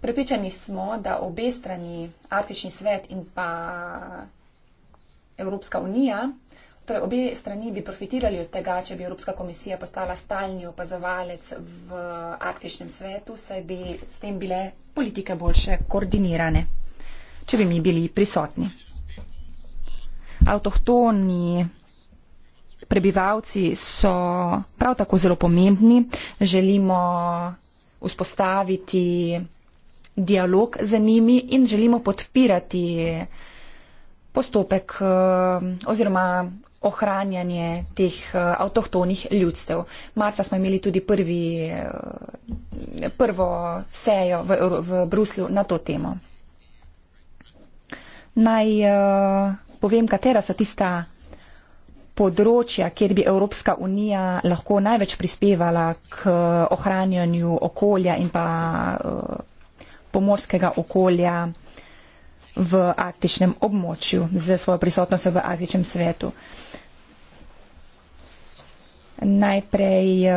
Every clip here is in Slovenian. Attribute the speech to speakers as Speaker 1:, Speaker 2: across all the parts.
Speaker 1: Prepričani smo, da obe strani, Artični svet in pa Evropska unija, torej obe strani bi profitirali od tega, če bi Evropska komisija postala stalni opazovalec v Artičnem svetu, saj bi s tem bile politike boljše koordinirane, če bi mi bili prisotni. Avtohtoni prebivalci so prav tako zelo pomembni. Želimo vzpostaviti dialog z njimi in želimo podpirati postopek eh, oziroma ohranjanje teh eh, avtohtonih ljudstev. Marca smo imeli tudi prvi, eh, prvo sejo v, v Bruslju na to temo. Naj povem, katera so tista področja, kjer bi Evropska unija lahko največ prispevala k ohranjanju okolja in pa pomorskega okolja v arktičnem območju, z svojo prisotnostjo v arktičnem svetu. Najprej eh,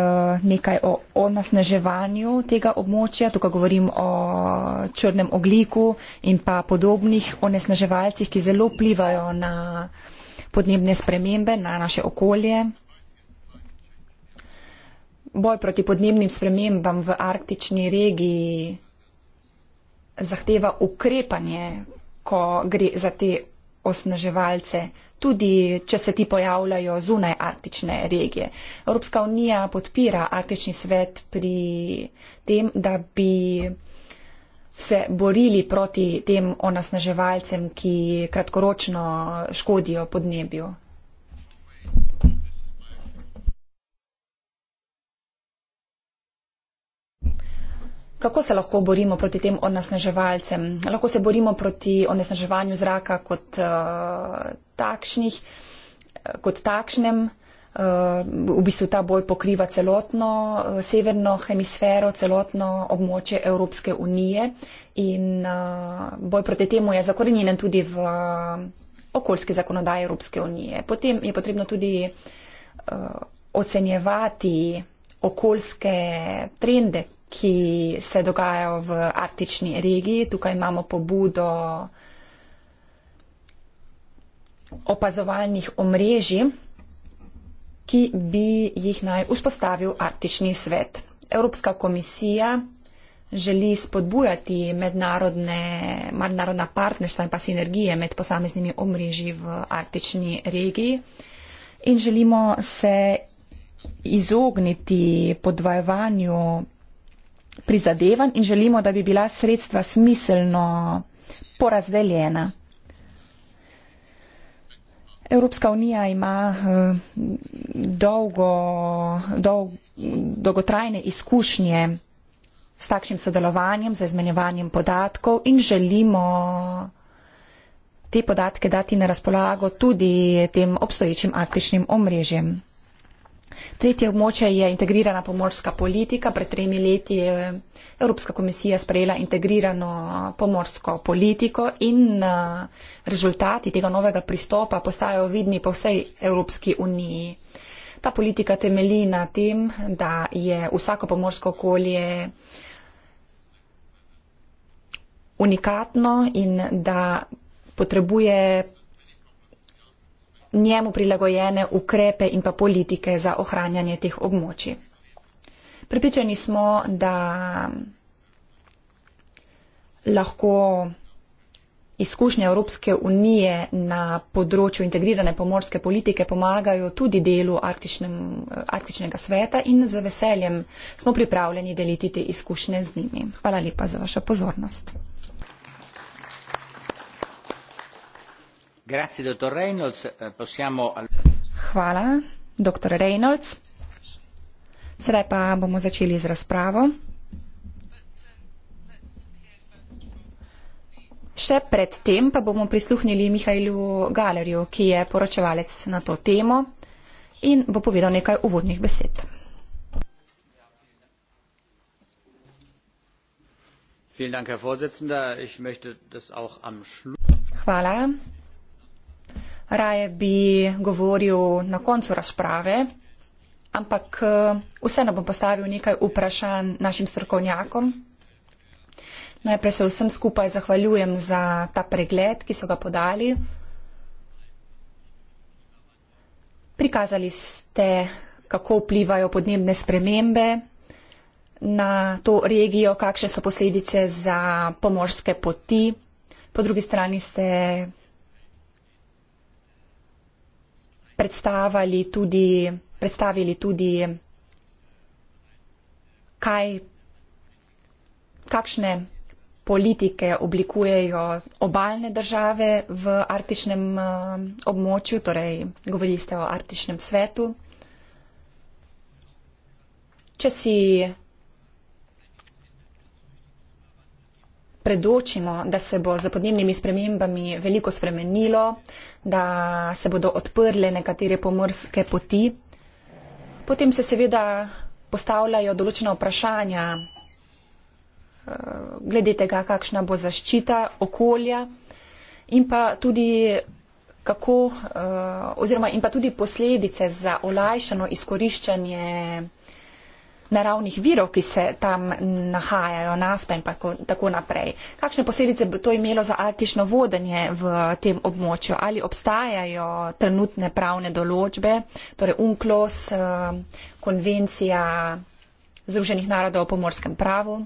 Speaker 1: nekaj o onasnaževanju tega območja, tukaj govorim o črnem ogliku in pa podobnih onesnaževalcih, ki zelo plivajo na podnebne spremembe, na naše okolje. Boj proti podnebnim spremembam v arktični regiji zahteva ukrepanje, ko gre za te osnaževalce, tudi če se ti pojavljajo zunaj arktične regije. Evropska unija podpira arktični svet pri tem, da bi se borili proti tem onasnaževalcem, ki kratkoročno škodijo podnebju. Kako se lahko borimo proti tem onesnaževalcem? Lahko se borimo proti onesnaževanju zraka kot, uh, takšnih, kot takšnem. Uh, v bistvu ta boj pokriva celotno uh, severno hemisfero, celotno območje Evropske unije in uh, boj proti temu je zakorenjen tudi v uh, okoljske zakonodaje Evropske unije. Potem je potrebno tudi uh, ocenjevati okoljske trende, ki se dogajajo v arktični regiji. Tukaj imamo pobudo opazovalnih omrežij, ki bi jih naj vzpostavil arktični svet. Evropska komisija želi spodbujati mednarodna partnerstva in pa sinergije med posameznimi omrežji v arktični regiji in želimo se izogniti podvajanju prizadevanj in želimo, da bi bila sredstva smiselno porazdeljena. Evropska unija ima eh, dolgo, dolg, dolgotrajne izkušnje s takšnim sodelovanjem, za izmenjevanjem podatkov in želimo te podatke dati na razpolago tudi tem obstoječim arktičnim omrežjem. Tretje območje je integrirana pomorska politika. Pred tremi leti je Evropska komisija sprejela integrirano pomorsko politiko in eh, rezultati tega novega pristopa postajajo vidni po vsej Evropski uniji. Ta politika temelji na tem, da je vsako pomorsko okolje unikatno in da potrebuje njemu prilagojene ukrepe in pa politike za ohranjanje teh območij. Pripričani smo, da lahko izkušnje Evropske unije na področju integrirane pomorske politike pomagajo tudi delu Arktičnem, Arktičnega sveta in z veseljem smo pripravljeni deliti te izkušnje z njimi. Hvala lepa za vašo pozornost. Eh, Hvala, doktor Reynolds. Sedaj pa bomo začeli z razpravo. Še pred tem pa bomo prisluhnili Mihajlu Galerju, ki je poročevalec na to temo in bo povedal nekaj uvodnih besed. Hvala, raje bi govoril na koncu razprave, ampak eh, vseeno bom postavil nekaj vprašanj našim strokovnjakom. Najprej se vsem skupaj zahvaljujem za ta pregled, ki so ga podali. Prikazali ste, kako vplivajo podnebne spremembe na to regijo, kakšne so posledice za pomorske poti. Po drugi strani ste predstavili tudi, predstavili tudi kaj, kakšne politike oblikujejo obaljne države v arktičnem eh, območju, torej govorili ste o arktičnem svetu. Če si predočimo, da se bo z podnebnimi spremembami veliko spremenilo, da se bodo odprle nekatere pomorske poti. Potem se seveda postavljajo določena vprašanja eh, glede tega, kakšna bo zaščita okolja in pa tudi kako eh, oziroma in pa tudi posledice za olajšano izkoriščanje uh, naravnih virov, ki se tam nahajajo, nafta in tako, tako naprej. Kakšne posledice bi to imelo za altično vodenje v tem območju? Ali obstajajo trenutne pravne določbe, torej UNCLOS, eh, konvencija Združenih narodov o pomorskem pravu?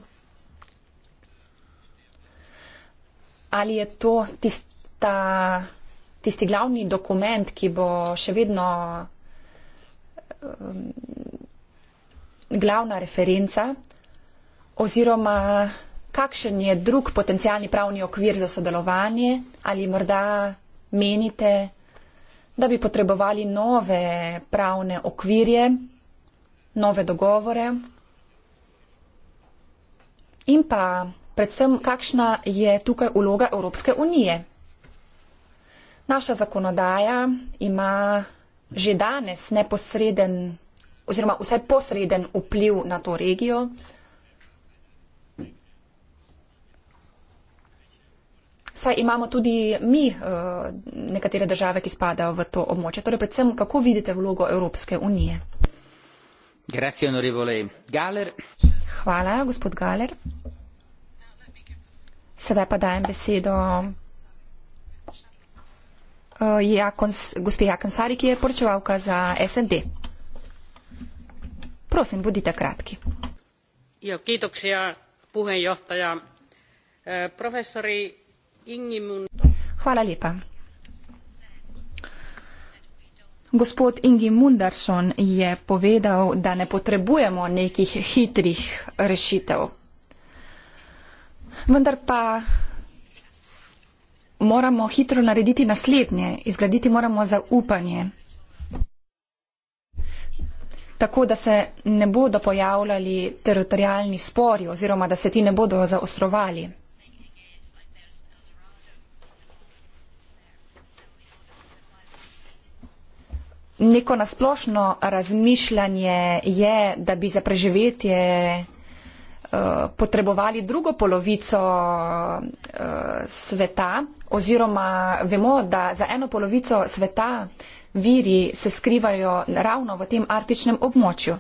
Speaker 1: Ali je to tista, tisti glavni dokument, ki bo še vedno um, glavna referenca oziroma kakšen je drug potencijalni pravni okvir za sodelovanje ali morda menite, da bi potrebovali nove pravne okvirje, nove dogovore in pa predvsem kakšna je tukaj uloga Evropske unije. Naša zakonodaja ima že danes neposreden oziroma vsaj posreden vpliv na to regijo. Saj imamo tudi mi eh, nekatere države, ki spadajo v to območje. Torej, predvsem, kako vidite vlogo Evropske unije? Hvala, gospod Galer. Sedaj pa dajem besedo uh, Jakons, gospe Jakonsari, ki je poročevalka za SND prosim, bodite kratki.
Speaker 2: Ja, kitoksia, puhenjohtaja. Profesori Ingimun...
Speaker 1: Hvala lepa. Gospod Ingi Mundarson je povedal, da ne potrebujemo nekih hitrih rešitev. Vendar pa moramo hitro narediti naslednje, izgraditi moramo zaupanje tako da se ne bodo pojavljali teritorijalni spori oziroma da se ti ne bodo zaostrovali. Neko nasplošno razmišljanje je, da bi za preživetje Eh, potrebovali drugo polovico uh, sveta oziroma vemo, da za eno polovico sveta viri se skrivajo ravno v tem arktičnem območju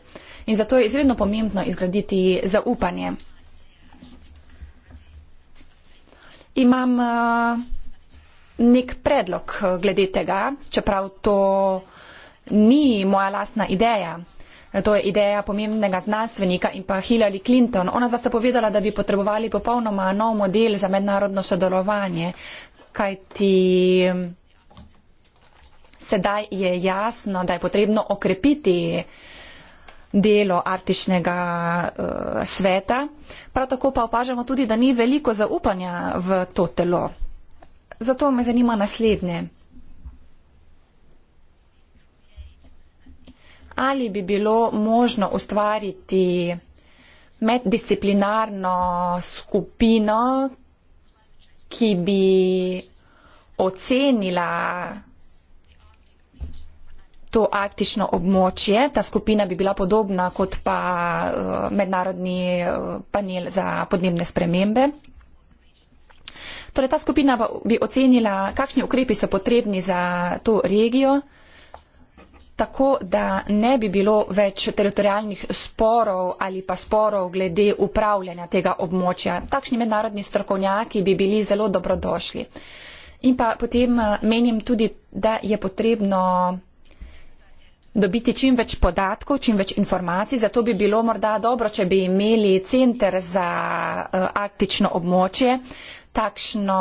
Speaker 1: in zato je izredno pomembno izgraditi zaupanje. Imam uh, nek predlog glede tega, čeprav to ni moja lastna ideja to je ideja pomembnega znanstvenika in pa Hillary Clinton. Ona dva sta povedala, da bi potrebovali popolnoma nov model za mednarodno sodelovanje, kaj ti mm, sedaj je jasno, da je potrebno okrepiti delo artičnega uh, eh, sveta. Prav tako pa opažamo tudi, da ni veliko zaupanja v to telo. Zato me zanima naslednje. ali bi bilo možno ustvariti meddisciplinarno skupino, ki bi ocenila to arktično območje. Ta skupina bi bila podobna kot pa eh, mednarodni eh, panel za podnebne spremembe. Torej, ta skupina bi ocenila, kakšni ukrepi so potrebni za to regijo tako, da ne bi bilo več teritorijalnih sporov ali pa sporov glede upravljanja tega območja. Takšni mednarodni strokovnjaki bi bili zelo dobrodošli. In pa potem eh, menim tudi, da je potrebno dobiti čim več podatkov, čim več informacij. Zato bi bilo morda dobro, če bi imeli center za uh, arktično območje. Takšno,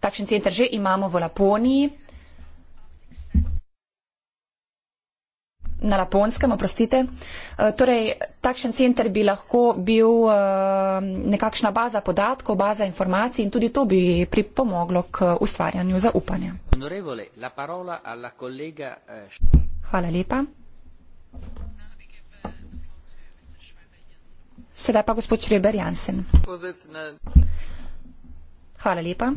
Speaker 1: takšen center že imamo v Laponiji. na Laponskem, oprostite. Eh, torej, takšen center bi lahko bil eh, nekakšna baza podatkov, baza informacij in tudi to bi pripomoglo k ustvarjanju zaupanja. Eh, Hvala lepa. Sedaj pa gospod Šreber Jansen. Hvala lepa.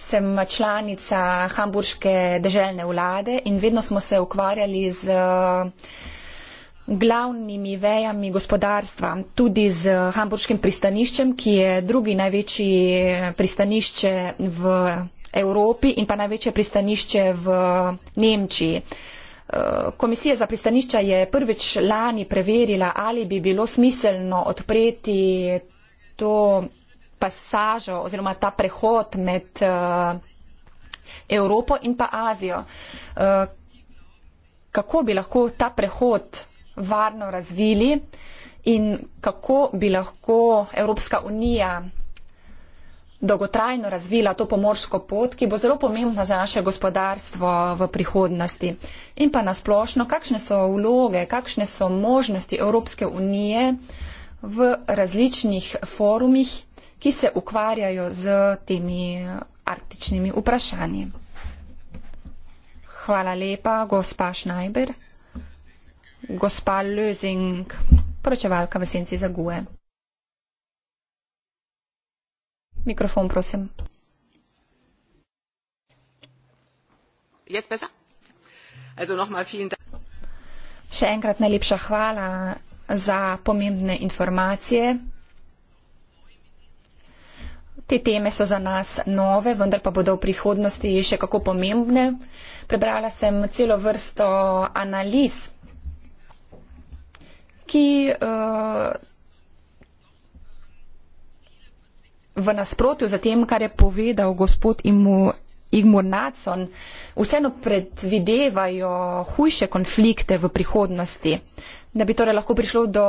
Speaker 1: sem članica hamburške deželne vlade in vedno smo se ukvarjali z eh, glavnimi vejami gospodarstva, tudi z hamburškim pristaniščem, ki je drugi največji eh, pristanišče v Evropi in pa največje pristanišče v eh, Nemčiji. Komisija za pristanišča je prvič lani preverila, ali bi bilo smiselno odpreti to pasažo oziroma ta prehod med uh, Evropo in pa Azijo. Uh, kako bi lahko ta prehod varno razvili in kako bi lahko Evropska unija dolgotrajno razvila to pomorsko pot, ki bo zelo pomembna za naše gospodarstvo v prihodnosti. In pa nasplošno, kakšne so vloge, kakšne so možnosti Evropske unije v različnih forumih ki se ukvarjajo z temi arktičnimi vprašanji. Hvala lepa, gospa Schneiber. Gospa Lözing, poročevalka v senci za GUE. Mikrofon, prosim. Še enkrat najlepša hvala za pomembne informacije. Te teme so za nas nove, vendar pa bodo v prihodnosti še kako pomembne. Prebrala sem celo vrsto analiz, ki uh, v nasprotju za tem, kar je povedal gospod Imu Igmor Nacon, vseeno predvidevajo hujše konflikte v prihodnosti, da bi torej lahko prišlo do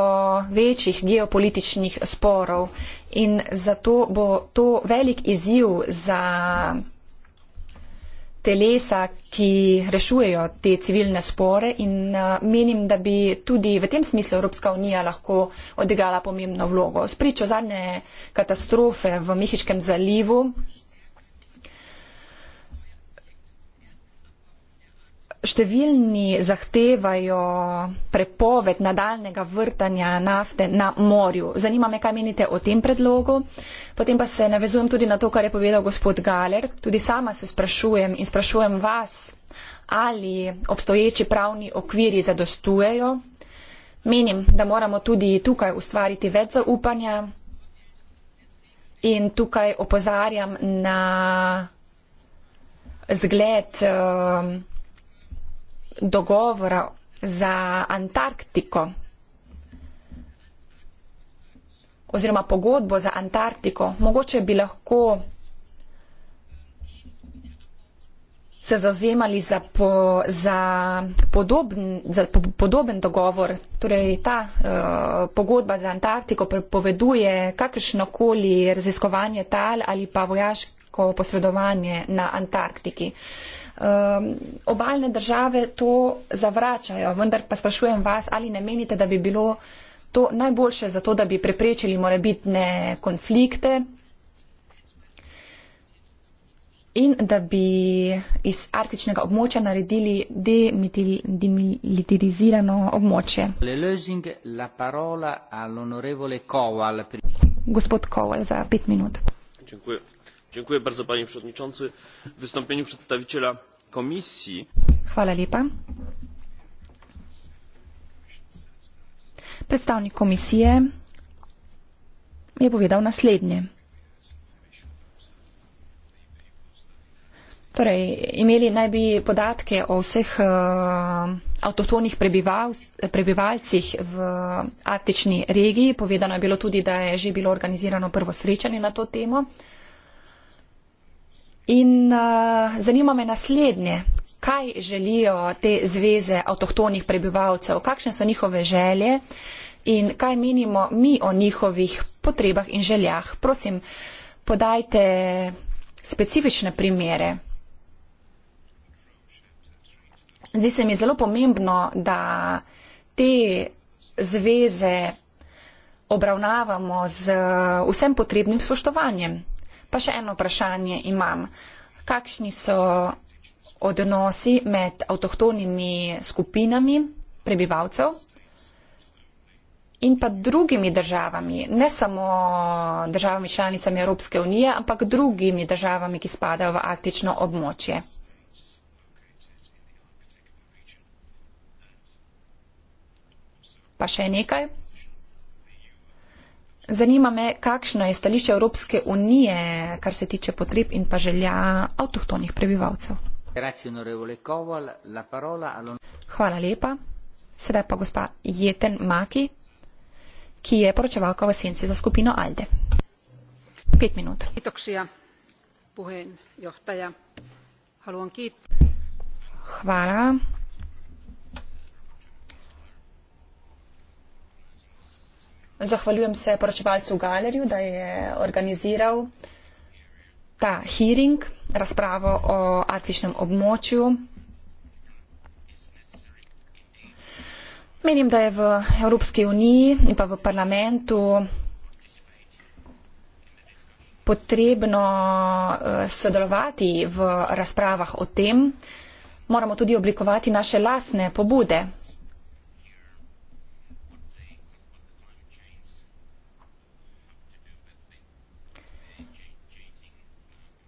Speaker 1: večjih geopolitičnih sporov in zato bo to velik izziv za telesa, ki rešujejo te civilne spore in eh, menim, da bi tudi v tem smislu Evropska unija lahko odigrala pomembno vlogo. Spričo zadnje katastrofe v Mihiškem zalivu številni zahtevajo prepoved nadaljnega vrtanja nafte na morju. Zanima me, kaj menite o tem predlogu. Potem pa se navezujem tudi na to, kar je povedal gospod Galer. Tudi sama se sprašujem in sprašujem vas, ali obstoječi pravni okviri zadostujejo. Menim, da moramo tudi tukaj ustvariti več zaupanja. In tukaj opozarjam na zgled. Uh, dogovora za Antarktiko oziroma pogodbo za Antarktiko, mogoče bi lahko se zauzemali za, po, za, podoben, za po, podoben dogovor. Torej, ta uh, pogodba za Antarktiko prepoveduje kakršnokoli raziskovanje tal ali pa vojaško posredovanje na Antarktiki. Uh, um, obaljne države to zavračajo, vendar pa sprašujem vas, ali ne menite, da bi bilo to najboljše za to, da bi preprečili morebitne konflikte in da bi iz arktičnega območja naredili demilitarizirano območje. Gospod Kowal za pet minut.
Speaker 3: Dziękuję bardzo Panie Przewodniczący. W wystąpieniu przedstawiciela
Speaker 1: Predstavnik komisije je povedal naslednje. Torej, imeli naj bi podatke o vseh uh, eh, avtotonih prebival, prebivalcih v arktični regiji. Povedano je bilo tudi, da je že bilo organizirano prvo srečanje na to temo. Uh, In uh, zanima me naslednje, kaj želijo te zveze avtohtonih prebivalcev, kakšne so njihove želje in kaj menimo mi o njihovih potrebah in željah. Prosim, podajte specifične primere. Zdi se mi zelo pomembno, da te zveze obravnavamo z eh, vsem potrebnim spoštovanjem. Pa še eno vprašanje imam. Kakšni so odnosi med avtohtonimi skupinami prebivalcev? In pa drugimi državami, ne samo državami članicami Evropske unije, ampak drugimi državami, ki spadajo v arktično območje. Pa še nekaj. Zanima me, kakšno je stališče Evropske unije, kar se tiče potreb in pa želja avtohtonih prebivalcev. Hvala lepa. Sedaj pa gospa Jeten Maki, ki je poročevalka v senci za skupino Alde. Pet minut. Hvala. Zahvaljujem se poročevalcu Galerju, da je organiziral ta hearing, razpravo o arktičnem območju. Menim, da je v Evropski uniji in pa v parlamentu potrebno eh, sodelovati v razpravah o tem. Moramo tudi oblikovati naše lastne pobude.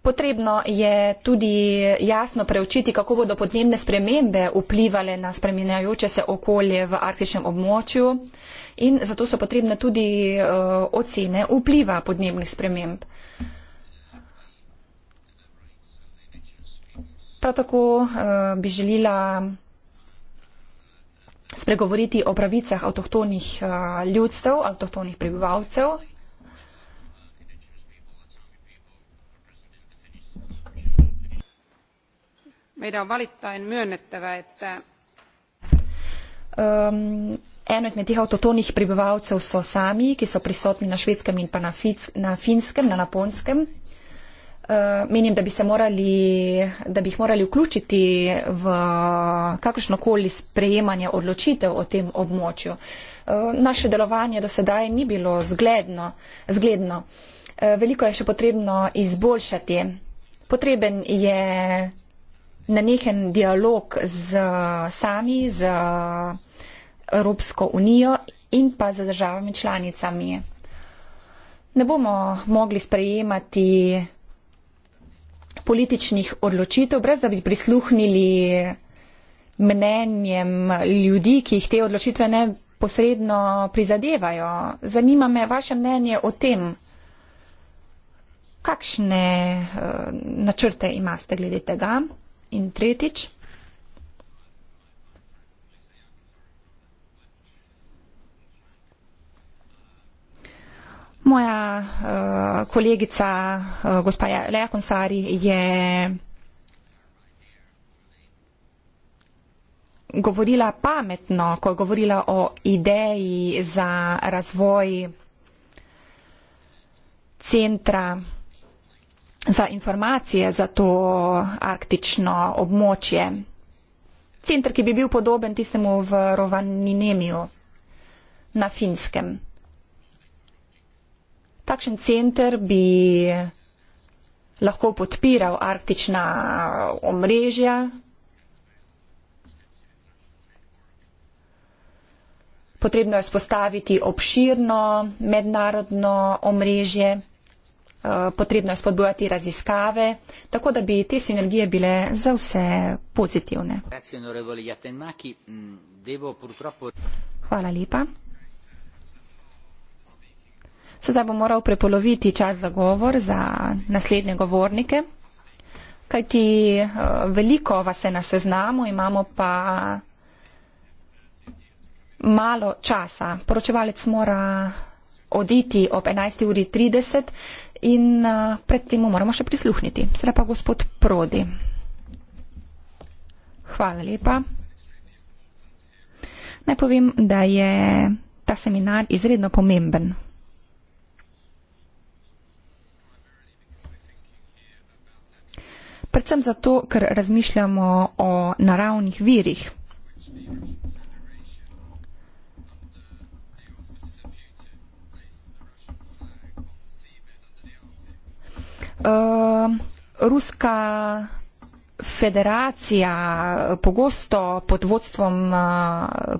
Speaker 1: Potrebno je tudi jasno preučiti, kako bodo podnebne spremembe vplivali na spremenjajoče se okolje v arktičnem območju in zato so potrebne tudi uh, ocene vpliva podnebnih sprememb. Prav tako uh, bi želila spregovoriti o pravicah avtohtonih uh, ljudstev, avtohtonih prebivalcev. meidän on valittain myönnettävä että um, Eno izmed teh avtotonih prebivalcev so sami, ki so prisotni na švedskem in pa na, fic, na finskem, na naponskem. Uh, ehm, menim, da bi, morali, da bi jih morali vključiti v kakršnokoli sprejemanje odločitev o tem območju. Uh, naše delovanje do sedaj ni bilo zgledno. zgledno. Uh, veliko je še potrebno izboljšati. Potreben je na nekem dialog z sami, z Evropsko unijo in pa z državami članicami. Ne bomo mogli sprejemati političnih odločitev, brez da bi prisluhnili mnenjem ljudi, ki jih te odločitve ne posredno prizadevajo. Zanima me vaše mnenje o tem, kakšne eh, načrte imate glede tega. In tretjič, moja uh, kolegica, uh, gospa ja-, Lea Konsari, je govorila pametno, ko je govorila o ideji za razvoj centra za informacije za to arktično območje. Centr, ki bi bil podoben tistemu v Rovaninemiju na Finskem. Takšen centr bi lahko podpiral arktična omrežja. Potrebno je spostaviti obširno mednarodno omrežje. Eh, potrebno je spodbujati raziskave, tako da bi te sinergije bile za vse pozitivne. Mm, Hvala lepa. Sedaj bom moral prepoloviti čas za govor za naslednje govornike, kajti eh, veliko vas je na seznamu, imamo pa malo časa. Poročevalec mora oditi ob 11.30 in uh, pred temu moramo še prisluhniti. Sedaj pa gospod Prodi. Hvala lepa. Naj povem, da je ta seminar izredno pomemben. Predvsem zato, ker razmišljamo o naravnih virih. Ehm, Ruska federacija pogosto pod vodstvom eh,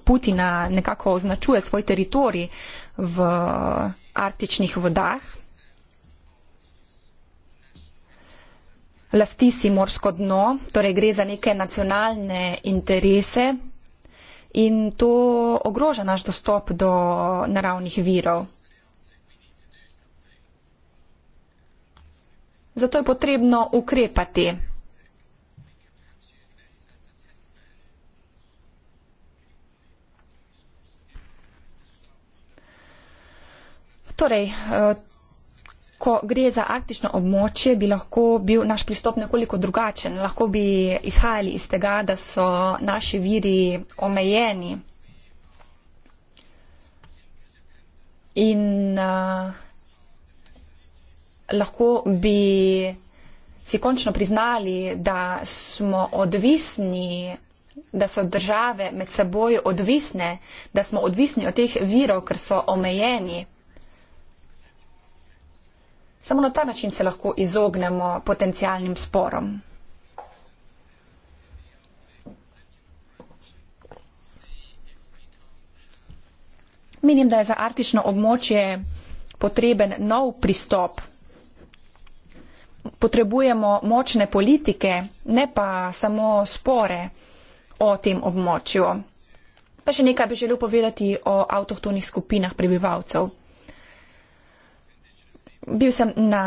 Speaker 1: Putina nekako označuje svoj teritorij v arktičnih vodah. Lasti si morsko dno, torej gre za neke nacionalne interese in to ogroža naš dostop do naravnih virov. Zato je potrebno ukrepati. Torej, eh, ko gre za arktično območje, bi lahko bil naš pristop nekoliko drugačen. Lahko bi izhajali iz tega, da so naši viri omejeni. In uh, lahko bi si končno priznali, da smo odvisni, da so države med seboj odvisne, da smo odvisni od teh virov, ker so omejeni. Samo na ta način se lahko izognemo potencijalnim sporom. Menim, da je za arktično območje potreben nov pristop potrebujemo močne politike, ne pa samo spore o tem območju. Pa še nekaj bi želel povedati o avtohtonih skupinah prebivalcev. Bil sem na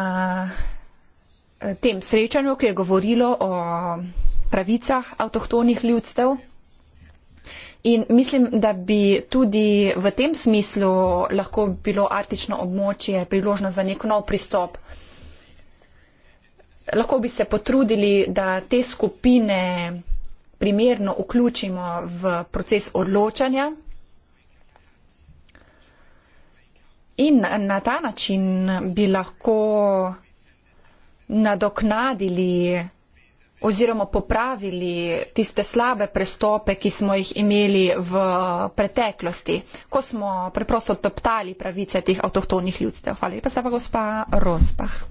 Speaker 1: eh, tem srečanju, ki je govorilo o pravicah avtohtonih ljudstev. In mislim, da bi tudi v tem smislu lahko bilo artično območje priložno za nek nov pristop lahko bi se potrudili, da te skupine primerno vključimo v proces odločanja. In na ta način bi lahko nadoknadili oziroma popravili tiste slabe prestope, ki smo jih imeli v preteklosti, ko smo preprosto toptali pravice teh avtohtonih ljudstev. Hvala lepa, pa gospa Rospah.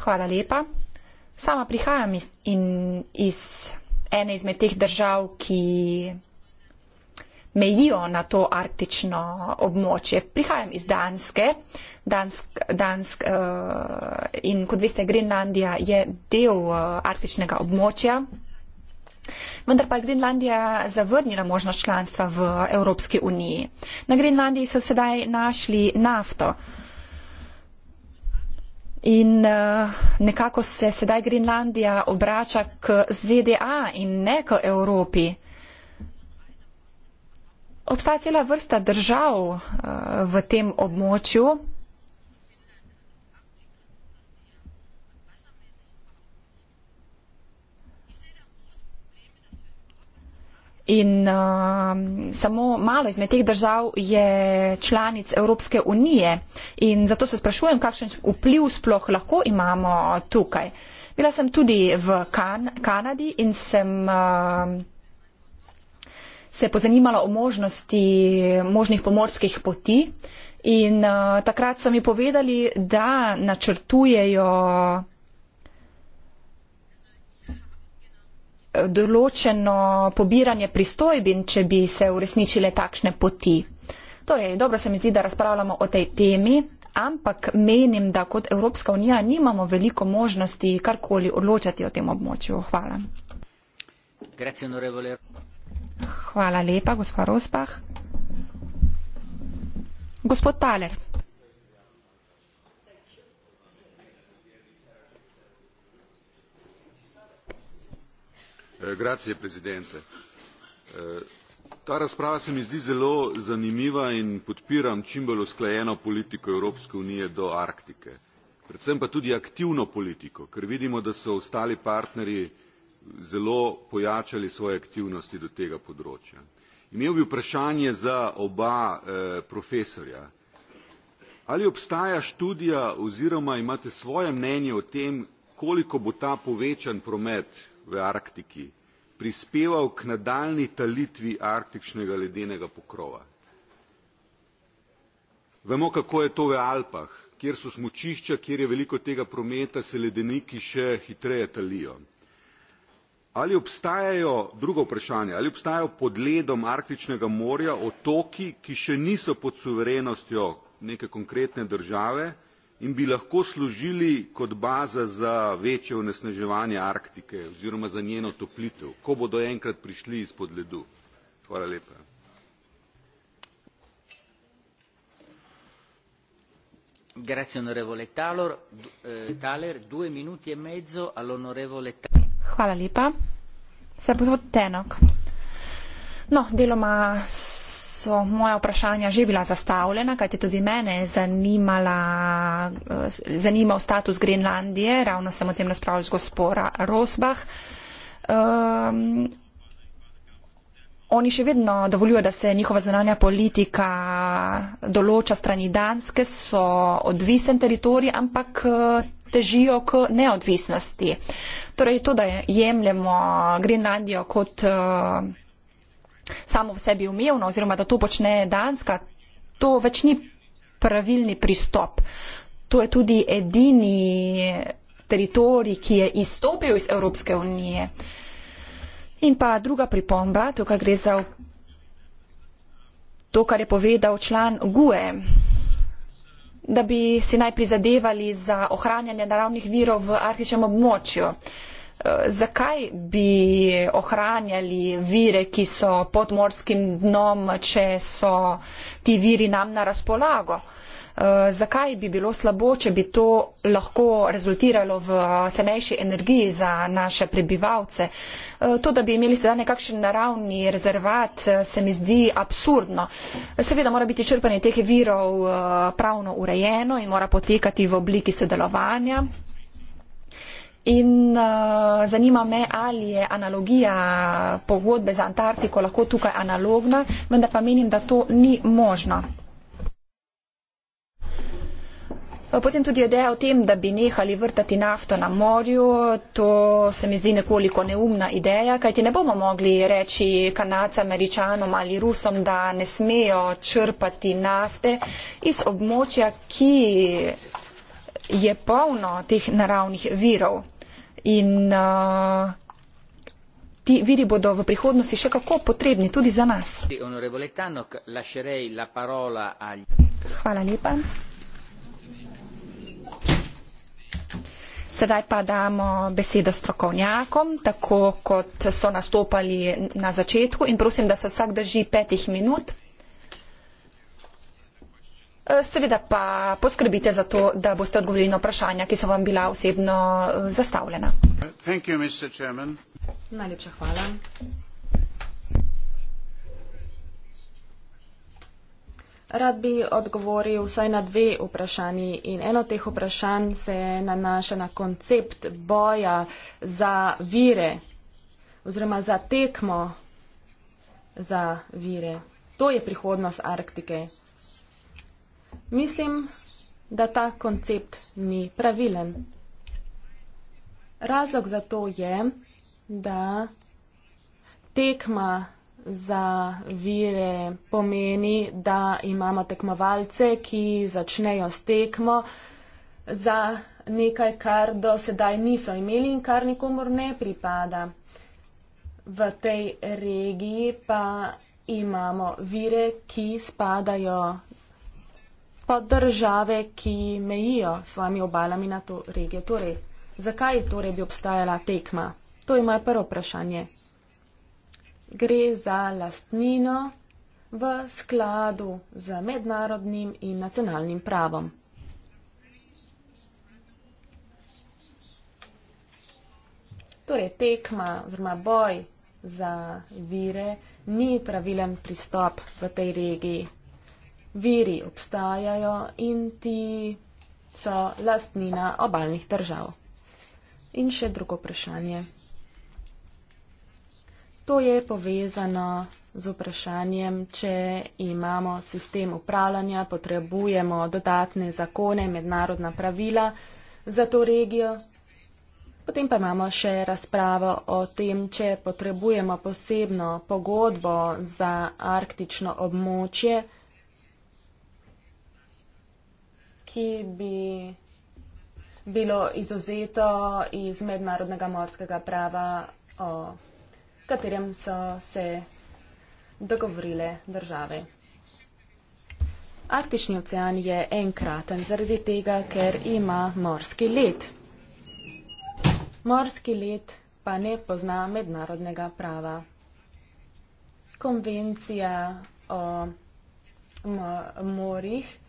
Speaker 1: Hvala lepa. Sama prihajam iz, in, iz ene izmed teh držav, ki mejijo na to arktično območje. Prihajam iz Danske Dansk, Dansk, uh, in kot veste, Grenlandija je del uh, arktičnega območja. Vendar pa je Grenlandija zavrnila možnost članstva v Evropski uniji. Na Grenlandiji so sedaj našli nafto. Uh, In eh, nekako se sedaj Grenlandija obrača k ZDA in ne k Evropi. Obstaja cela vrsta držav eh, v tem območju, In uh, samo malo izmed teh držav je članic Evropske unije. In zato se sprašujem, kakšen vpliv sploh lahko imamo tukaj. Bila sem tudi v kan Kanadi in sem. Uh, se je pozanimala o možnosti možnih pomorskih poti in uh, takrat so mi povedali, da načrtujejo določeno pobiranje pristojbin, če bi se uresničile takšne poti. Torej, dobro se mi zdi, da razpravljamo o tej temi, ampak menim, da kot Evropska unija nimamo veliko možnosti karkoli odločati o tem območju. Hvala. Hvala lepa, gospod Rospah. Gospod Taler.
Speaker 4: Eh, eh, ta razprava se mi zdi zelo zanimiva in podpiram čim bolj usklajeno politiko evropske unije do arktike predvsem pa tudi aktivno politiko ker vidimo da so ostali partnerji zelo pojačali svoje aktivnosti do tega področja. imel bi vprašanje za oba eh, profesorja ali obstaja študija oziroma imate svoje mnenje o tem koliko bo ta povečan promet v Arktiki prispeval k nadaljni talitvi arktičnega ledenega pokrova. Vemo, kako je to v Alpah, kjer so smučišča, kjer je veliko tega prometa, se ledeniki še hitreje talijo. Ali obstajajo, drugo vprašanje, ali obstajajo pod ledom Arktičnega morja otoki, ki še niso pod suverenostjo neke konkretne države, in bi lahko služili kot baza za večje onesnaževanje Arktike oziroma za njeno toplitev, ko bodo enkrat prišli izpod ledu. Hvala lepa. Eh,
Speaker 2: e
Speaker 1: Hvala lepa. Se gospod Tenok. No, deloma so moja vprašanja že bila zastavljena, kajte tudi mene je eh, zanimal status Grenlandije, ravno sem o tem naspravil z gospora Rosbach. Um, oni še vedno dovoljujo, da se njihova zunanja politika določa strani Danske, so odvisen teritorij, ampak eh, težijo k neodvisnosti. Torej, to, da jemljemo Grenlandijo kot. Uh, samo v sebi umevno oziroma da to počne Danska, to več ni pravilni pristop. To je tudi edini teritorij, ki je izstopil iz Evropske unije. In pa druga pripomba, tukaj gre za to, kar je povedal član GUE, da bi si naj prizadevali za ohranjanje naravnih virov v arhičnem območju zakaj bi ohranjali vire, ki so pod morskim dnom, če so ti viri nam na razpolago? Eh, zakaj bi bilo slabo, če bi to lahko rezultiralo v cenejši energiji za naše prebivalce? Eh, to, da bi imeli sedaj nekakšen naravni rezervat, eh, se mi zdi absurdno. Seveda mora biti črpanje teh virov pravno urejeno in mora potekati v obliki sodelovanja In uh, zanima me, ali je analogija pogodbe za Antarktiko lahko tukaj analogna, vendar pa menim, da to ni možno. Potem tudi ideja o tem, da bi nehali vrtati nafto na morju, to se mi zdi nekoliko neumna ideja, kajti ne bomo mogli reči Kanadcem, Američanom ali Rusom, da ne smejo črpati nafte iz območja, ki je polno teh naravnih virov in uh, ti viri bodo v prihodnosti še kako potrebni tudi za nas. Hvala lepa. Sedaj pa damo besedo strokovnjakom, tako kot so nastopali na začetku in prosim, da se vsak drži petih minut. Eh, seveda pa poskrbite za to, da boste odgovorili na vprašanja, ki so vam bila osebno eh, zastavljena.
Speaker 4: You,
Speaker 1: Najlepša
Speaker 5: hvala. Rad bi odgovoril vsaj na dve vprašanji in eno teh vprašanj se nanaša na koncept boja za vire oziroma za tekmo za vire. To je prihodnost Arktike. Mislim, da ta koncept ni pravilen. Razlog za to je, da tekma za vire pomeni, da imamo tekmovalce, ki začnejo s tekmo za nekaj, kar do sedaj niso imeli in kar nikomor ne pripada. V tej regiji pa imamo vire, ki spadajo pa države, ki mejijo svojimi obalami na to regijo. Torej, zakaj je torej bi obstajala tekma? To je moje prvo vprašanje. Gre za lastnino v skladu z mednarodnim in nacionalnim pravom. Torej, tekma oziroma boj za vire ni pravilen pristop v tej regiji viri obstajajo in ti so lastnina obaljnih držav. In še drugo vprašanje. To je povezano z vprašanjem, če imamo sistem upravljanja, potrebujemo dodatne zakone, mednarodna pravila za to regijo. Potem pa imamo še razpravo o tem, če potrebujemo posebno pogodbo za arktično območje. ki bi bilo izuzeto iz mednarodnega morskega prava, o katerem so se dogovorile države. Arktični ocean je enkraten zaradi tega, ker ima morski led. Morski led pa ne pozna mednarodnega prava. Konvencija o morjih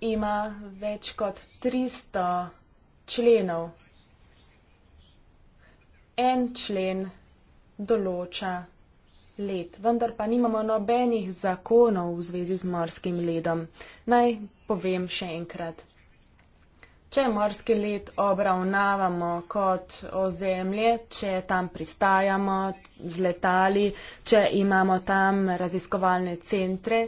Speaker 5: ima več kot 300 členov. En člen določa led, vendar pa nimamo nobenih zakonov v zvezi z morskim ledom. Naj povem še enkrat. Če morski led obravnavamo kot ozemlje, če tam pristajamo z letali, če imamo tam raziskovalne centre,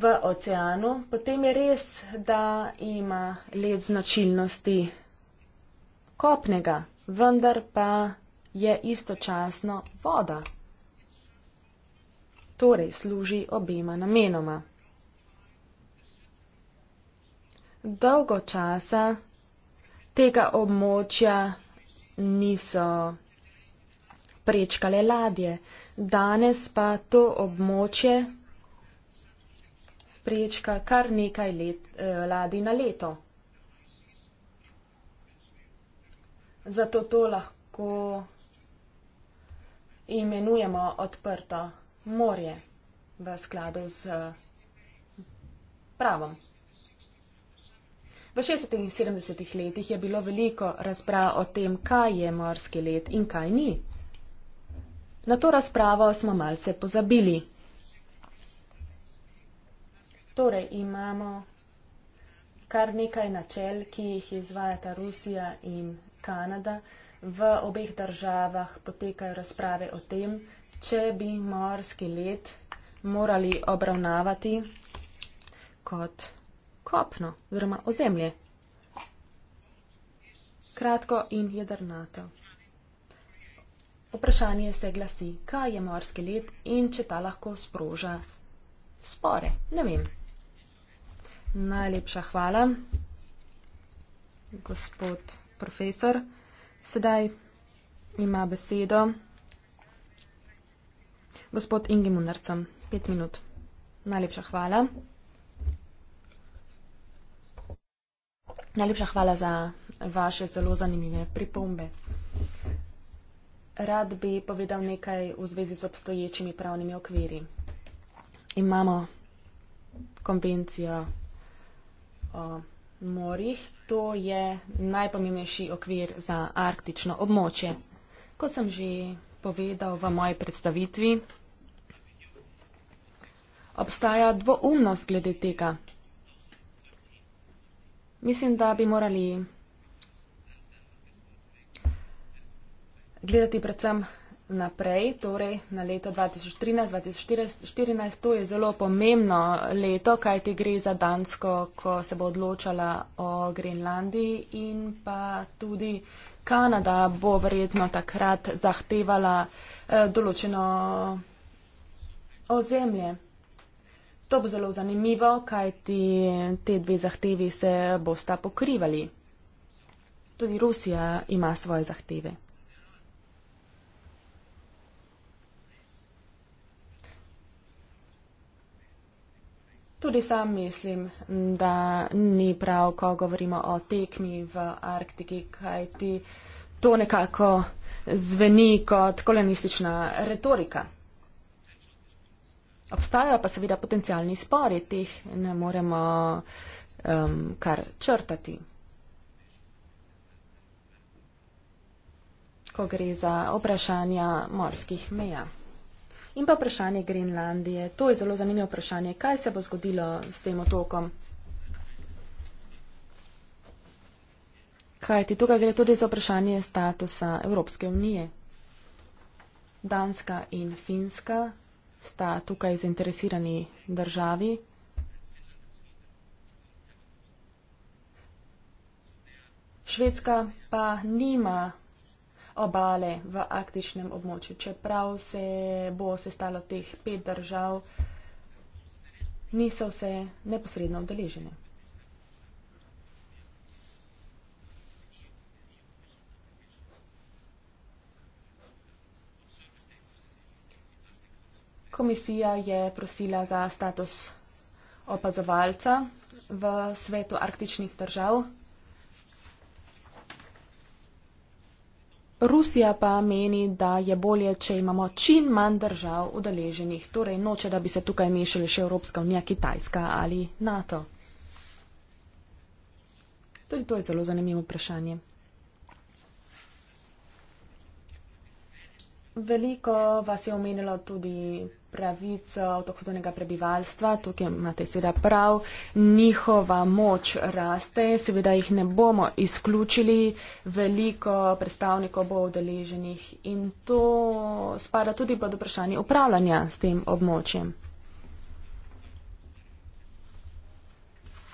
Speaker 5: v oceanu, potem je res, da ima led značilnosti kopnega, vendar pa je istočasno voda. Torej služi obema namenoma. Dolgo časa tega območja niso prečkale ladje, danes pa to območje prečka kar nekaj let, eh, ladij na leto. Zato to lahko imenujemo odprto morje v skladu z pravom. V 60. in 70. letih je bilo veliko razprav o tem, kaj je morski let in kaj ni. Na to razpravo smo malce pozabili. Torej imamo kar nekaj načel, ki jih izvajata Rusija in Kanada. V obeh državah potekajo razprave o tem, če bi morski let morali obravnavati kot kopno oziroma ozemlje. Kratko in jedrnato. Vprašanje se glasi, kaj je morski let in če ta lahko sproža spore. Ne vem. Najlepša hvala, gospod profesor. Sedaj ima besedo gospod Ingi Munarcem. Pet minut. Najlepša hvala. Najlepša hvala za vaše zelo zanimive pripombe. Rad bi povedal nekaj v zvezi z obstoječimi pravnimi okviri. Imamo konvencijo morjih, to je najpomembnejši okvir za arktično območje. Kot sem že povedal v moji predstavitvi, obstaja dvoumnost glede tega. Mislim, da bi morali gledati predvsem naprej, torej na leto 2013, 2014, to je zelo pomembno leto, kaj ti gre za Dansko, ko se bo odločala o Grenlandiji in pa tudi Kanada bo verjetno takrat zahtevala eh, določeno ozemlje. To bo zelo zanimivo, kaj ti te dve zahtevi se bosta pokrivali. Tudi Rusija ima svoje zahteve. Tudi sam mislim, da ni prav, ko govorimo o tekmi v Arktiki, kaj ti to nekako zveni kot kolonistična retorika. Obstajajo pa seveda potencijalni spori, teh ne moremo um, kar črtati. Ko gre za vprašanja morskih meja. In pa vprašanje Grenlandije. To je zelo zanimivo vprašanje. Kaj se bo zgodilo s tem otokom? Kaj ti tukaj gre tudi za vprašanje statusa Evropske unije? Danska in Finska sta tukaj zainteresirani državi. Švedska pa nima obale v arktičnem območju. Čeprav se bo sestalo teh pet držav, niso vse neposredno udeležene. Komisija je prosila za status opazovalca v svetu arktičnih držav. Rusija pa meni, da je bolje, če imamo čim manj držav udeleženih. Torej, noče, da bi se tukaj mešali še Evropska unija, Kitajska ali NATO. Tudi to je zelo zanimivo vprašanje. Veliko vas je omenilo tudi pravic avtohtonega prebivalstva, tukaj imate seveda prav, njihova moč raste, seveda jih ne bomo izključili, veliko predstavnikov bo udeleženih in to spada tudi pod vprašanje upravljanja s tem območjem.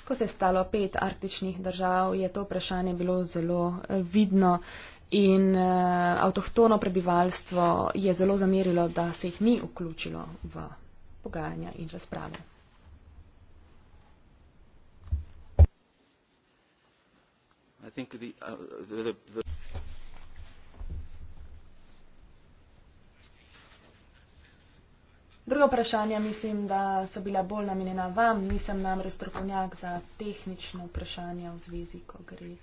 Speaker 5: Ko se je stalo pet arktičnih držav, je to vprašanje bilo zelo eh, vidno. In uh, avtohtono prebivalstvo je zelo zamerilo, da se jih ni vključilo v pogajanja in razprave.
Speaker 1: Uh,
Speaker 5: Druga vprašanja mislim, da so bila bolj namenjena vam. Nisem namreč strokovnjak za tehnično vprašanje v zvezi, ko gre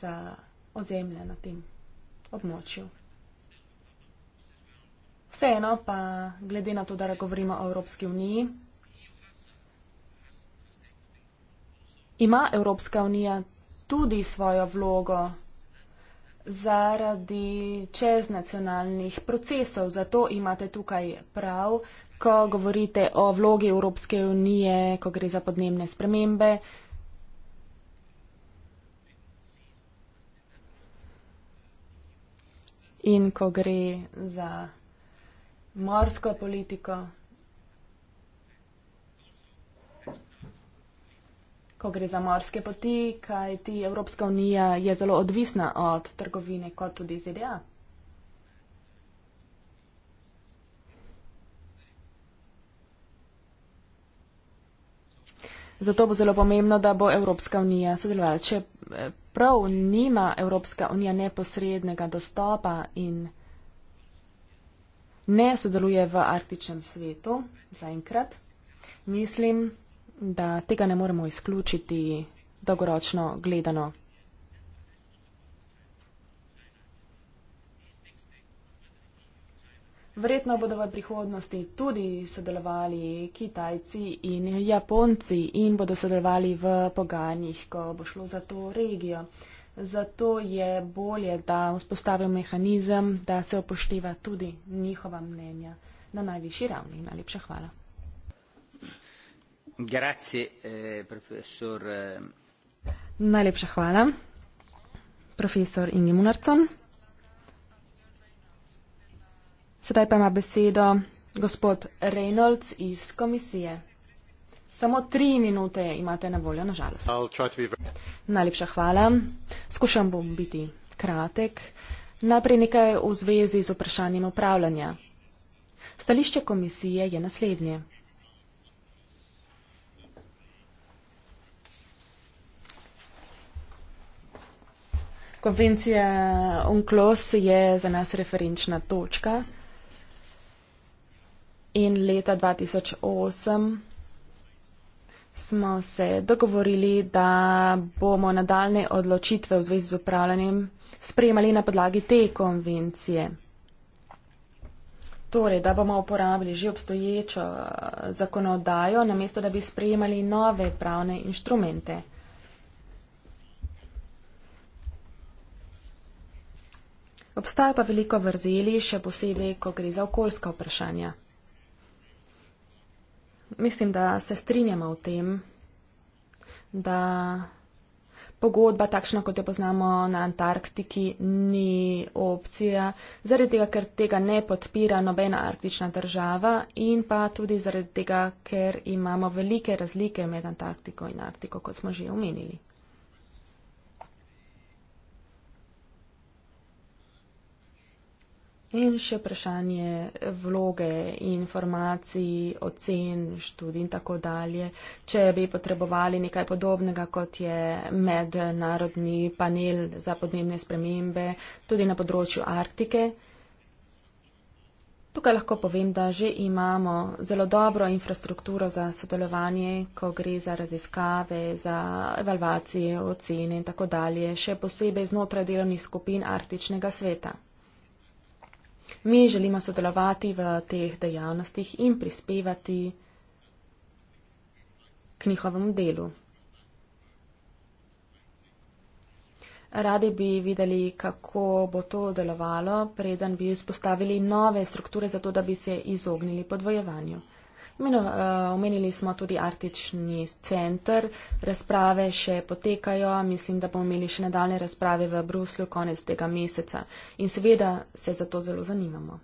Speaker 5: za ozemlje na tem območju. Vseeno pa, glede na to, da govorimo o Evropski uniji, ima Evropska unija tudi svojo vlogo zaradi čeznacionalnih procesov. Zato imate tukaj prav, ko govorite o vlogi Evropske unije, ko gre za podnebne spremembe, in ko gre za morsko politiko, ko gre za morske poti, kaj ti Evropska unija je zelo odvisna od trgovine, kot tudi ZDA. Zato bo zelo pomembno, da bo Evropska unija sodelovala. Če, eh, čeprav nima Evropska unija neposrednega dostopa in ne sodeluje v arktičnem svetu zaenkrat, mislim, da tega ne moremo izključiti dolgoročno gledano. Verjetno bodo v prihodnosti tudi sodelovali Kitajci in Japonci in bodo sodelovali v pogajanjih, ko bo šlo za to regijo. Zato je bolje, da vzpostavijo mehanizem, da se upošteva tudi njihova mnenja na najvišji ravni. Najlepša hvala.
Speaker 2: Grazie, eh, eh.
Speaker 5: Najlepša hvala, profesor Inge Munarcon. Sedaj pa ima besedo gospod Reynolds iz komisije. Samo tri minute imate na voljo, nažalost. Najlepša hvala. Skušam bom biti kratek. Najprej nekaj v zvezi z vprašanjem upravljanja. Stališče komisije je naslednje. Konvencija UNCLOS je za nas referenčna točka. In leta 2008 smo se dogovorili, da bomo nadaljne odločitve v zvezi z upravljanjem sprejemali na podlagi te konvencije. Torej, da bomo uporabili že obstoječo uh, zakonodajo, namesto da bi sprejemali nove pravne inštrumente. Obstaja pa veliko vrzeli, še posebej, ko gre za okoljska vprašanja mislim, da se strinjamo o tem, da pogodba, takšna kot jo poznamo na Antarktiki, ni opcija, zaradi tega, ker tega ne podpira nobena arktična država in pa tudi zaradi tega, ker imamo velike razlike med Antarktiko in Arktiko, kot smo že omenili. In še vprašanje vloge, informacij, ocen, študij in tako dalje. Če bi potrebovali nekaj podobnega, kot je mednarodni panel za podnebne spremembe, tudi na področju Arktike. Tukaj lahko povem, da že imamo zelo dobro infrastrukturo za sodelovanje, ko gre za raziskave, za evalvacije, ocene in tako dalje, še posebej znotraj delovnih skupin Arktičnega sveta. Mi želimo sodelovati v teh dejavnostih in prispevati k njihovemu delu. Radi bi videli, kako bo to delovalo, preden bi vzpostavili nove strukture, zato da bi se izognili podvojevanju. Mino, uh, omenili smo tudi artični center, razprave še potekajo, mislim, da bomo imeli še nadaljne razprave v Bruslju konec tega meseca in seveda se za to zelo zanimamo.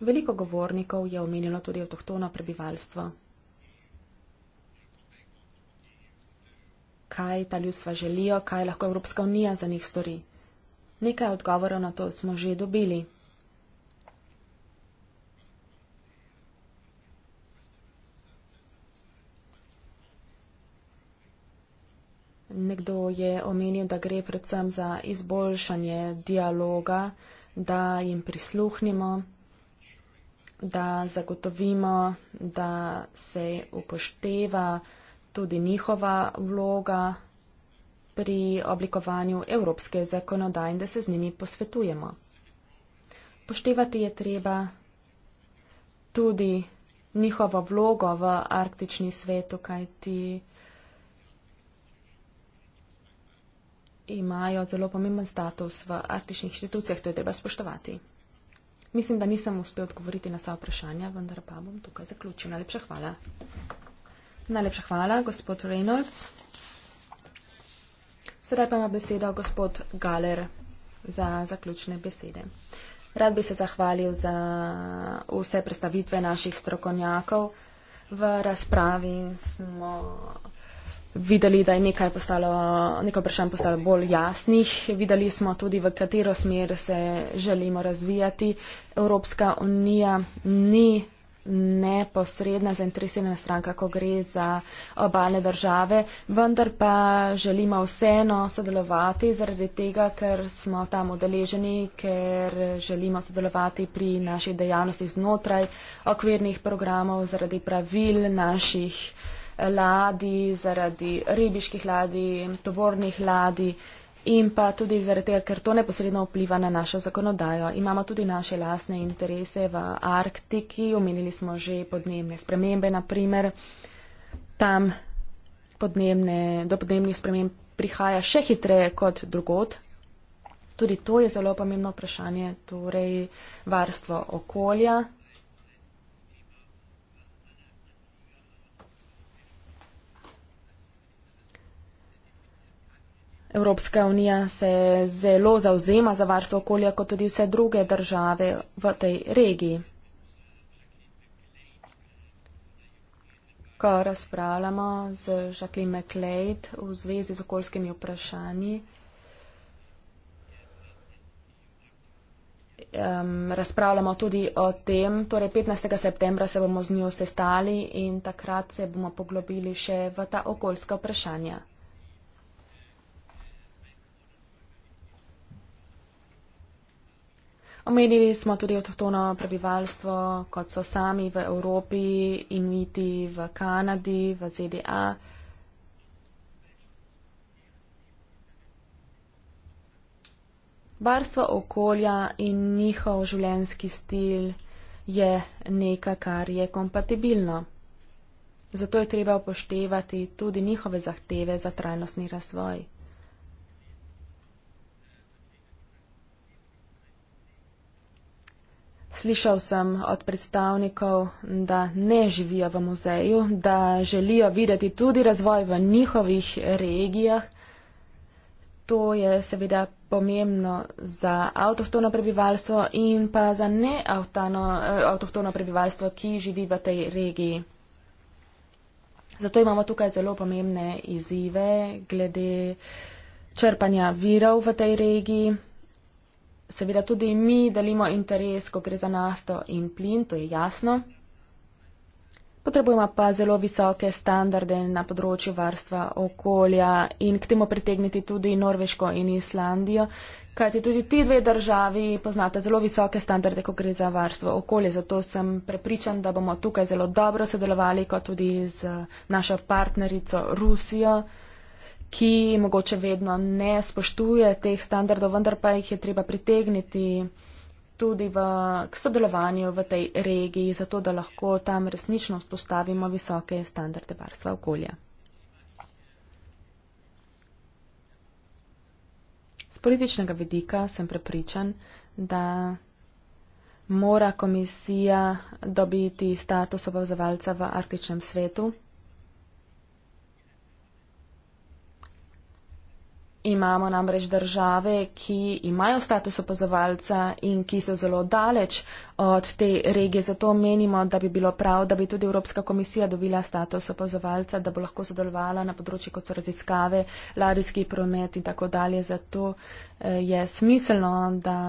Speaker 5: Veliko govornikov je omenilo tudi avtohtono prebivalstvo. Kaj ta ljudstva želijo, kaj lahko Evropska unija za njih stori? Nekaj odgovorov na to smo že dobili. nekdo je omenil, da gre predvsem za izboljšanje dialoga, da jim prisluhnimo, da zagotovimo, da se upošteva tudi njihova vloga pri oblikovanju evropske zakonodaje in da se z njimi posvetujemo. Poštevati je treba tudi njihovo vlogo v arktični svetu, kajti. imajo zelo pomemben status v arktičnih inštitucijah, to je treba spoštovati. Mislim, da nisem uspel odgovoriti na vsa vprašanja, vendar pa bom tukaj zaključil. Najlepša hvala. Najlepša hvala, gospod Reynolds. Sedaj pa ima besedo gospod Galer za zaključne besede. Rad bi se zahvalil za vse predstavitve naših strokovnjakov. V razpravi smo videli, da je nekaj postalo, neko vprašanje postalo bolj jasnih. Videli smo tudi, v katero smer se želimo razvijati. Evropska unija ni neposredna zainteresirana stranka, ko gre za obalne države, vendar pa želimo vseeno sodelovati zaradi tega, ker smo tam odeleženi, ker želimo sodelovati pri naših dejavnostih znotraj okvirnih programov zaradi pravil naših ladij, zaradi ribiških ladij, tovornih ladij in pa tudi zaradi tega, ker to neposredno vpliva na našo zakonodajo. Imamo tudi naše lasne interese v Arktiki, omenili smo že podnebne spremembe, naprimer tam podnebne, do podnebnih sprememb prihaja še hitreje kot drugot. Tudi to je zelo pomembno vprašanje, torej varstvo okolja. Evropska unija se zelo zauzema za varstvo okolja, kot tudi vse druge države v tej regiji. Ko razpravljamo z Jacqueline McLeod v zvezi z okoljskimi vprašanji, um, razpravljamo tudi o tem, torej 15. septembra se bomo z njo sestali in takrat se bomo poglobili še v ta okoljska vprašanja. Omenili smo tudi avtohtono prebivalstvo, kot so sami v Evropi in niti v Kanadi, v ZDA. Varstvo okolja in njihov življenjski stil je nekaj, kar je kompatibilno. Zato je treba upoštevati tudi njihove zahteve za trajnostni razvoj. Slišal sem od predstavnikov, da ne živijo v muzeju, da želijo videti tudi razvoj v njihovih regijah. To je seveda pomembno za avtohtono prebivalstvo in pa za neavtohtono eh, prebivalstvo, ki živi v tej regiji. Zato imamo tukaj zelo pomembne izzive glede črpanja virov v tej regiji. Seveda tudi mi delimo interes, ko gre za nafto in plin, to je jasno. Potrebujemo pa zelo visoke standarde na področju varstva okolja in k temu pritegniti tudi Norveško in Islandijo, kajti tudi ti dve državi poznate zelo visoke standarde, ko gre za varstvo okolja. Zato sem prepričan, da bomo tukaj zelo dobro sodelovali, kot tudi z našo partnerico Rusijo ki mogoče vedno ne spoštuje teh standardov, vendar pa jih je treba pritegniti tudi v, k sodelovanju v tej regiji, zato da lahko tam resnično vzpostavimo visoke standarde varstva okolja. Z političnega vidika sem prepričan, da mora komisija dobiti status obavzavalca v arktičnem svetu. Imamo namreč države, ki imajo status opazovalca in ki so zelo daleč od te regije. Zato menimo, da bi bilo prav, da bi tudi Evropska komisija dobila status opazovalca, da bo lahko sodelovala na področju kot so raziskave, ladijski promet in tako dalje. Zato eh, je smiselno, da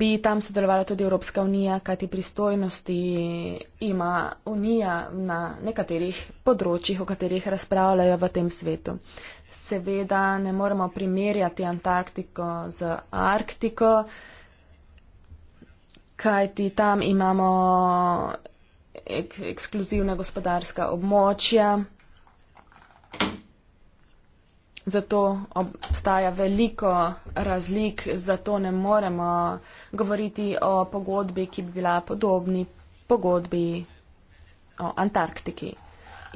Speaker 5: bi tam sodelovala tudi Evropska unija, kajti pristojnosti ima unija na nekaterih področjih, o katerih razpravljajo v tem svetu seveda ne moremo primerjati Antarktiko z Arktiko, kajti tam imamo ek ekskluzivna gospodarska območja. Zato obstaja veliko razlik, zato ne moremo govoriti o pogodbi, ki bi bila podobni pogodbi o Antarktiki.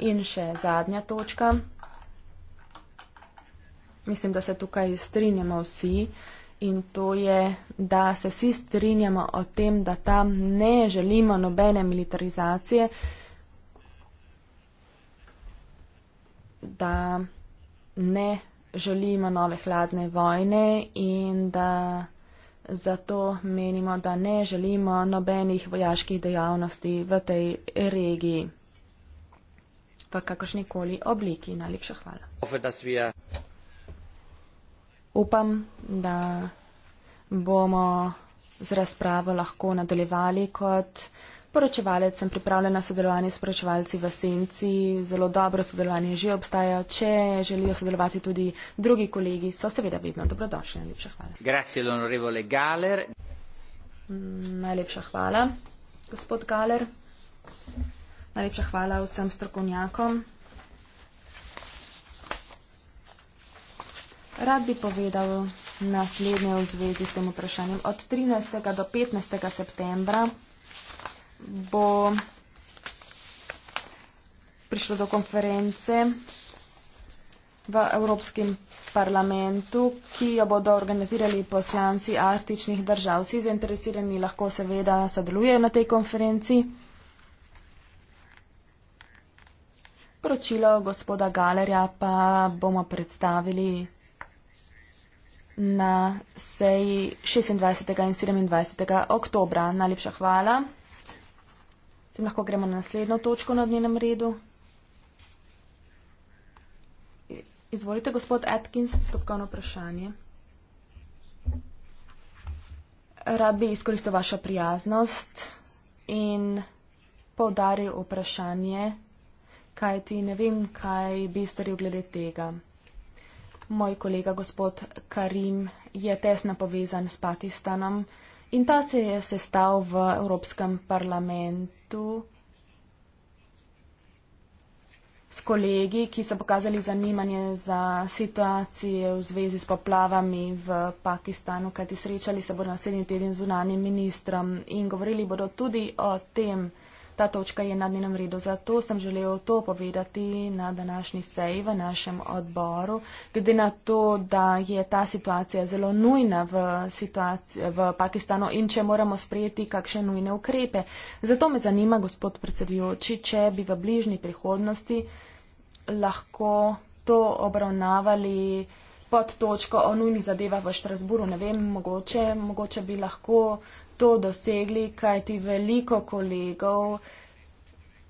Speaker 5: In še zadnja točka mislim, da se tukaj strinjamo vsi in to je, da se vsi strinjamo o tem, da tam ne želimo nobene militarizacije, da ne želimo nove hladne vojne in da. Zato menimo, da ne želimo nobenih vojaških dejavnosti v tej regiji v kakršnikoli obliki. Najlepša
Speaker 2: hvala
Speaker 5: upam, da bomo z razpravo lahko nadaljevali kot poročevalec. Sem pripravljena sodelovanje s poročevalci v Senci. Zelo dobro sodelovanje že obstaja. Če želijo sodelovati tudi drugi kolegi, so seveda vedno dobrodošli. Najlepša hvala.
Speaker 2: Grazie, l'onorevole Galer.
Speaker 5: Najlepša hvala, gospod Galer. Najlepša hvala vsem strokovnjakom. Rad bi povedal naslednje v zvezi s tem vprašanjem. Od 13. do 15. septembra bo prišlo do konference v Evropskem parlamentu, ki jo bodo organizirali poslanci arktičnih držav. Vsi zainteresirani lahko seveda sodelujejo na tej konferenci. Poročilo gospoda Galerja pa bomo predstavili na seji 26. in 27. oktobra. Najlepša hvala. Tem lahko gremo na naslednjo točko na dnevnem redu. Izvolite, gospod Atkins, postopkovno vprašanje. Rad bi izkoristil vašo prijaznost in poudaril vprašanje, kaj ti ne vem, kaj bi storil glede tega moj kolega gospod Karim je tesno povezan s Pakistanom in ta se je sestal v Evropskem parlamentu s kolegi, ki so pokazali zanimanje za situacijo v zvezi s poplavami v Pakistanu, kajti srečali se bodo naslednji teden z zunanim ministrom in govorili bodo tudi o tem, ta točka je na dnevnem redu. Zato sem želel to povedati na današnji seji v našem odboru, glede na to, da je ta situacija zelo nujna v, v Pakistanu in če moramo sprejeti kakšne nujne ukrepe. Zato me zanima, gospod predsedujoči, če bi v bližnji prihodnosti lahko to obravnavali pod točko o nujnih zadevah v Štrasburu. Ne vem, mogoče, mogoče bi lahko to dosegli, kajti veliko kolegov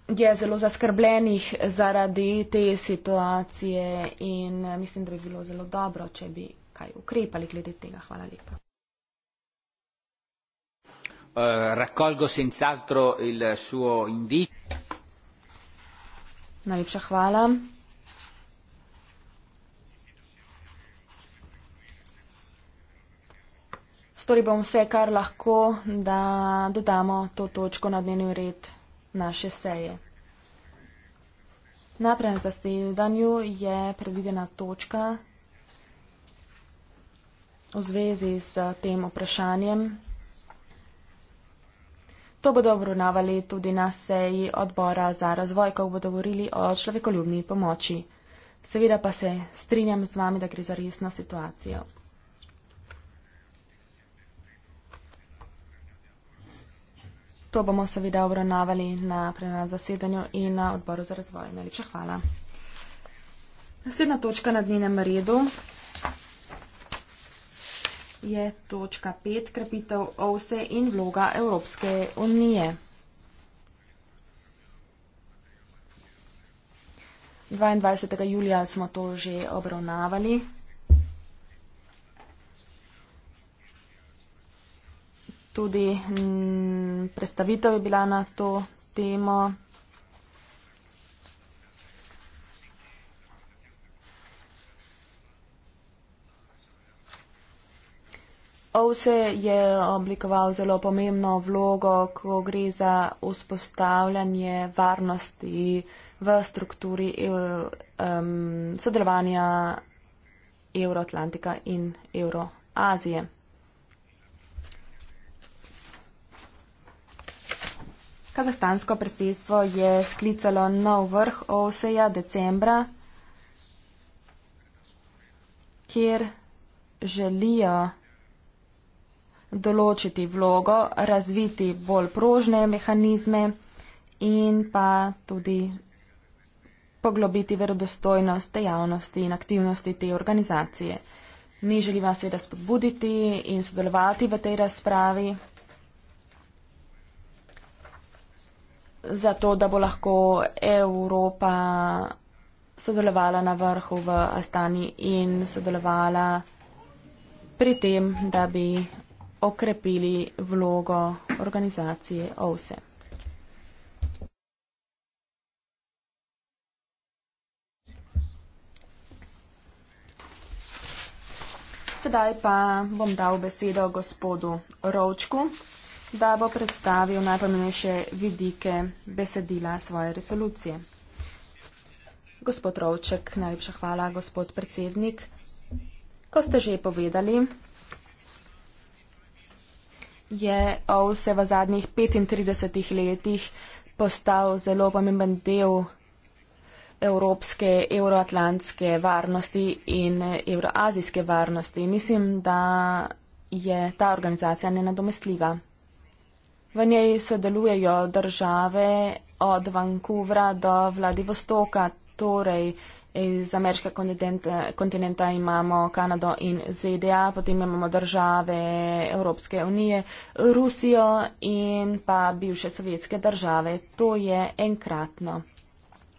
Speaker 5: je zelo zaskrbljenih zaradi te situacije in eh, mislim, da bi bilo zelo dobro, če bi kaj ukrepali glede tega. Hvala lepa. Eh, Najlepša hvala. storili bomo vse, kar lahko, da dodamo to točko na dnevni red naše seje. Naprej na zasedanju je predvidena točka v zvezi s tem vprašanjem. To bodo obravnavali tudi na seji odbora za razvoj, ko bodo govorili o človekoljubni pomoči. Seveda pa se strinjam z vami, da gre za resno situacijo. To bomo seveda obravnavali na plenarnem zasedanju in na odboru za razvoj. Najlepša hvala. Naslednja točka na dnevnem redu je točka 5, krepitev OVSE in vloga Evropske unije. 22. julija smo to že obravnavali. tudi mm, predstavitev je bila na to temo. Ovse je oblikoval zelo pomembno vlogo, ko gre za vzpostavljanje varnosti v strukturi e, sodelovanja Euroatlantika in Euroazije. Kazahstansko predsedstvo je sklicalo nov vrh OSEJA decembra, kjer želijo določiti vlogo, razviti bolj prožne mehanizme in pa tudi poglobiti verodostojnost te javnosti in aktivnosti te organizacije. Mi želimo seveda spodbuditi in sodelovati v tej razpravi. zato, da bo lahko Evropa sodelovala na vrhu v Astani in sodelovala pri tem, da bi okrepili vlogo organizacije OVSE. Sedaj pa bom dal besedo gospodu Rovčku da bo predstavil najpomembnejše vidike besedila svoje resolucije. Gospod Rovček, najlepša hvala, gospod predsednik. Ko ste že povedali, je OVSE v zadnjih 35 letih postal zelo pomemben del evropske, euroatlantske varnosti in euroazijske varnosti. Mislim, da je ta organizacija nenadomestljiva. V njej sodelujejo države od Vancouvra do Vladivostoka, torej iz ameriškega kontinenta imamo Kanado in ZDA, potem imamo države Evropske unije, Rusijo in pa bivše sovjetske države. To je enkratno.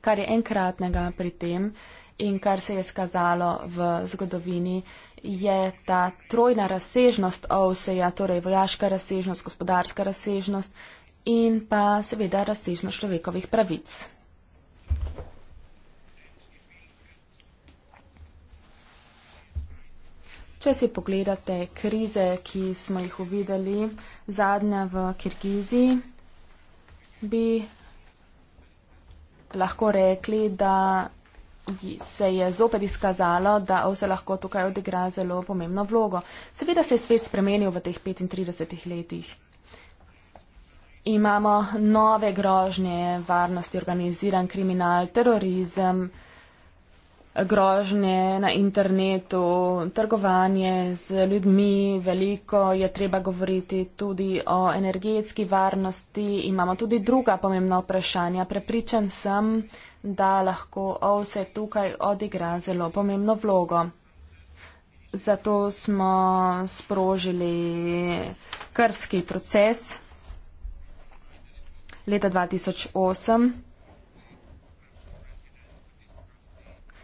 Speaker 5: Kar je enkratnega pri tem in kar se je skazalo v zgodovini, je ta trojna razsežnost OVSE-ja, torej vojaška razsežnost, gospodarska razsežnost in pa seveda razsežnost človekovih pravic. Če si pogledate krize, ki smo jih uvideli, zadnja v Kirgiziji, bi lahko rekli, da se je zopet izkazalo, da OSE lahko tukaj odigra zelo pomembno vlogo. Seveda se je svet spremenil v teh 35 letih. Imamo nove grožnje varnosti, organiziran kriminal, terorizem, grožnje na internetu, trgovanje z ljudmi, veliko je treba govoriti tudi o energetski varnosti. Imamo tudi druga pomembna vprašanja. Prepričan sem, da lahko ovse tukaj odigra zelo pomembno vlogo. Zato smo sprožili krvski proces leta 2008.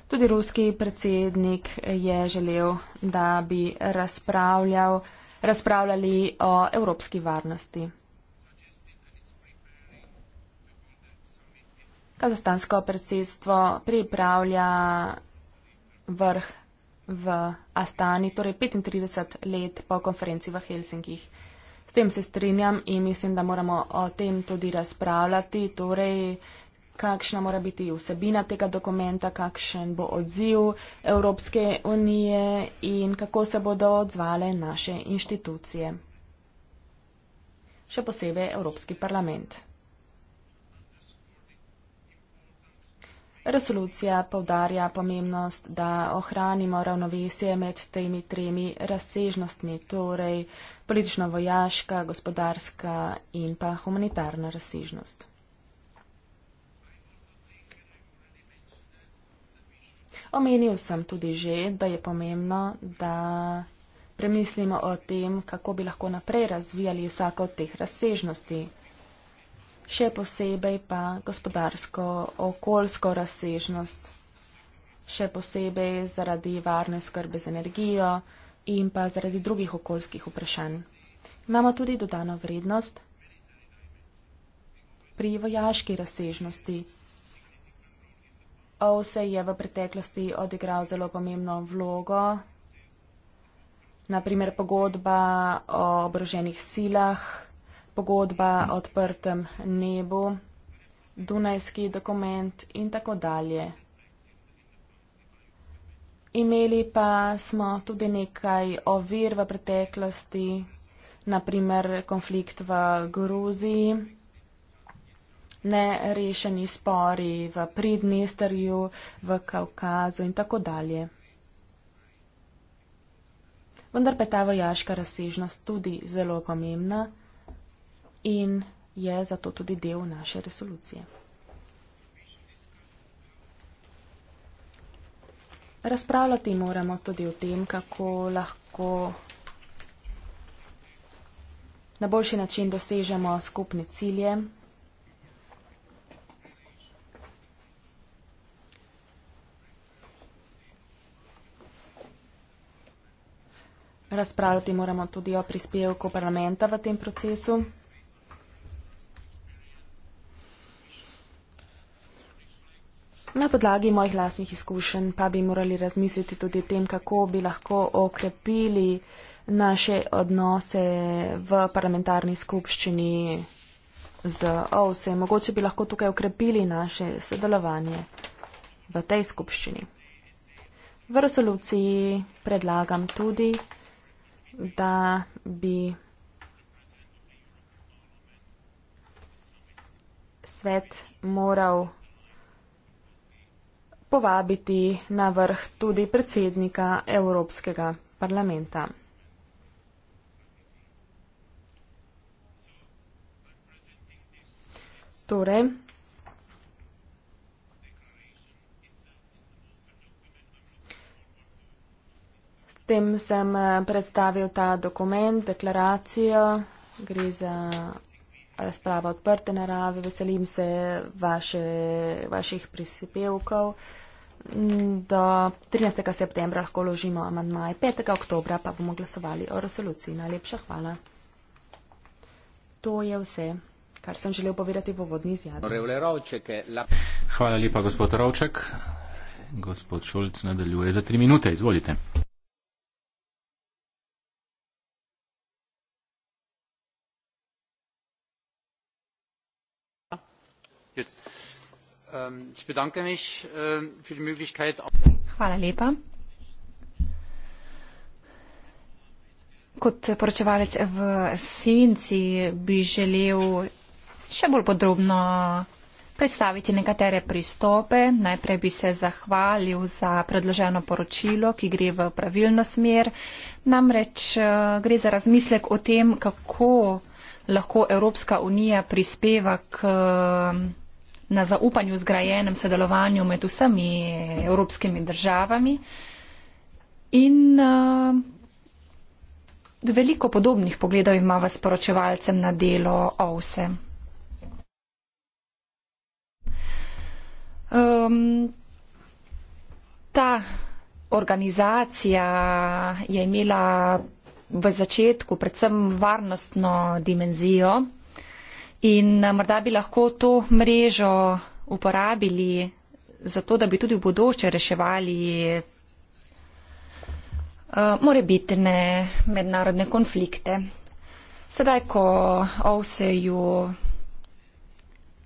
Speaker 5: Tudi ruski predsednik je želel, da bi razpravljali o evropski varnosti. kazastansko predsedstvo pripravlja vrh v Astani, torej 35 let po konferenci v Helsinkih. S tem se strinjam in mislim, da moramo o tem tudi razpravljati, torej kakšna mora biti vsebina tega dokumenta, kakšen bo odziv Evropske unije in kako se bodo odzvale naše inštitucije. Še posebej Evropski parlament. Resolucija povdarja pomembnost, da ohranimo ravnovesje med temi tremi razsežnostmi, torej politično-vojaška, gospodarska in pa humanitarna razsežnost. Omenil sem tudi že, da je pomembno, da premislimo o tem, kako bi lahko naprej razvijali vsako od teh razsežnosti še posebej pa gospodarsko okoljsko razsežnost, še posebej zaradi varne skrbe z energijo in pa zaradi drugih okoljskih vprašanj. Imamo tudi dodano vrednost pri vojaški razsežnosti. OVSE je v preteklosti odigral zelo pomembno vlogo, naprimer pogodba o obroženih silah, pogodba o odprtem nebu, Dunajski dokument in tako dalje. Imeli pa smo tudi nekaj ovir v preteklosti, naprimer konflikt v Gruziji, nerešeni spori v Pridnesterju, v Kaukazu in tako dalje. Vendar pa je ta vojaška razsežnost tudi zelo pomembna in je zato tudi del naše resolucije. Razpravljati moramo tudi o tem, kako lahko na boljši način dosežemo skupne cilje. Razpravljati moramo tudi o prispevku parlamenta v tem procesu. Na podlagi mojih lastnih izkušenj pa bi morali razmisliti tudi o tem, kako bi lahko okrepili naše odnose v parlamentarni skupščini z OVSE. Mogoče bi lahko tukaj okrepili naše sodelovanje v tej skupščini. V resoluciji predlagam tudi, da bi svet moral povabiti na vrh tudi predsednika Evropskega parlamenta. Torej, s tem sem eh, predstavil ta dokument, deklaracijo, gre za razprava odprte narave, veselim se vaše, vaših prispevkov do 13. septembra lahko ložimo amandmaje, 5. oktobra pa bomo glasovali o resoluciji. Najlepša hvala. To je vse, kar sem želel povedati v vodni izjavi.
Speaker 3: Hvala lepa, gospod Rovček. Gospod Šulc nadaljuje za tri minute. Izvolite.
Speaker 2: Ähm, ich bedanke mich ähm, für die möglichkeit
Speaker 1: hvala lepa kot poročevalec v senci bi želel še bolj podrobno predstaviti nekatere pristope. Najprej bi se zahvalil za predloženo poročilo, ki gre v pravilno smer. Namreč eh, gre za razmislek o tem, kako lahko Evropska unija prispeva k na zaupanju zgrajenem sodelovanju med vsemi evropskimi državami. In uh, veliko podobnih pogledov ima s poročevalcem na delo OVSE. Um, ta organizacija je imela v začetku predvsem varnostno dimenzijo. In eh, morda bi lahko to mrežo uporabili za to, da bi tudi v bodoče reševali eh, morebitne mednarodne konflikte. Sedaj, ko OVSE-ju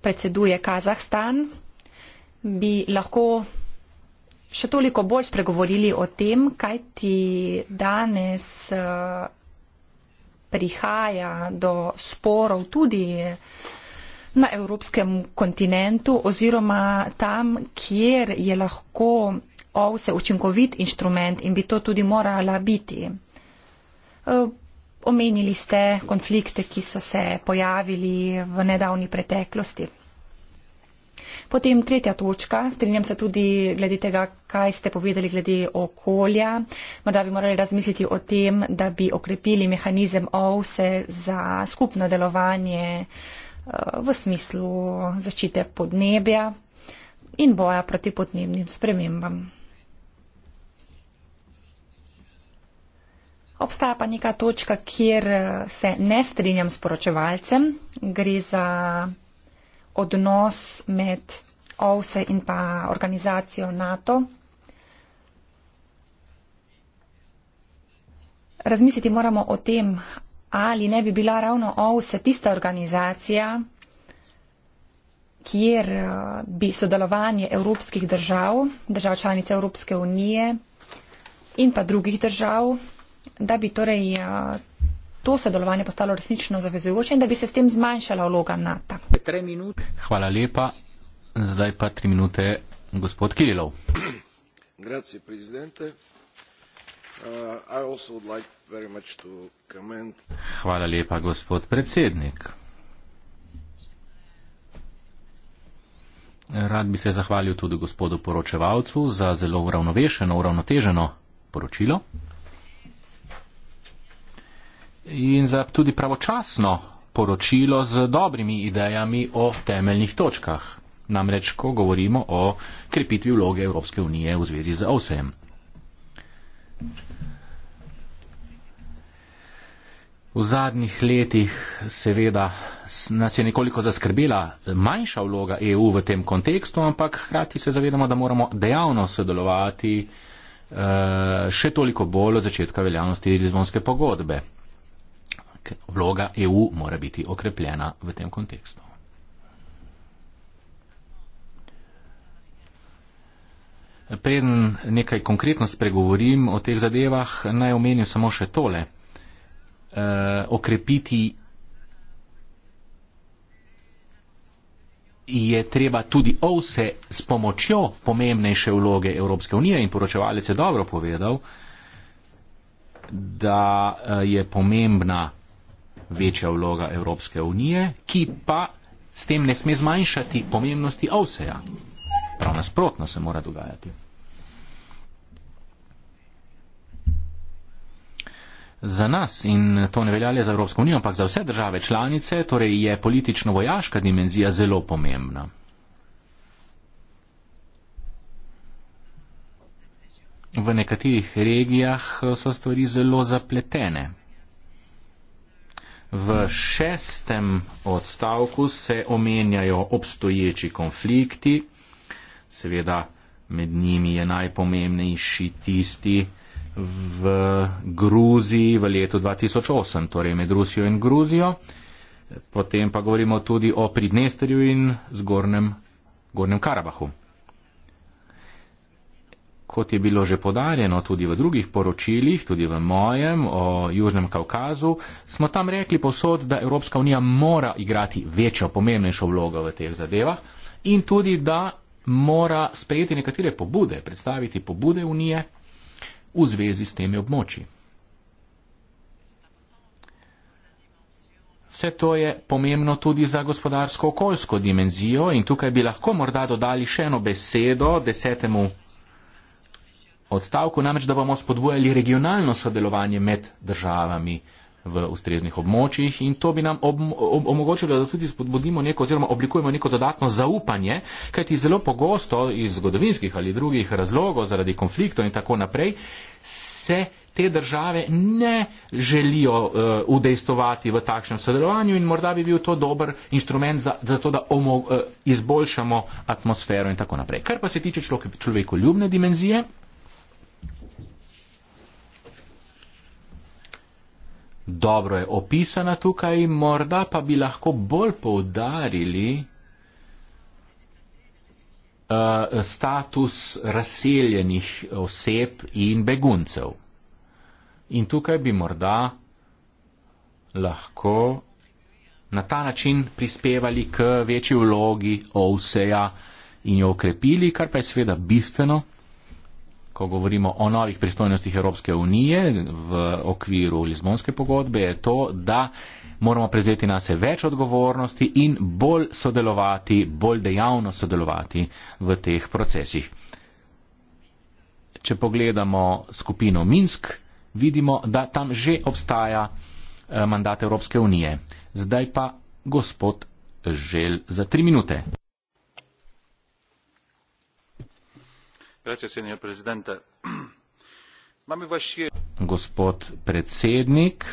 Speaker 1: predseduje Kazahstan, bi lahko še toliko bolj spregovorili o tem, kaj ti danes eh, prihaja do sporov tudi na evropskem kontinentu oziroma tam, kjer je lahko ovse učinkovit inštrument in bi to tudi morala biti. E, omenili ste konflikte, ki so se pojavili v nedavni preteklosti. Potem tretja točka, strinjam se tudi glede tega, kaj ste povedali glede okolja. Morda bi morali razmisliti o tem, da bi okrepili mehanizem OVSE za skupno delovanje eh, v smislu zaščite podnebja in boja proti podnebnim spremembam. Obstaja pa neka točka, kjer eh, se ne strinjam s poročevalcem. Gre za odnos med OVSE in pa organizacijo NATO. Razmisliti moramo o tem, ali ne bi bila ravno OVSE tista organizacija, kjer eh, bi sodelovanje evropskih držav, držav članice Evropske unije in pa drugih držav, da bi torej eh, to sodelovanje postalo resnično zavezujoče in da bi se s tem zmanjšala vloga NATO.
Speaker 3: Hvala lepa. Zdaj pa tri minute, gospod Kirilov. Uh, Hvala lepa, gospod predsednik. Rad bi se zahvalil tudi gospodu poročevalcu za zelo uravnovešeno, uravnoteženo poročilo in za tudi pravočasno poročilo z dobrimi idejami o temeljnih točkah. Namreč, ko govorimo o krepitvi vloge Evropske unije v zvezi z OSEM. V zadnjih letih seveda nas je nekoliko zaskrbela manjša vloga EU v tem kontekstu, ampak hkrati se zavedamo, da moramo dejavno sodelovati eh, še toliko bolj od začetka veljavnosti Lizbonske pogodbe vloga EU mora biti okrepljena v tem kontekstu. Preden nekaj konkretno spregovorim o teh zadevah, naj omenim samo še tole. E, okrepiti je treba tudi ovse s pomočjo pomembnejše vloge Evropske unije in poročevalec je dobro povedal, da e, je pomembna večja vloga Evropske unije, ki pa s tem ne sme zmanjšati pomembnosti OVSE-ja. Prav nasprotno se mora dogajati. Za nas in to ne velja le za Evropsko unijo, ampak za vse države članice, torej je politično-vojaška dimenzija zelo pomembna. V nekaterih regijah so stvari zelo zapletene. V šestem odstavku se omenjajo obstoječi konflikti, seveda med njimi je najpomembnejši tisti v Gruziji v letu 2008, torej med Rusijo in Gruzijo. Potem pa govorimo tudi o Pridnesterju in zgornjem, zgornjem Karabahu kot je bilo že podarjeno tudi v drugih poročilih, tudi v mojem o Južnem Kaukazu, smo tam rekli posod, da Evropska unija mora igrati večjo, pomembnejšo vlogo v teh zadevah in tudi, da mora sprejeti nekatere pobude, predstaviti pobude unije v zvezi s temi območji. Vse to je pomembno tudi za gospodarsko-okoljsko dimenzijo in tukaj bi lahko morda dodali še eno besedo desetemu odstavku, namreč da bomo spodbujali regionalno sodelovanje med državami v ustreznih območjih in to bi nam omogočilo, da tudi spodbudimo neko oziroma oblikujemo neko dodatno zaupanje, kajti zelo pogosto iz zgodovinskih ali drugih razlogov zaradi konfliktov in tako naprej se te države ne želijo uh, udejstovati v takšnem sodelovanju in morda bi bil to dober instrument za, za to, da omo, uh, izboljšamo atmosfero in tako naprej. Kar pa se tiče človekoljubne dimenzije, dobro je opisana tukaj, morda pa bi lahko bolj poudarili uh, status razseljenih oseb in beguncev. In tukaj bi morda lahko na ta način prispevali k večji vlogi Ovseja in jo okrepili, kar pa je seveda bistveno, ko govorimo o novih pristojnostih Evropske unije v okviru Lizbonske pogodbe, je to, da moramo prezeti na se več odgovornosti in bolj sodelovati, bolj dejavno sodelovati v teh procesih. Če pogledamo skupino Minsk, vidimo, da tam že obstaja eh, mandat Evropske unije. Zdaj pa gospod Žel za tri minute. Gospod predsednik,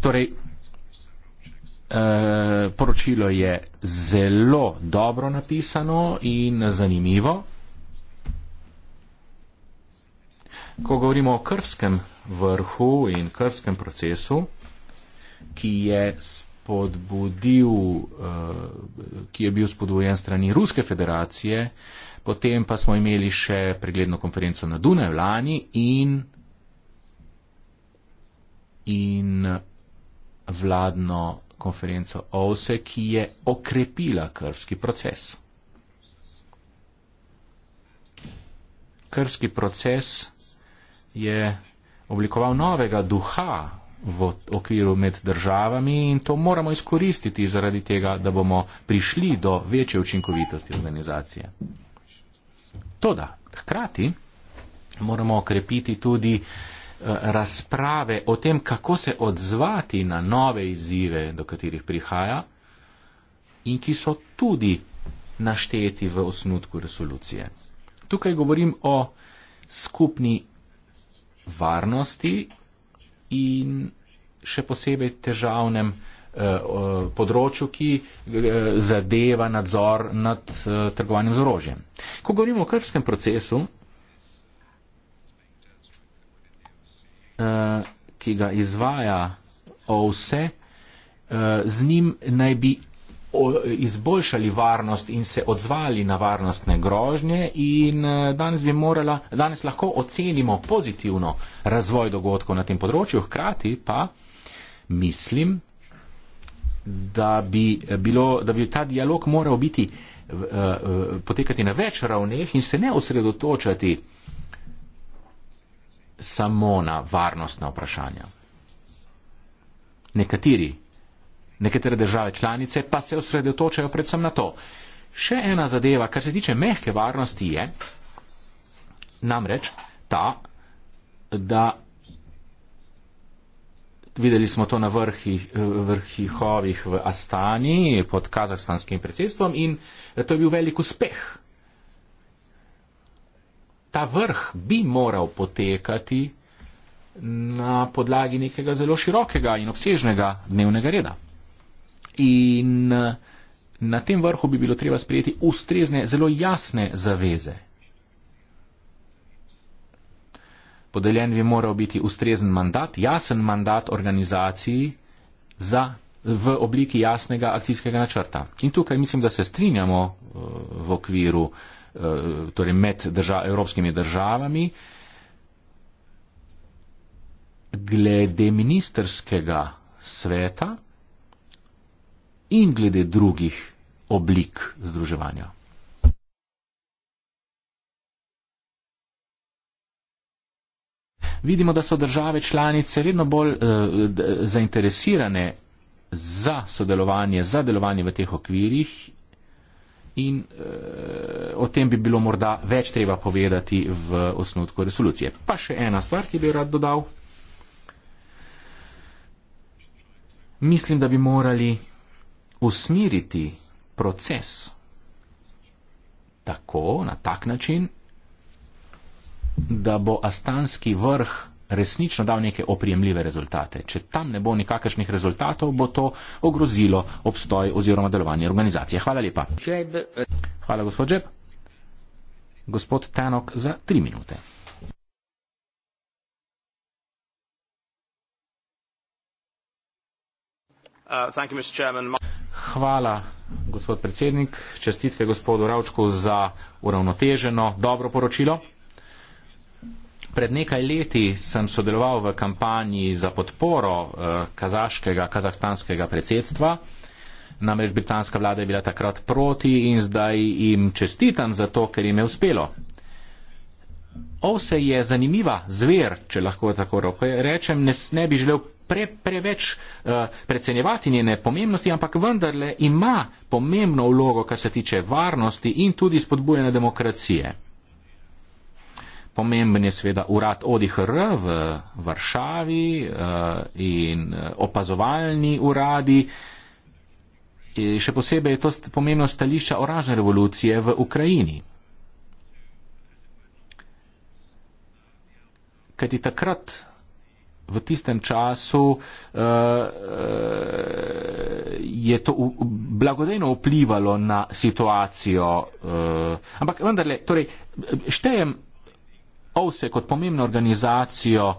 Speaker 3: Torej, e, poročilo je zelo dobro napisano in zanimivo. Ko govorimo o krvskem vrhu in krvskem procesu, ki je spodbudil, eh, ki je bil spodbujen strani Ruske federacije, potem pa smo imeli še pregledno konferenco na Dunaju lani in, in vladno konferenco OVSE, ki je okrepila krvski proces. Krvski proces je oblikoval novega duha v okviru med državami in to moramo izkoristiti zaradi tega, da bomo prišli do večje učinkovitosti organizacije. Toda, hkrati moramo okrepiti tudi eh, razprave o tem, kako se odzvati na nove izzive, do katerih prihaja in ki so tudi našteti v osnutku resolucije. Tukaj govorim o skupni varnosti in še posebej težavnem eh, področju, ki eh, zadeva nadzor nad eh, trgovanjem z orožjem. Ko govorimo o krpskem procesu, ki ga izvaja OVSE, z njim naj bi izboljšali varnost in se odzvali na varnostne grožnje in eh, danes, morala, danes lahko ocenimo pozitivno razvoj dogodkov na tem področju. Hkrati pa mislim, da bi, eh, bilo, da bi ta dialog moral biti, eh, potekati na več ravneh in se ne osredotočati samo na varnostna vprašanja. Nekateri Nekatere države članice pa se osredotočajo predvsem na to. Še ena zadeva, kar se tiče mehke varnosti, je namreč ta, da videli smo to na vrhi, vrhihovih v Astani pod kazahstanskim predsedstvom in to je bil velik uspeh. Ta vrh bi moral potekati na podlagi nekega zelo širokega in obsežnega dnevnega reda in eh, na tem vrhu bi bilo treba sprejeti ustrezne, zelo jasne zaveze. Podeljen bi moral biti ustrezen mandat, jasen mandat organizaciji za, v obliki jasnega akcijskega načrta. In tukaj mislim, da se strinjamo eh, v okviru, eh, torej med držav, evropskimi državami, glede ministerskega sveta, in glede drugih oblik združevanja. Vidimo, da so države članice vedno bolj eh, zainteresirane za sodelovanje, za delovanje v teh okvirih in eh, o tem bi bilo morda več treba povedati v osnutku resolucije. Pa še ena stvar, ki bi jo rad dodal. Mislim, da bi morali usmeriti proces tako, na tak način, da bo astanski vrh resnično dal neke oprijemljive rezultate. Če tam ne bo nikakršnih rezultatov, bo to ogrozilo obstoj oziroma delovanje organizacije. Hvala lepa. Hvala, gospod Žeb. Gospod Tenok za tri minute.
Speaker 2: Uh, thank you, Mr. Chairman. My
Speaker 3: Hvala, gospod predsednik. Čestitke gospodu Ravčku za uravnoteženo, dobro poročilo. Pred nekaj leti sem sodeloval v kampanji za podporo eh, kazaškega, kazahstanskega predsedstva. Namreč britanska vlada je bila takrat proti in zdaj jim čestitam za to, ker jim je uspelo. Ovse je zanimiva zver, če lahko tako rokoje rečem, ne, ne bi želel pre, preveč uh, precenjevati njene pomembnosti, ampak vendarle ima pomembno vlogo, kar se tiče varnosti in tudi spodbujene demokracije. Pomemben je seveda urad ODIHR v Varšavi uh, in eh, opazovalni uradi. In še posebej je to pomembno stališča oranžne revolucije v Ukrajini. Kajti takrat v tistem času uh, je to blagodejno vplivalo na situacijo. Uh, ampak vendarle, torej, štejem OVSE kot pomembno organizacijo, uh,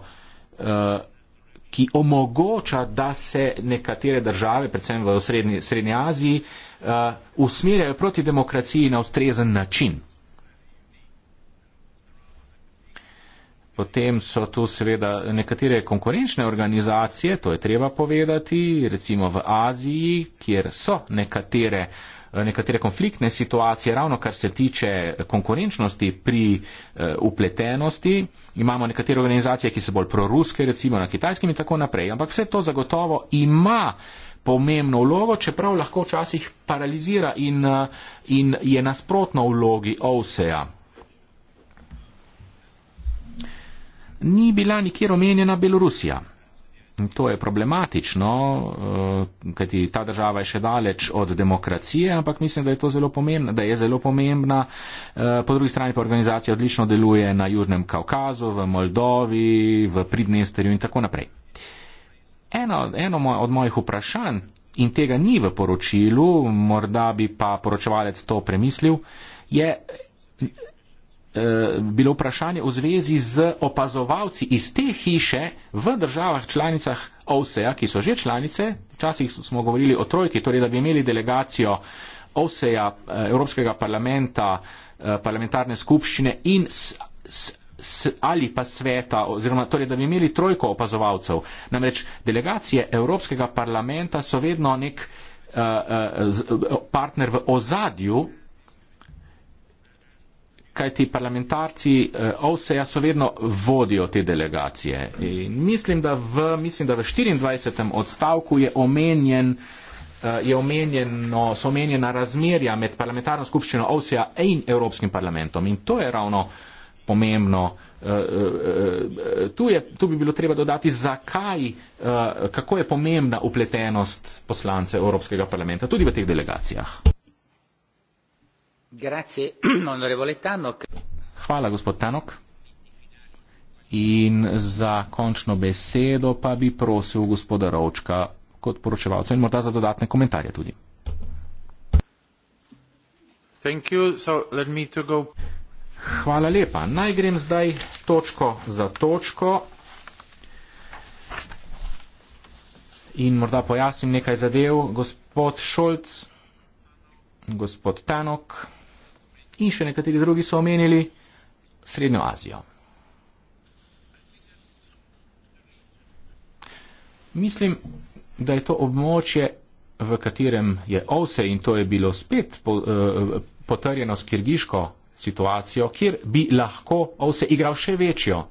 Speaker 3: ki omogoča, da se nekatere države, predvsem v Srednji, Srednji Aziji, uh, usmerjajo proti demokraciji na ustrezen način. Potem so tu seveda nekatere konkurenčne organizacije, to je treba povedati, recimo v Aziji, kjer so nekatere, eh, nekatere konfliktne situacije, ravno kar se tiče eh, konkurenčnosti pri eh, upletenosti. Imamo nekatere organizacije, ki so bolj proruske, recimo na kitajskem in tako naprej. Ampak vse to zagotovo ima pomembno vlogo, čeprav lahko včasih paralizira in, in je nasprotno vlogi OVSEA. ni bila nikjer omenjena Belorusija. To je problematično, eh, kajti ta država je še daleč od demokracije, ampak mislim, da je to zelo pomembno, da je zelo pomembna. Eh, po drugi strani pa organizacija odlično deluje na Južnem Kaukazu, v Moldovi, v Pridnesterju in tako naprej. Eno, eno od mojih vprašanj in tega ni v poročilu, morda bi pa poročevalec to premislil, je Eh, bilo vprašanje v zvezi z opazovalci iz te hiše v državah članicah OSEA, ki so že članice, včasih smo govorili o trojki, torej da bi imeli delegacijo OSEA, eh, Evropskega parlamenta, eh, parlamentarne skupščine in s, s, ali pa sveta, oziroma torej da bi imeli trojko opazovalcev. Namreč delegacije Evropskega parlamenta so vedno nek partner v ozadju kajti parlamentarci eh, OVSE-ja so vedno vodijo te delegacije. In mislim, da v, mislim, da v 24. odstavku je omenjen, eh, je omenjeno, so omenjena razmerja med parlamentarno skupščino OVSE-ja in Evropskim parlamentom. In to je ravno pomembno. Eh, eh, eh, tu, je, tu bi bilo treba dodati, zakaj, kako je pomembna upletenost poslance Evropskega parlamenta tudi v teh delegacijah. Hvala, gospod Tanok. In za končno besedo pa bi prosil gospoda Rovčka kot poročevalca in morda za dodatne komentarje tudi. Hvala lepa. Naj grem zdaj točko za točko. In morda pojasnim nekaj zadev. Gospod Šolc, gospod Tanok in še nekateri drugi so omenili Srednjo Azijo. Mislim, da je to območje, v katerem je ovce in to je bilo spet eh, potrjeno s kirgiško situacijo, kjer bi lahko ovce igral še večjo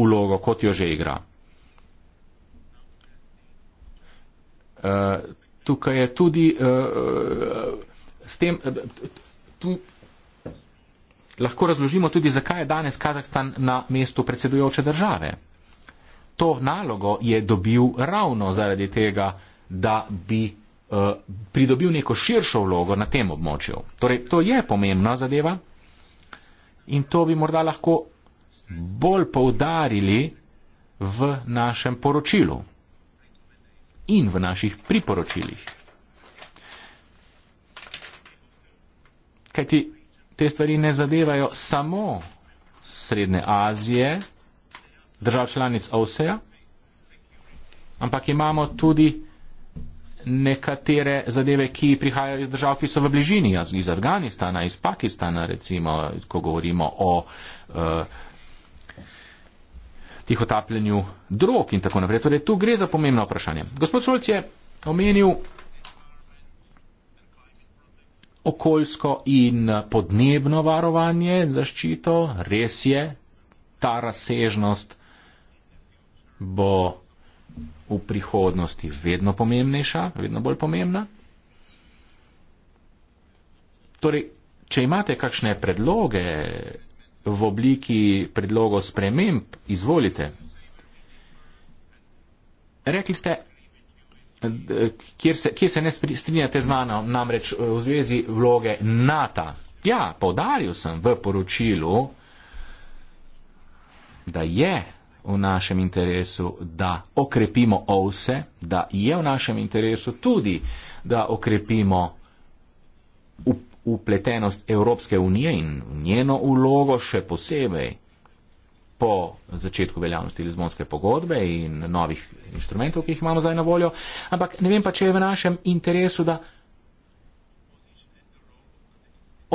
Speaker 3: ulogo, kot jo že igra. Eh, tukaj je tudi eh, s tem, Lahko razložimo tudi, zakaj je danes Kazahstan na mestu predsedujoče države. To nalogo je dobil ravno zaradi tega, da bi uh, pridobil neko širšo vlogo na tem območju. Torej, to je pomembna zadeva in to bi morda lahko bolj poudarili v našem poročilu in v naših priporočilih. Kajti te stvari ne zadevajo samo Srednje Azije, držav članic OSEA, ampak imamo tudi nekatere zadeve, ki prihajajo iz držav, ki so v bližini, iz Afganistana, iz Pakistana, recimo, ko govorimo o uh, tihotapljenju drog in tako naprej. Torej, tu gre za pomembno vprašanje. Gospod Šolc je omenil okoljsko in podnebno varovanje, zaščito, res je, ta razsežnost bo v prihodnosti vedno pomembnejša, vedno bolj pomembna. Torej, če imate kakšne predloge v obliki predlogov sprememb, izvolite. Rekli ste, kjer se, kjer se ne strinjate z mano, namreč eh, v zvezi vloge NATO. Ja, povdaril sem v poročilu, da je v našem interesu, da okrepimo ovse, da je v našem interesu tudi, da okrepimo upletenost Evropske unije in njeno ulogo še posebej po začetku veljavnosti Lizbonske pogodbe in novih inštrumentov, ki jih imamo zdaj na voljo. Ampak ne vem pa, če je v našem interesu, da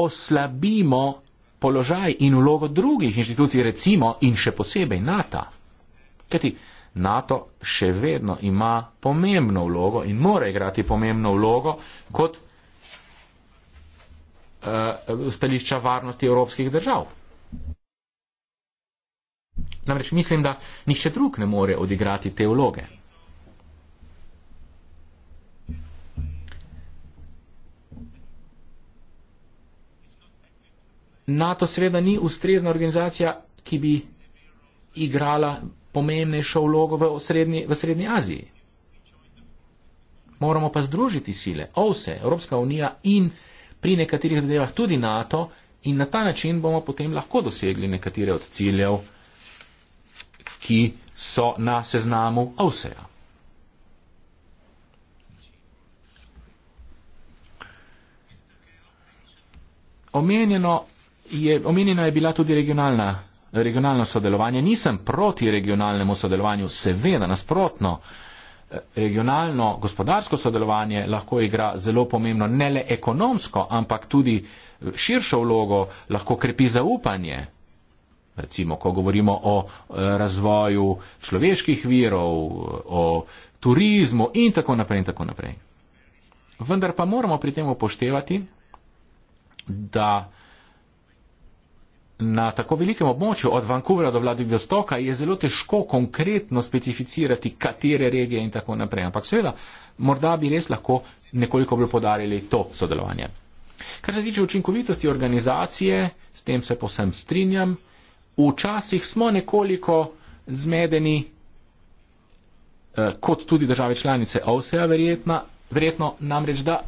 Speaker 3: oslabimo položaj in vlogo drugih inštitucij, recimo in še posebej NATO. Kajti NATO še vedno ima pomembno vlogo in mora igrati pomembno vlogo kot uh, stališča varnosti evropskih držav. Namreč mislim, da nihče drug ne more odigrati te vloge. NATO seveda ni ustrezna organizacija, ki bi igrala pomembnejšo vlogo v srednji, v srednji Aziji. Moramo pa združiti sile, OVSE, Evropska unija in pri nekaterih zadevah tudi NATO in na ta način bomo potem lahko dosegli nekatere od ciljev ki so na seznamu Oseja. Omenjeno je, omenjena je bila tudi regionalna, regionalno sodelovanje. Nisem proti regionalnemu sodelovanju, seveda nasprotno. Regionalno gospodarsko sodelovanje lahko igra zelo pomembno ne le ekonomsko, ampak tudi širšo vlogo, lahko krepi zaupanje Recimo, ko govorimo o eh, razvoju človeških virov, o turizmu in tako naprej in tako naprej. Vendar pa moramo pri tem upoštevati, da na tako velikem območju od Vancouvra do Vladivostoka je zelo težko konkretno specificirati, katere regije in tako naprej. Ampak seveda, morda bi res lahko nekoliko bolj podarili to sodelovanje. Kar se tiče učinkovitosti organizacije, s tem se posem strinjam včasih smo nekoliko zmedeni, eh, kot tudi države članice OSEA, verjetno, verjetno namreč, da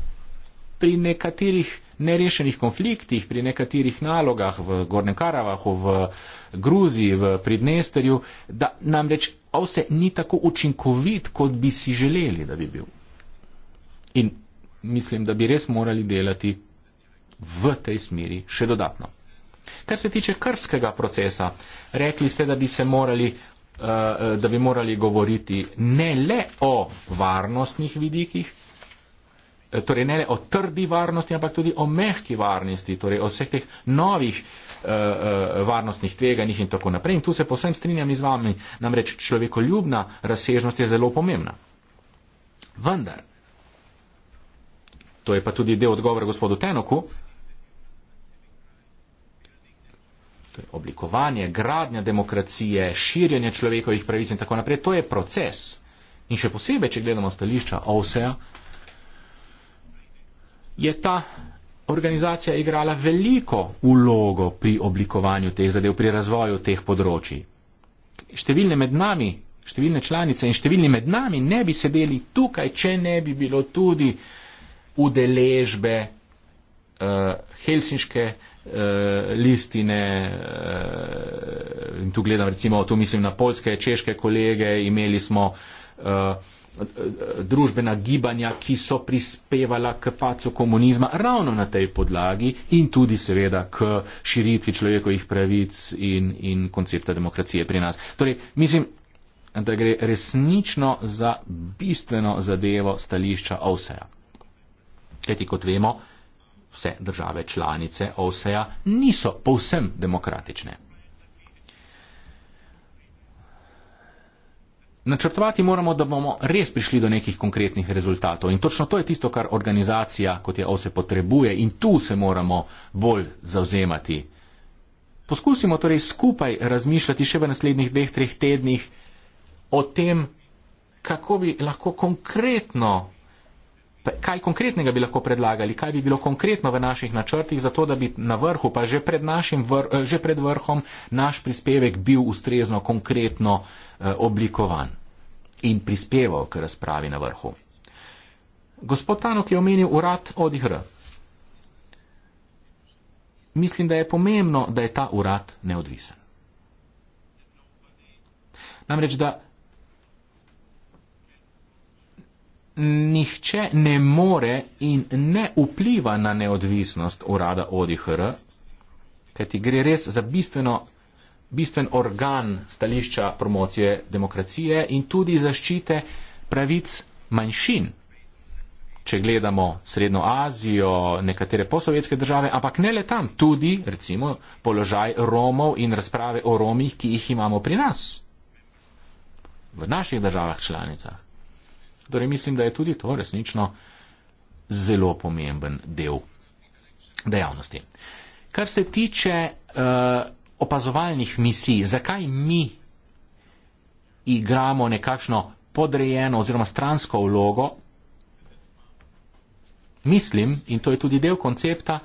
Speaker 3: pri nekaterih nerešenih konfliktih, pri nekaterih nalogah v Gornjem Karavahu, v Gruziji, v Pridnesterju, da namreč OSE ni tako učinkovit, kot bi si želeli, da bi bil. In mislim, da bi res morali delati v tej smeri še dodatno. Kar se tiče krvskega procesa, rekli ste, da bi, morali, eh, eh, da bi morali govoriti ne le o varnostnih vidikih, eh, torej ne le o trdi varnosti, ampak tudi o mehki varnosti, torej o vseh teh novih varnostnih tveganjih in tako naprej. In tu se posem strinjam z vami, namreč človekoljubna razsežnost je zelo pomembna. Vendar, to je pa tudi del odgovora gospodu Tenoku, oblikovanje, gradnja demokracije, širjenje človekovih pravic in tako naprej. To je proces. In še posebej, če gledamo stališča OSEA, je ta organizacija igrala veliko ulogo pri oblikovanju teh zadev, pri razvoju teh področji. Številne med nami, številne članice in številni med nami ne bi sedeli tukaj, če ne bi bilo tudi udeležbe uh, Helsinške Eh, listine eh, in tu gledam recimo, tu mislim na polske, češke kolege, imeli smo eh, družbena gibanja, ki so prispevala k pacu komunizma ravno na tej podlagi in tudi seveda k širitvi človekovih pravic in, in koncepta demokracije pri nas. Torej, mislim, da gre resnično za bistveno zadevo stališča Ovseja. Kajti, kot vemo, vse države članice OSEA niso povsem demokratične. Načrtovati moramo, da bomo res prišli do nekih konkretnih rezultatov in točno to je tisto, kar organizacija kot je OSE potrebuje in tu se moramo bolj zauzemati. Poskusimo torej skupaj razmišljati še v naslednjih dveh, treh tednih o tem, kako bi lahko konkretno kaj konkretnega bi lahko predlagali, kaj bi bilo konkretno v naših načrtih za to, da bi na vrhu, pa že pred, vr, eh, že pred vrhom, naš prispevek bil ustrezno, konkretno eh, oblikovan in prispeval k razpravi na vrhu. Gospod Tanok je omenil urad ODIHR. Mislim, da je pomembno, da je ta urad neodvisen. Namreč, da nihče ne more in ne vpliva na neodvisnost urada ODHR, kajti gre res za bistveno, bistven organ stališča promocije demokracije in tudi zaščite pravic manjšin. Če gledamo Srednjo Azijo, nekatere posovjetske države, ampak ne le tam, tudi recimo položaj Romov in razprave o Romih, ki jih imamo pri nas, v naših državah članicah. Torej, mislim, da je tudi to resnično zelo pomemben del dejavnosti. Kar se tiče uh, opazovalnih misij, zakaj mi igramo nekakšno podrejeno oziroma stransko vlogo, mislim, in to je tudi del koncepta,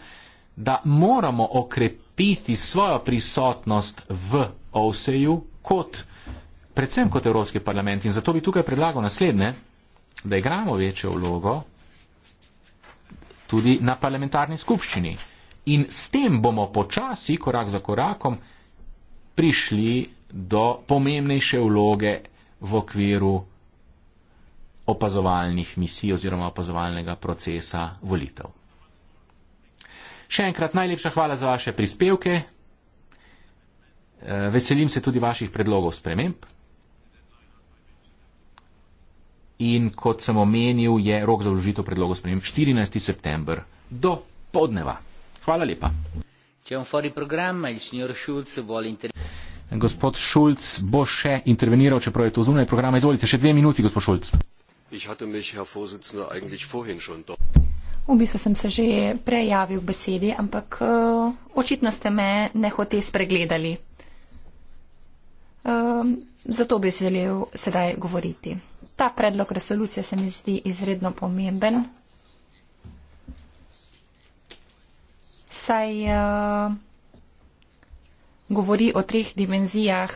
Speaker 3: da moramo okrepiti svojo prisotnost v OVSE-ju kot, predvsem kot Evropski parlament. In zato bi tukaj predlagal naslednje da igramo večjo vlogo tudi na parlamentarni skupščini. In s tem bomo počasi, korak za korakom, prišli do pomembnejše vloge v okviru opazovalnih misij oziroma opazovalnega procesa volitev. Še enkrat najlepša hvala za vaše prispevke. Eh, veselim se tudi vaših predlogov sprememb in kot sem omenil, je rok za vložitev predlogov sprejem 14. september do podneva. Hvala lepa. Gospod Šulc bo še interveniral, čeprav je to zunaj programa. Izvolite, še dve minuti, gospod Šulc.
Speaker 1: V bistvu sem se že prejavil besedi, ampak uh, očitno ste me ne hote spregledali. Uh, zato bi želel sedaj govoriti ta predlog resolucije se mi zdi izredno pomemben. Saj uh, govori o treh dimenzijah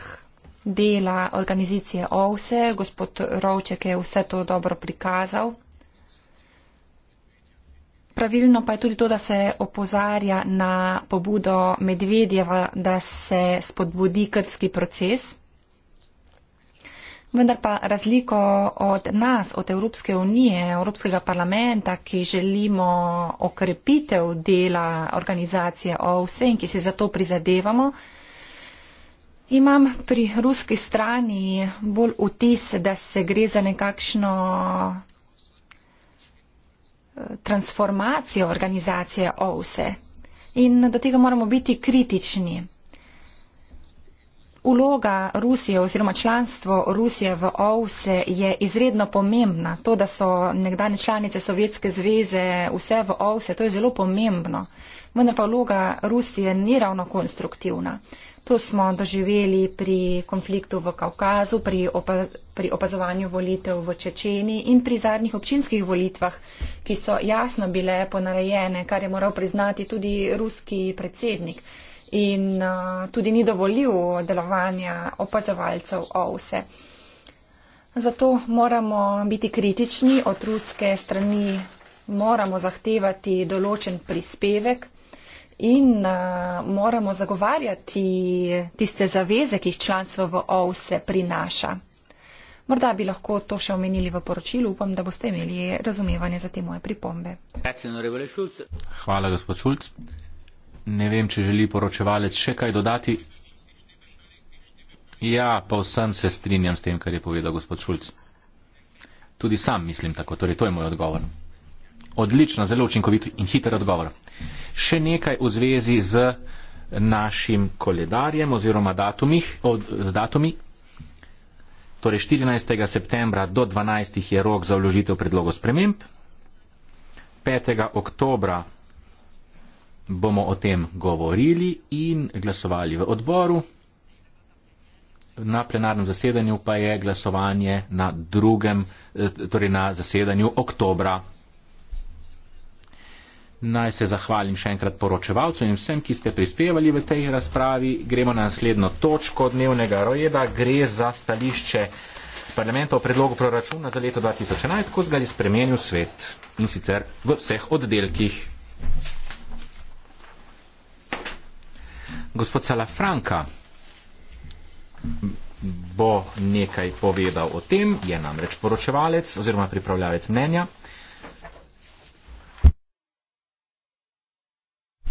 Speaker 1: dela organizacije OVSE. Gospod Rovček je vse to dobro prikazal. Pravilno pa je tudi to, da se opozarja na pobudo Medvedjeva, da se spodbudi krvski proces. Vendar pa razliko od nas, od Evropske unije, Evropskega parlamenta, ki želimo okrepitev dela organizacije OVS in ki se za to prizadevamo, imam pri ruski strani bolj vtis, da se gre za nekakšno eh, transformacijo organizacije OVS. In do tega moramo biti kritični. Uloga Rusije oziroma članstvo Rusije v OVSE je izredno pomembna. To, da so nekdane članice Sovjetske zveze vse v OVSE, to je zelo pomembno. Vendar pa vloga Rusije ni ravno konstruktivna. To smo doživeli pri konfliktu v Kaukazu, pri, opa pri opazovanju volitev v Čečeni in pri zadnjih občinskih volitvah, ki so jasno bile ponarejene, kar je moral priznati tudi ruski predsednik in uh, tudi ni dovolil delovanja opazovalcev OVSE. Zato moramo biti kritični, od ruske strani moramo zahtevati določen prispevek in uh, moramo zagovarjati tiste zaveze, ki jih članstvo v OVSE prinaša. Morda bi lahko to še omenili v poročilu, upam, da boste imeli razumevanje za te moje pripombe.
Speaker 2: Hvala,
Speaker 3: gospod Šulc. Ne vem, če želi poročevalec še kaj dodati. Ja, pa vsem se strinjam s tem, kar je povedal gospod Šulc. Tudi sam mislim tako, torej to je moj odgovor. Odlično, zelo učinkovit in hiter odgovor. Še nekaj v zvezi z našim koledarjem oziroma datumih, od, z datumi. Torej 14. septembra do 12. je rok za vložitev predlogov sprememb. 5. oktobra bomo o tem govorili in glasovali v odboru. Na plenarnem zasedanju pa je glasovanje na drugem, eh, torej na zasedanju oktobra. Naj se zahvalim še enkrat poročevalcu in vsem, ki ste prispevali v tej razpravi. Gremo na naslednjo točko dnevnega rojeda. Gre za stališče parlamenta o predlogu proračuna za leto 2011, ko zgali spremenil svet in sicer v vseh oddelkih. Gospod Salafranka bo nekaj povedal o tem, je namreč poročevalec oziroma pripravljavec mnenja.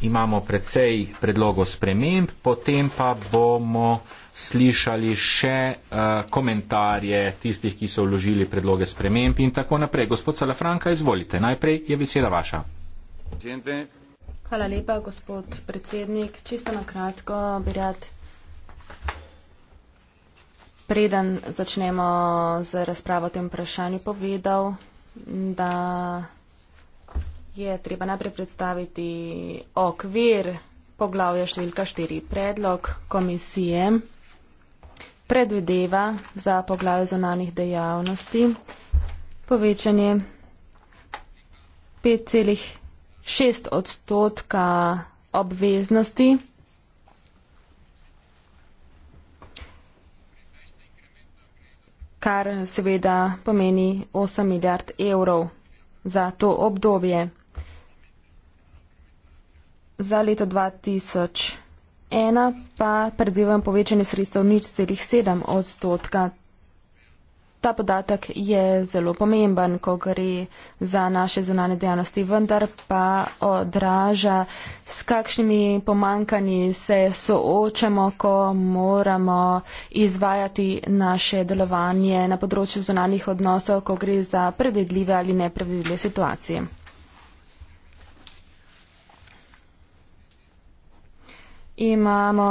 Speaker 3: Imamo precej predlogov sprememb, potem pa bomo slišali še uh, komentarje tistih, ki so vložili predloge sprememb in tako naprej. Gospod Salafranka, izvolite. Najprej je beseda vaša.
Speaker 4: Gente.
Speaker 5: Hvala lepa, gospod predsednik. Čisto na kratko bi rad, preden začnemo z razpravo o tem vprašanju, povedal, da je treba najprej predstaviti okvir poglavja številka 4. Predlog komisije predvideva za poglavje zonanih dejavnosti povečanje 5,5 šest odstotka obveznosti. kar seveda pomeni 8 milijard evrov za to obdobje. Za leto 2001 pa predvidevam povečanje sredstev nič celih 7 odstotka, Ta podatek je zelo pomemben, ko gre za naše zunanje dejavnosti, vendar pa odraža, s kakšnimi pomankanji se soočamo, ko moramo izvajati naše delovanje na področju zunanih odnosov, ko gre za predvidljive ali nepredvidljive situacije. Imamo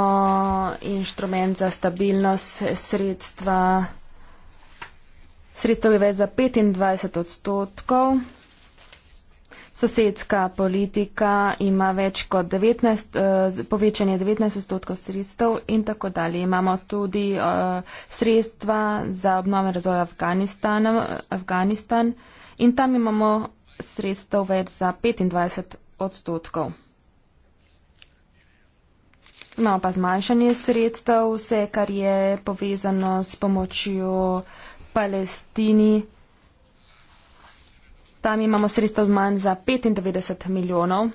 Speaker 5: inštrument za stabilnost sredstva sredstev je več za 25 odstotkov. Sosedska politika ima več kot 19, eh, povečanje 19 odstotkov sredstev in tako dalje. Imamo tudi eh, sredstva za obnove razvoja Afganistana, Afganistan in tam imamo sredstev več za 25 odstotkov. Imamo pa zmanjšanje sredstev, vse, kar je povezano s pomočjo uh, Palestini. Tam imamo sredstvo manj za 95 milijonov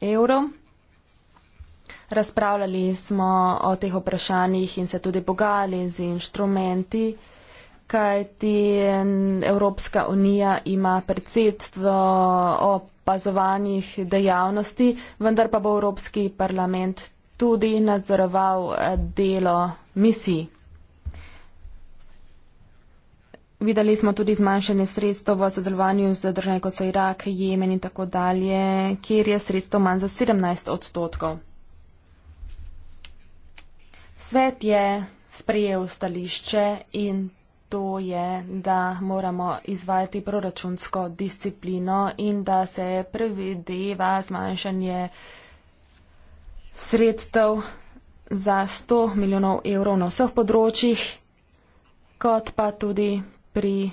Speaker 5: evrov. Razpravljali smo o teh vprašanjih in se tudi pogajali z inštrumenti, kajti Evropska unija ima predsedstvo o pazovanjih dejavnosti, vendar pa bo Evropski parlament tudi nadzoroval delo misij. Videli smo tudi zmanjšanje sredstev v sodelovanju z državami, kot so Irak, Jemen in tako dalje, kjer je sredstev manj za 17 odstotkov. Svet je sprejel stališče in to je, da moramo izvajati proračunsko disciplino in da se prevedeva zmanjšanje sredstev za 100 milijonov evrov na vseh področjih, kot pa tudi pri,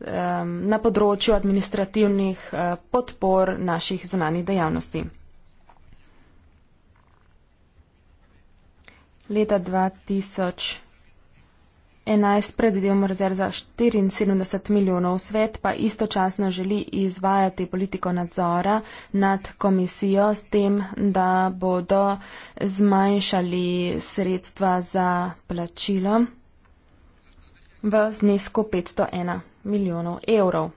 Speaker 5: um, na področju administrativnih uh, podpor naših zunanih dejavnosti. Leta 2011 predvidevamo rezerv za 74 milijonov, svet pa istočasno želi izvajati politiko nadzora nad komisijo s tem, da bodo zmanjšali sredstva za plačilo v znesku 501 milijonov evrov.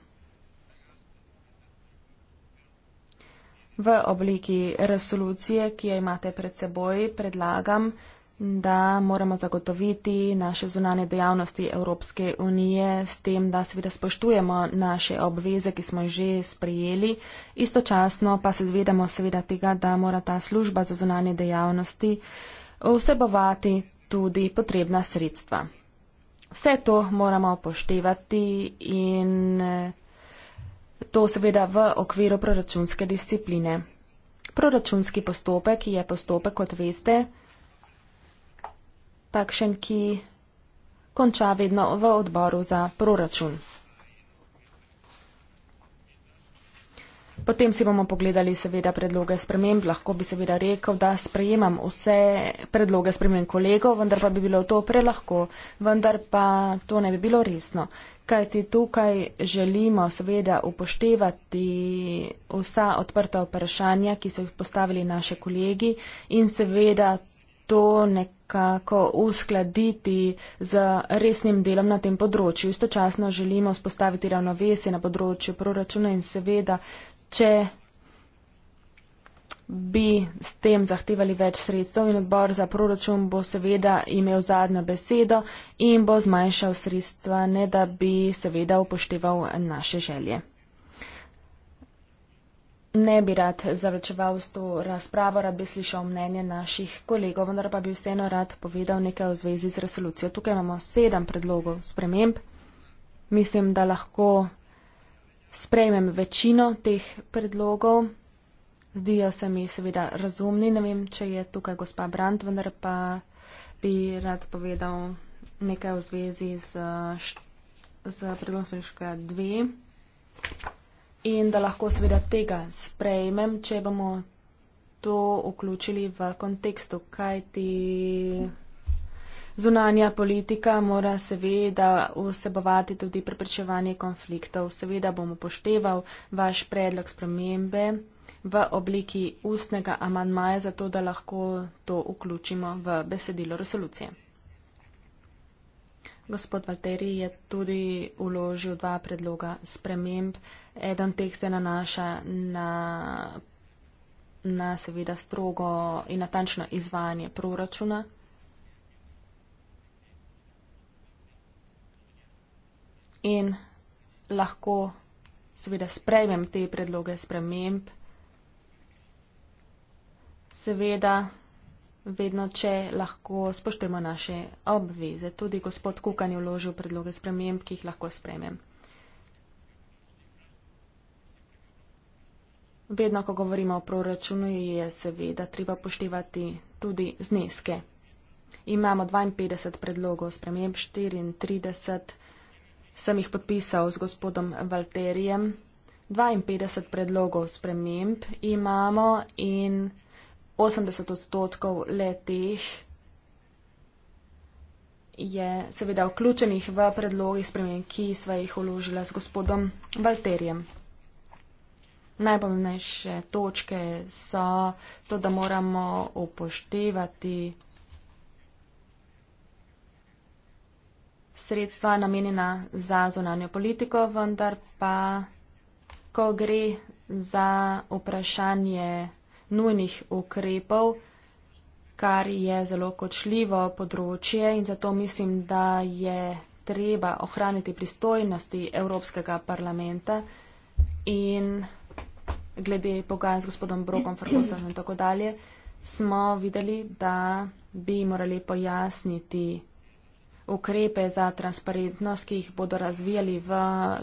Speaker 5: V obliki resolucije, ki jo imate pred seboj, predlagam, da moramo zagotoviti naše zunanje dejavnosti Evropske unije s tem, da seveda spoštujemo naše obveze, ki smo že sprejeli. Istočasno pa se zvedamo seveda tega, da mora ta služba za zunanje dejavnosti vsebovati tudi potrebna sredstva. Vse to moramo poštevati in eh, to seveda v okviru proračunske discipline. Proračunski postopek je postopek, kot veste, takšen, ki konča vedno v odboru za proračun. Potem si bomo pogledali seveda predloge sprememb. Lahko bi seveda rekel, da sprejemam vse predloge sprememb kolegov, vendar pa bi bilo to prelahko, vendar pa to ne bi bilo resno. Kaj ti tukaj želimo seveda upoštevati vsa odprta vprašanja, ki so jih postavili naše kolegi in seveda to nekako uskladiti z resnim delom na tem področju. Istočasno želimo spostaviti ravnovesje na področju proračuna in seveda če bi s tem zahtevali več sredstev in odbor za proračun bo seveda imel zadnjo besedo in bo zmanjšal sredstva, ne da bi seveda upošteval naše želje. Ne bi rad zavračeval s to razpravo, rad bi slišal mnenje naših kolegov, vendar pa bi vseeno rad povedal nekaj v zvezi z resolucijo. Tukaj imamo sedem predlogov sprememb. Mislim, da lahko sprejmem večino teh predlogov. Zdijo se mi seveda razumni, ne vem, če je tukaj gospa Brandt, vendar pa bi rad povedal nekaj v zvezi z, z predlogom Smeriška 2 in da lahko seveda tega sprejmem, če bomo to vključili v kontekstu, kaj ti. Ja. Zunanja politika mora seveda vsebovati tudi preprečevanje konfliktov. Seveda bom upošteval vaš predlog spremembe v obliki ustnega amandmaja, zato da lahko to vključimo v besedilo resolucije. Gospod Valteri je tudi uložil dva predloga sprememb. Eden teh se nanaša na, na seveda strogo in natančno izvajanje proračuna. in lahko seveda sprejmem te predloge sprememb. Seveda, vedno, če lahko spoštujemo naše obveze, tudi gospod Kukan je vložil predloge sprememb, ki jih lahko sprejmem. Vedno, ko govorimo o proračunu, je seveda treba poštevati tudi zneske. Imamo 52 predlogov sprememb, 34 sem jih podpisal z gospodom Valterijem. 52 predlogov sprememb imamo in 80 odstotkov letih je seveda vključenih v predlogih sprememb, ki sva jih uložila z gospodom Valterijem. Najpomembnejše točke so to, da moramo upoštevati sredstva namenjena za zonanjo politiko, vendar pa, ko gre za vprašanje nujnih ukrepov, kar je zelo kočljivo področje in zato mislim, da je treba ohraniti pristojnosti Evropskega parlamenta in glede pogajanj z gospodom Brokom Ferguson in tako dalje, smo videli, da bi morali pojasniti ukrepe za transparentnost, ki jih bodo razvijali v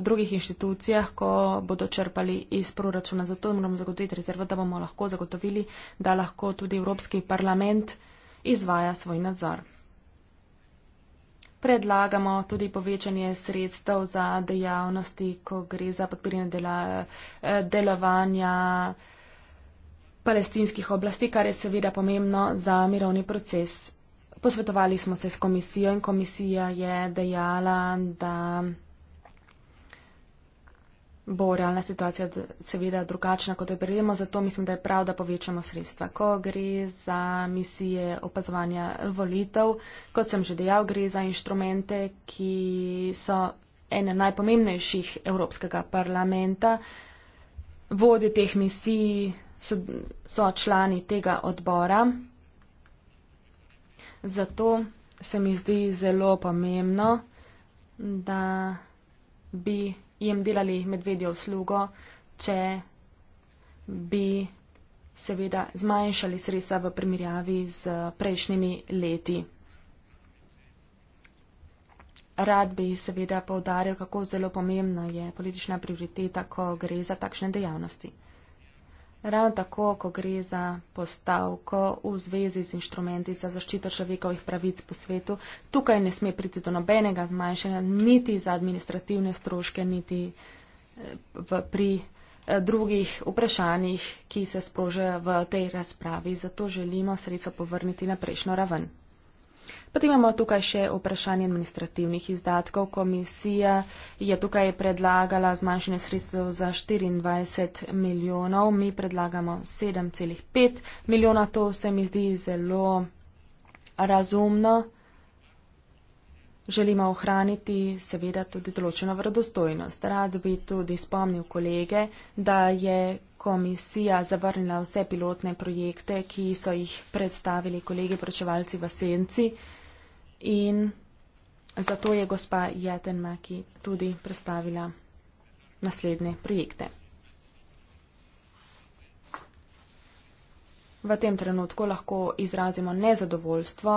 Speaker 5: drugih inštitucijah, ko bodo črpali iz proračuna. Zato moramo zagotoviti rezervo, da bomo lahko zagotovili, da lahko tudi Evropski parlament izvaja svoj nadzor. Predlagamo tudi povečanje sredstev za dejavnosti, ko gre za podpiranje eh, delovanja palestinskih oblasti, kar je seveda pomembno za mirovni proces posvetovali smo se s komisijo in komisija je dejala, da bo realna situacija seveda drugačna, kot jo prejemo, zato mislim, da je prav, da povečamo sredstva. Ko gre za misije opazovanja volitev, kot sem že dejal, gre za inštrumente, ki so ene najpomembnejših Evropskega parlamenta. Vodje teh misij so, so člani tega odbora. Zato se mi zdi zelo pomembno, da bi jim delali medvedjo uslugo, če bi seveda zmanjšali sredstva v primerjavi z prejšnjimi leti. Rad bi seveda povdaril, kako zelo pomembna je politična prioriteta, ko gre za takšne dejavnosti. Ravno tako, ko gre za postavko v zvezi z inštrumenti za zaščito človekovih pravic po svetu, tukaj ne sme priti do nobenega zmanjšanja, niti za administrativne stroške, niti eh, v, pri eh, drugih vprašanjih, ki se sprožajo v tej razpravi. Zato želimo sredstva povrniti na prejšnjo raven. Potem imamo tukaj še vprašanje administrativnih izdatkov. Komisija je tukaj predlagala zmanjšanje sredstev za 24 milijonov, mi predlagamo 7,5 milijona. To se mi zdi zelo razumno. Želimo ohraniti seveda tudi določeno vredostojnost. Rad bi tudi spomnil kolege, da je komisija zavrnila vse pilotne projekte, ki so jih predstavili kolegi pročevalci v Senci in zato je gospa Jetenmaki tudi predstavila naslednje projekte. V tem trenutku lahko izrazimo nezadovoljstvo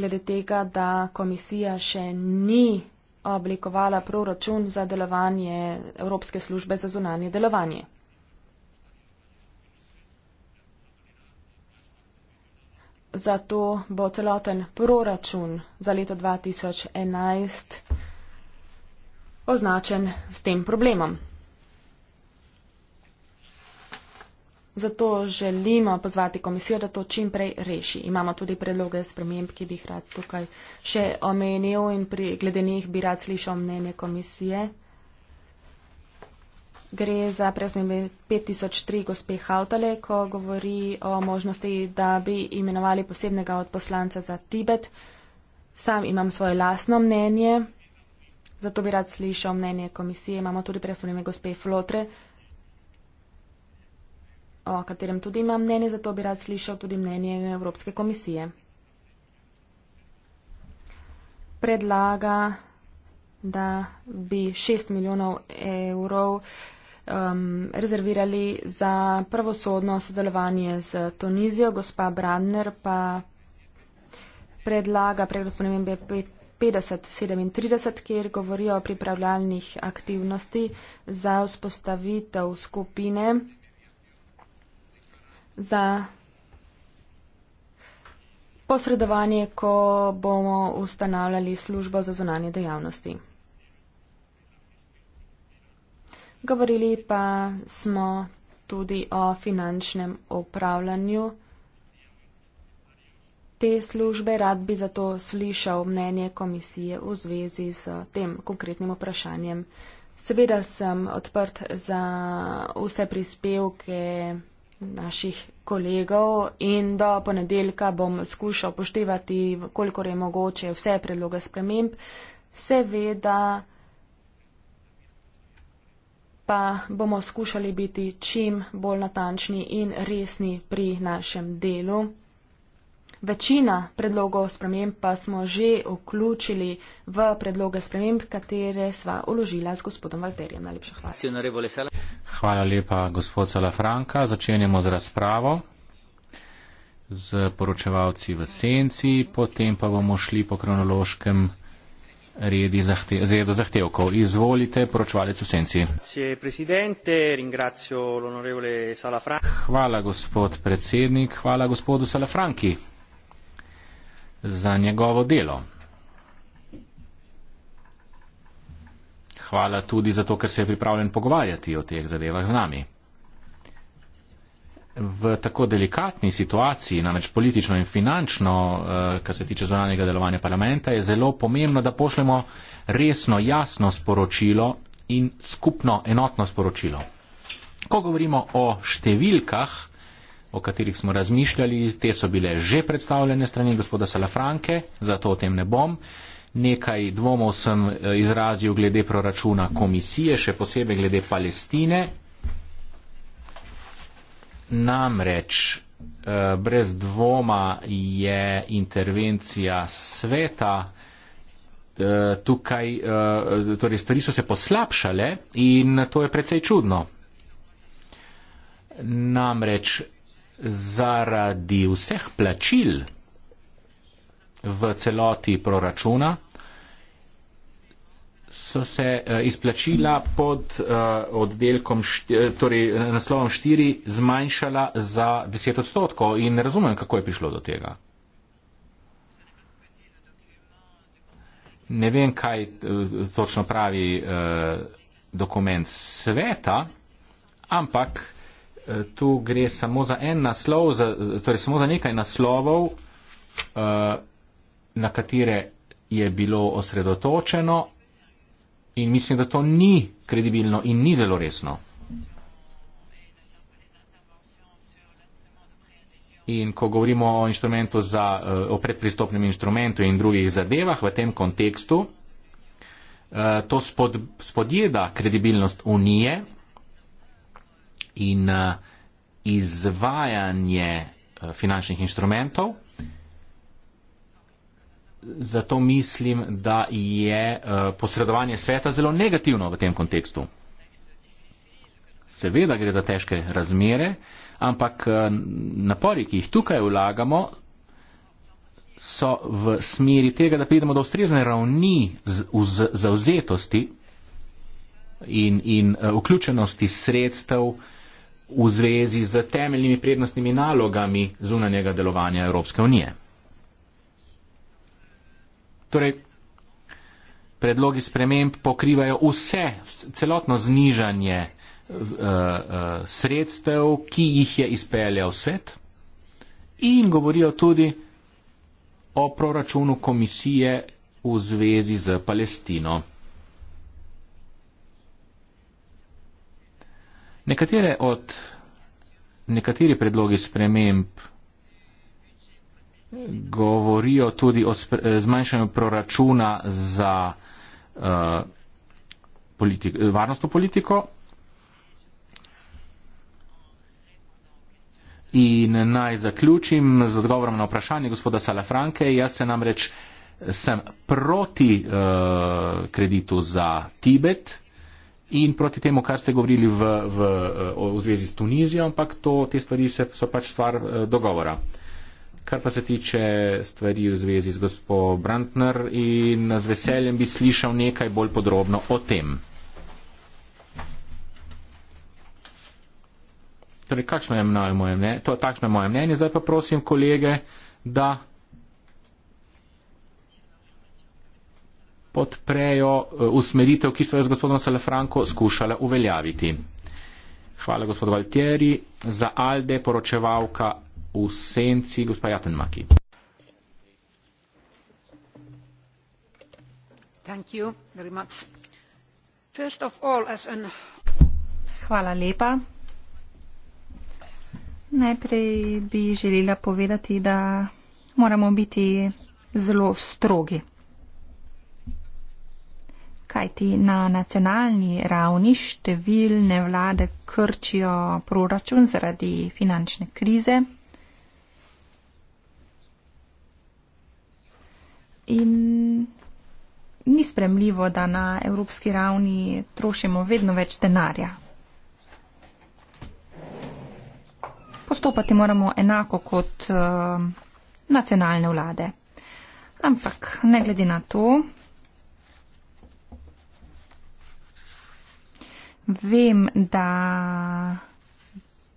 Speaker 5: glede tega, da komisija še ni oblikovala proračun za delovanje Evropske službe za zunanje delovanje. zato bo celoten proračun za leto 2011 označen s tem problemom. Zato želimo pozvati komisijo, da to čim prej reši. Imamo tudi predloge sprememb, ki bi jih rad tukaj še omenil in pri, glede njih bi rad slišal mnenje komisije gre za presnebe 5003 gospe Hautale, ko govori o možnosti, da bi imenovali posebnega odposlanca za Tibet. Sam imam svoje lasno mnenje, zato bi rad slišal mnenje komisije. Imamo tudi presnebe gospe Flotre, o katerem tudi imam mnenje, zato bi rad slišal tudi mnenje Evropske komisije. Predlaga da bi 6 milijonov evrov um, rezervirali za pravosodno sodelovanje z Tunizijo. Gospa Brandner pa predlaga predlog spremembe 5037, kjer govorijo o pripravljalnih aktivnosti za vzpostavitev skupine za posredovanje, ko bomo ustanavljali službo za zunanje dejavnosti. Govorili pa smo tudi o finančnem upravljanju te službe. Rad bi zato slišal mnenje komisije v zvezi s tem konkretnim vprašanjem. Seveda sem odprt za vse prispevke naših kolegov in do ponedeljka bom skušal poštevati, koliko je mogoče, vse predloge sprememb. Seveda pa bomo skušali biti čim bolj natančni in resni pri našem delu. Večina predlogov sprememb pa smo že vključili v predloge sprememb, katere sva uložila z gospodom Valterjem. Najlepša
Speaker 2: hvala.
Speaker 3: Hvala lepa, gospod Salafranka. Začenjamo z razpravo z poročevalci v senci, potem pa bomo šli po kronološkem redi zahte, redu zahtevkov. Izvolite, poročevalec v senci. Hvala, gospod predsednik. Hvala, gospodu Salafranki za njegovo delo. hvala tudi zato, ker se je pripravljen pogovarjati o teh zadevah z nami. V tako delikatni situaciji, namreč politično in finančno, eh, kar se tiče zvonanjega delovanja parlamenta, je zelo pomembno, da pošljemo resno, jasno sporočilo in skupno, enotno sporočilo. Ko govorimo o številkah, o katerih smo razmišljali, te so bile že predstavljene strani gospoda Salafranke, zato o tem ne bom nekaj dvomov sem eh, izrazil glede proračuna komisije, še posebej glede Palestine. Namreč eh, brez dvoma je intervencija sveta eh, tukaj, torej stvari so se poslabšale in to je precej čudno. Namreč zaradi vseh plačil v celoti proračuna, so se eh, izplačila pod eh, oddelkom, eh, torej naslovom 4, zmanjšala za 10 odstotkov in ne razumem, kako je prišlo do tega. Ne vem, kaj točno pravi dokument sveta, ampak tu gre samo za en naslov, za, torej samo za nekaj naslovov, na katere je bilo osredotočeno In mislim, da to ni kredibilno in ni zelo resno. In ko govorimo o, za, eh, o predpristopnem instrumentu in drugih zadevah v tem kontekstu, eh, to spod, spodjeda kredibilnost unije in eh, izvajanje finančnih instrumentov zato mislim, da je eh, posredovanje sveta zelo negativno v tem kontekstu. Seveda gre za težke razmere, ampak eh, napori, ki jih tukaj vlagamo, so v smeri tega, da pridemo do ustrezne ravni zauzetosti in, in eh, vključenosti sredstev v zvezi z temeljnimi prednostnimi nalogami zunanjega delovanja Evropske unije. Torej, predlogi sprememb pokrivajo vse, celotno znižanje uh, uh, sredstev, ki jih je izpeljal svet in govorijo tudi o proračunu komisije v zvezi z Palestino. Nekatere od, nekateri predlogi sprememb govorijo tudi o eh, zmanjšanju proračuna za uh, politik, varnostno politiko. In naj zaključim z odgovorom na vprašanje gospoda Salafranke. Jaz se namreč sem proti uh, kreditu za Tibet in proti temu, kar ste govorili v, v, v, v zvezi s Tunizijo, ampak to, te stvari se, so pač stvar uh, dogovora. Kar pa se tiče stvari v zvezi z gospod Brantner in z veseljem bi slišal nekaj bolj podrobno o tem. Torej, kakšno je moje mnenje? To, takšno je moje mnenje. Zdaj pa prosim kolege, da podprejo eh, usmeritev, ki so jo z gospodom Salafranko skušala uveljaviti. Hvala gospod Valtieri za Alde, poročevalka v senci gospa Jatenmaki.
Speaker 1: Hvala lepa. Najprej bi želela povedati, da moramo biti zelo strogi. Kajti na nacionalni ravni številne vlade krčijo proračun zaradi finančne krize. in ni spremljivo, da na evropski ravni trošimo vedno več denarja. Postopati moramo enako kot uh, nacionalne vlade. Ampak ne glede na to, vem, da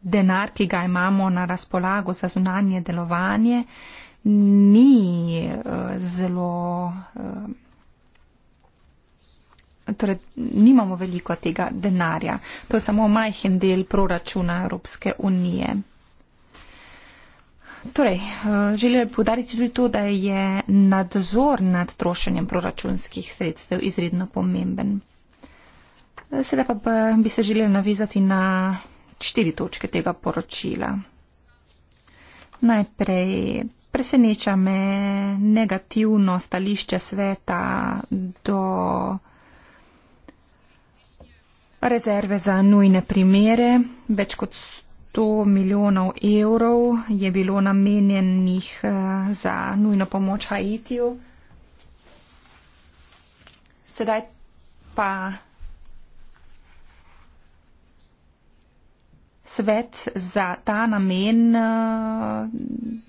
Speaker 1: denar, ki ga imamo na razpolago za zunanje delovanje, uh, ni uh, zelo. Uh, Torej, nimamo veliko tega denarja. To je samo majhen del proračuna Evropske unije. Torej, eh, želim podariti tudi to, da je nadzor nad trošenjem proračunskih sredstev izredno pomemben. Sedaj pa bi se želel navizati na štiri točke tega poročila. Najprej preseneča me negativno stališče sveta do rezerve za nujne primere. Več kot 100 milijonov evrov je bilo namenjenih eh, za nujno pomoč Haitiju. Sedaj pa svet za ta namen eh,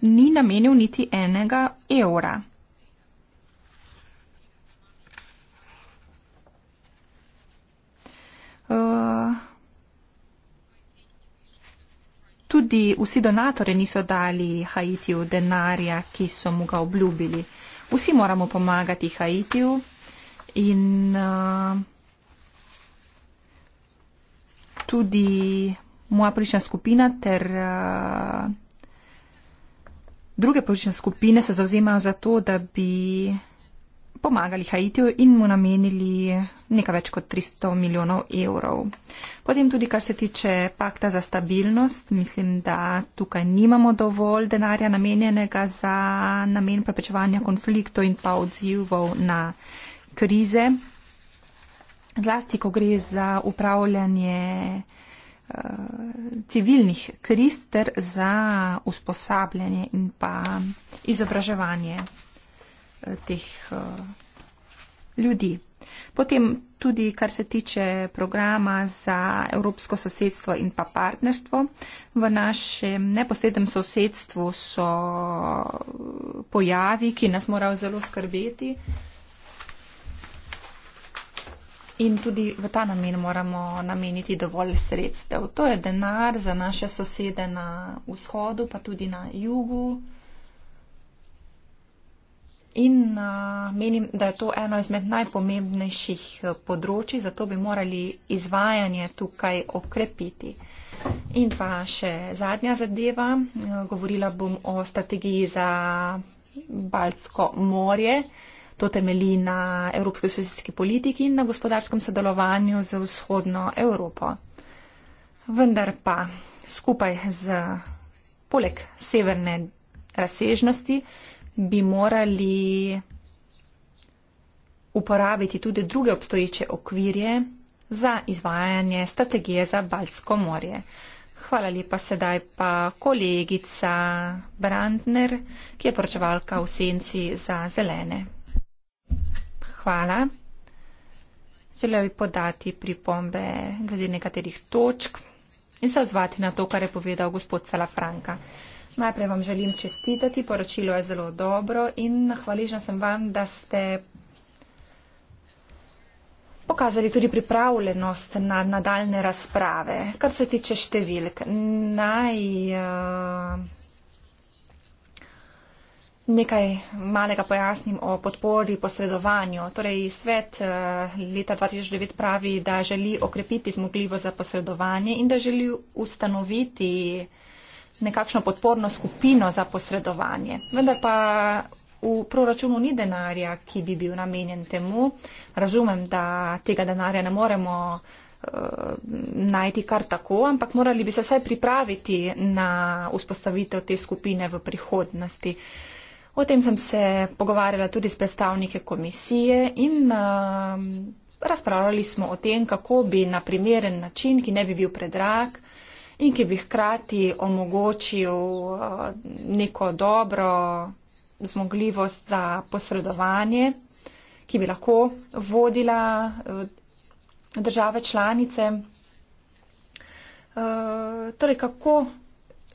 Speaker 1: ni namenil niti enega evra. Eh, tudi vsi donatori niso dali Haitiju denarja, ki so mu ga obljubili. Vsi moramo pomagati Haitiju in uh, tudi moja politična skupina ter uh, druge politične skupine se zauzemajo za to, da bi pomagali Haitiju in mu namenili nekaj več kot 300 milijonov evrov. Potem tudi, kar se tiče pakta za stabilnost, mislim, da tukaj nimamo dovolj denarja namenjenega za namen preprečevanja konfliktov in pa odzivov na krize. Zlasti, ko gre za upravljanje civilnih kriz ter za usposabljanje in pa izobraževanje eh, teh eh, ljudi. Potem tudi, kar se tiče programa za evropsko sosedstvo in pa partnerstvo, v našem neposrednem sosedstvu so eh, pojavi, ki nas morajo zelo skrbeti. In tudi v ta namen moramo nameniti dovolj sredstev. To je denar za naše sosede na vzhodu, pa tudi na jugu. In a, menim, da je to eno izmed najpomembnejših e, področji, zato bi morali izvajanje tukaj okrepiti. In pa še zadnja zadeva. E, govorila bom o strategiji za Baltsko morje. To temelji na evropski sosedski politiki in na gospodarskem sodelovanju z vzhodno Evropo. Vendar pa skupaj z poleg severne razsežnosti bi morali uporabiti tudi druge obstoječe okvirje za izvajanje strategije za Baltsko morje. Hvala lepa sedaj pa kolegica Brandner, ki je poročevalka v senci za zelene hvala. Želel bi podati pripombe glede nekaterih točk in se ozvati na to, kar je povedal gospod Salafranka. Najprej vam želim čestitati, poročilo je zelo dobro in hvaležna sem vam, da ste pokazali tudi pripravljenost na nadaljne razprave. Kar se tiče številk, naj. Uh, Nekaj malega pojasnim o podpori posredovanju. Torej, svet eh, leta 2009 pravi, da želi okrepiti zmogljivo za posredovanje in da želi ustanoviti nekakšno podporno skupino za posredovanje. Vendar pa v proračunu ni denarja, ki bi bil namenjen temu. Razumem, da tega denarja ne moremo eh, najti kar tako, ampak morali bi se vsaj pripraviti na vzpostavitev te skupine v prihodnosti. O tem sem se pogovarjala tudi s predstavnike komisije in uh, razpravljali smo o tem, kako bi na primeren način, ki ne bi bil predrag in ki bi hkrati omogočil uh, neko dobro zmogljivost za posredovanje, ki bi lahko vodila uh, države članice. Uh, torej, kako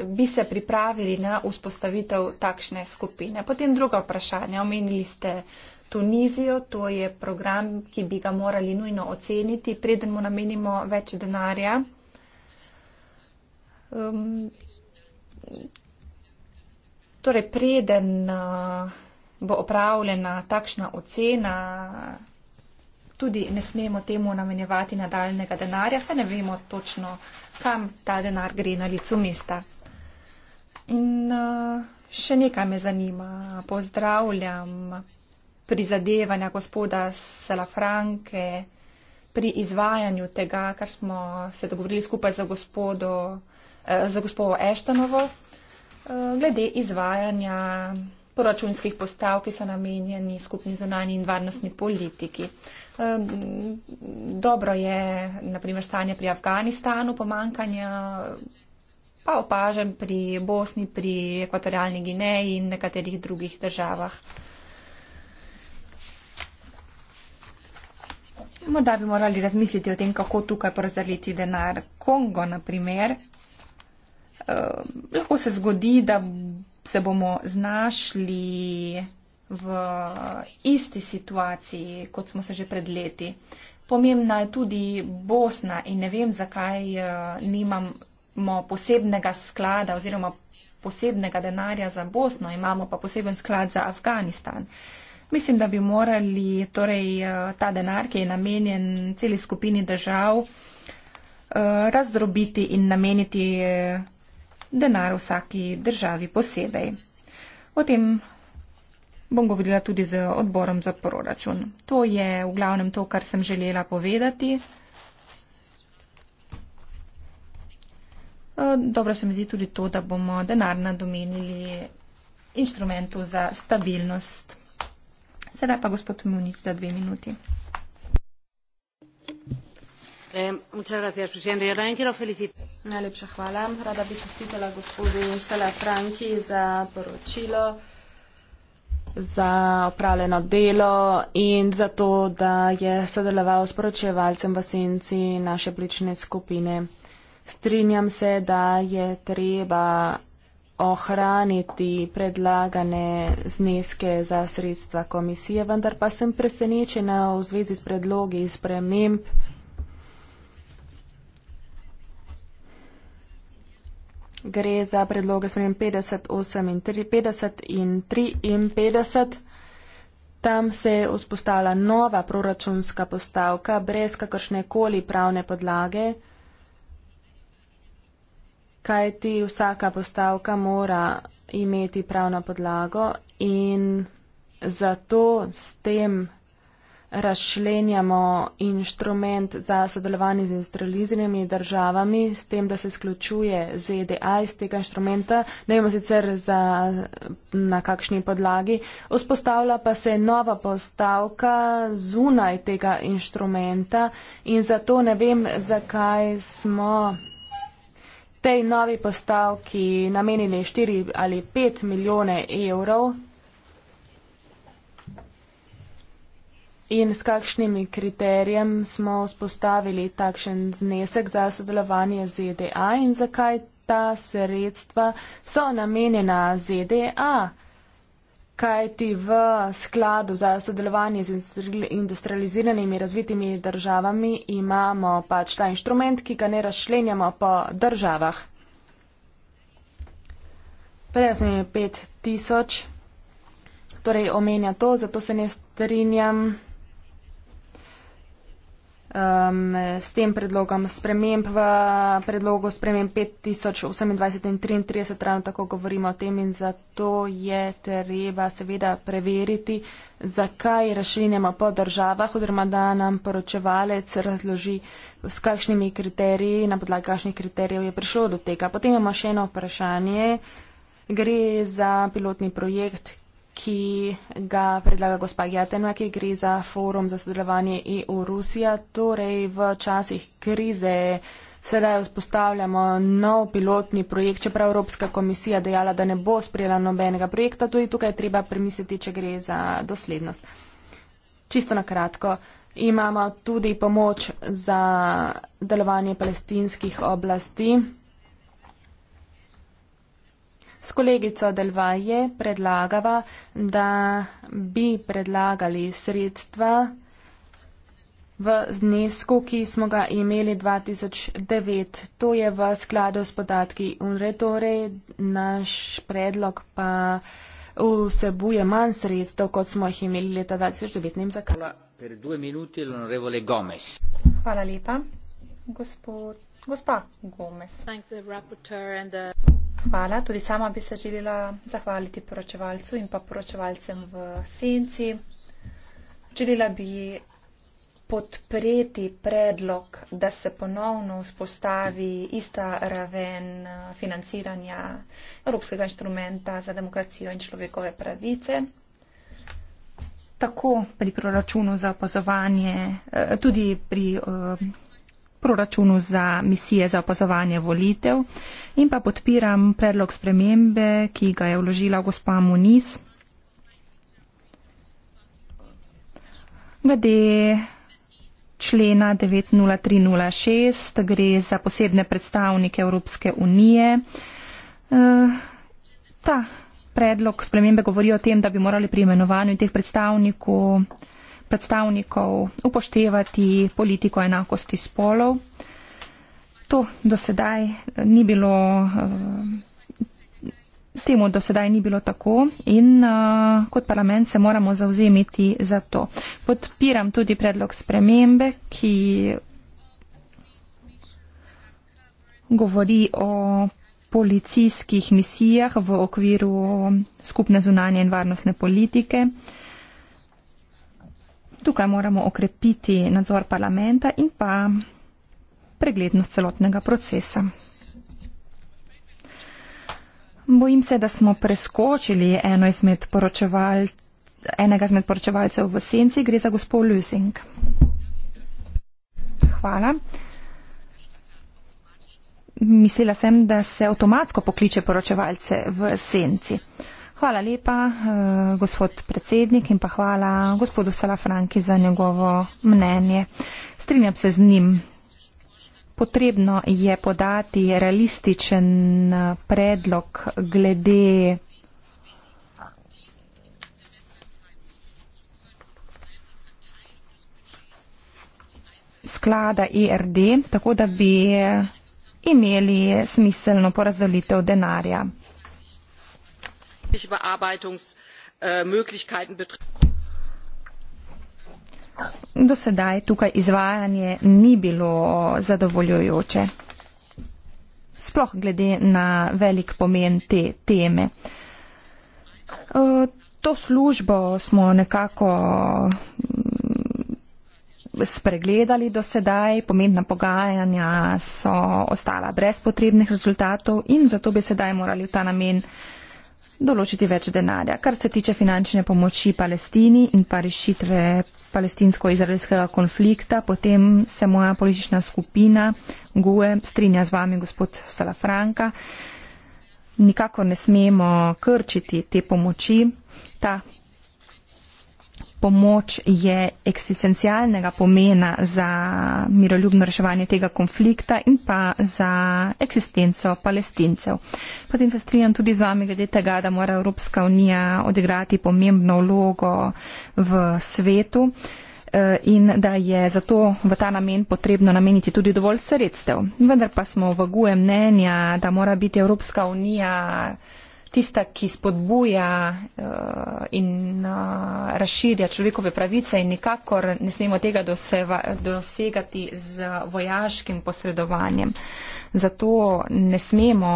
Speaker 1: bi se pripravili na vzpostavitev takšne skupine. Potem druga vprašanja. Omenili ste Tunizijo, to je program, ki bi ga morali nujno oceniti, preden mu namenimo več denarja. Um, torej, preden uh, bo opravljena takšna ocena, tudi ne smemo temu namenjevati nadaljnega denarja, saj ne vemo točno, kam ta denar gre na licu mesta. In eh, še nekaj me zanima. Pozdravljam prizadevanja gospoda Salafranke pri izvajanju tega, kar smo se dogovorili skupaj za gospodo, eh, za gospodo Eštanovo, eh, glede izvajanja poračunskih postav, ki so namenjeni skupni zunani in varnostni politiki. Dobro je, naprimer, stanje pri Afganistanu, pomankanje pa opažam pri Bosni, pri ekvatorialni Gineji in nekaterih drugih državah. Morda bi morali razmisliti o tem, kako tukaj porazdeliti denar. Kongo, na primer, eh, lahko se zgodi, da se bomo znašli v isti situaciji, kot smo se že pred leti. Pomembna je tudi Bosna in ne vem, zakaj eh, nimam imamo posebnega sklada oziroma posebnega denarja za Bosno, imamo pa poseben sklad za Afganistan. Mislim, da bi morali torej, eh, ta denar, ki je namenjen celi skupini držav, eh, razdrobiti in nameniti eh, denar vsaki državi posebej. O tem bom govorila tudi z odborom za proračun. To je v glavnem to, kar sem želela povedati. Eh, dobro se mi zdi tudi to, da bomo denar nadomenili inštrumentu za stabilnost. Sedaj pa gospod Munic za dve minuti.
Speaker 5: Eh, Najlepša hvala. Rada bi čestitela gospodu Sela Franki za poročilo, za opravljeno delo in za to, da je sodeloval s poročevalcem v senci naše blične skupine. Strinjam se, da je treba ohraniti predlagane zneske za sredstva komisije, vendar pa sem presenečena v zvezi s predlogi sprememb. Gre za predloge sprememb 58 in 53 in 53. Tam se je vzpostavila nova proračunska postavka brez kakršne koli pravne podlage kaj ti vsaka postavka mora imeti pravno podlago in zato s tem razšlenjamo inštrument za sodelovanje z industrializiranimi državami, s tem, da se sključuje ZDA iz tega inštrumenta, ne vemo sicer za, na kakšni podlagi, vzpostavlja pa se nova postavka zunaj tega inštrumenta in zato ne vem, zakaj smo tej novi postavki namenili 4 ali 5 milijone evrov in s kakšnimi kriterijem smo spostavili takšen znesek za sodelovanje z ZDA in zakaj ta sredstva so namenjena ZDA kajti v skladu za sodelovanje z industrializiranimi razvitimi državami imamo pač ta inštrument, ki ga ne razšlenjamo po državah. Prej sem je pet tisoč, torej omenja to, zato se ne strinjam um, s tem predlogom sprememb v predlogu sprememb 5028 in 33 ravno tako govorimo o tem in zato je treba seveda preveriti, zakaj rašinjamo po državah oziroma da nam poročevalec razloži, s kakšnimi kriteriji, na podlagi kakšnih kriterijev je prišlo do tega. Potem imamo še eno vprašanje. Gre za pilotni projekt, ki ga predlaga gospa Jatena, ki gre za forum za sodelovanje EU-Rusija. Torej, v časih krize sedaj vzpostavljamo nov pilotni projekt, čeprav Evropska komisija dejala, da ne bo sprejela nobenega projekta, tudi tukaj je treba premisliti, če gre za doslednost. Čisto na kratko. Imamo tudi pomoč za delovanje palestinskih oblasti. S kolegico Delvaje predlagava, da bi predlagali sredstva v znesku, ki smo ga imeli 2009. To je v skladu s podatki UNRE, torej naš predlog pa vsebuje manj sredstev, kot smo jih imeli leta 2009. Hvala lepa,
Speaker 1: gospod gospa Gomez. Hvala, tudi sama bi se želela zahvaliti poročevalcu in pa poročevalcem v senci. Želela bi podpreti predlog, da se ponovno vzpostavi ista raven eh, financiranja Evropskega inštrumenta za demokracijo in človekove pravice. Tako pri proračunu za opazovanje, eh, tudi pri. Uh, proračunu za misije za opazovanje volitev in pa podpiram predlog spremembe, ki ga je vložila gospa Muniz. Glede člena 90306 gre za posebne predstavnike Evropske unije. Eh, ta predlog spremembe govori o tem, da bi morali pri imenovanju teh predstavnikov predstavnikov upoštevati politiko enakosti spolov. To do sedaj eh, ni bilo. Eh, temu do sedaj ni bilo tako in uh, kot parlament se moramo zauzemiti za to. Podpiram tudi predlog spremembe, ki govori o policijskih misijah v okviru skupne zunanje in varnostne politike. Uh, Tukaj moramo okrepiti nadzor parlamenta in pa preglednost celotnega procesa. Bojim se, da smo preskočili eno izmed poročeval, enega izmed poročevalcev v senci, gre za gospod Lusing. Hvala. Mislila sem, da se avtomatsko pokliče poročevalce v senci. Uh, Hvala lepa, uh, gospod predsednik, in pa hvala gospodu Salafranki za njegovo mnenje. Strinjam se z njim. Potrebno je podati realističen eh, predlog glede sklada IRD, e tako da bi eh, imeli smiselno porazdolitev denarja
Speaker 5: mögliche bearbeitungsmöglichkeiten betrifft.
Speaker 1: To službo smo nekako mm, spregledali do sedaj, pomembna pogajanja so ostala brez potrebnih rezultatov in zato bi sedaj morali v ta namen določiti več denarja. Kar se tiče finančne pomoči Palestini in pa rešitve palestinsko-izraelskega konflikta, potem se moja politična skupina GUE strinja z vami, gospod Salafranka. Nikako ne smemo krčiti te pomoči. Ta pomoč je eksistencialnega pomena za miroljubno reševanje tega konflikta in pa za eksistenco palestincev. Potem se strinjam tudi z vami glede tega, da mora Evropska unija odigrati pomembno vlogo v svetu eh, in da je zato v ta namen potrebno nameniti tudi dovolj sredstev. Vendar pa smo v guje mnenja, da mora biti Evropska unija tista, ki spodbuja uh, in uh, razširja človekove pravice in nikakor ne smemo tega doseva, dosegati z vojaškim posredovanjem. Zato ne smemo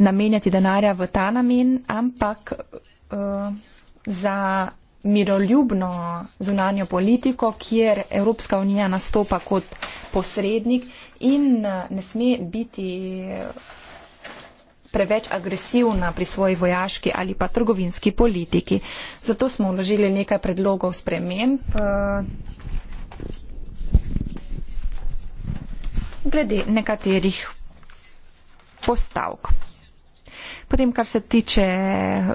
Speaker 1: namenjati denarja v ta namen, ampak uh, za miroljubno zunanjo politiko, kjer Evropska unija nastopa kot posrednik in ne sme biti preveč agresivna pri svoji vojaški ali pa trgovinski politiki. Zato smo vložili nekaj predlogov sprememb eh, glede nekaterih postavk. Potem, kar se tiče eh,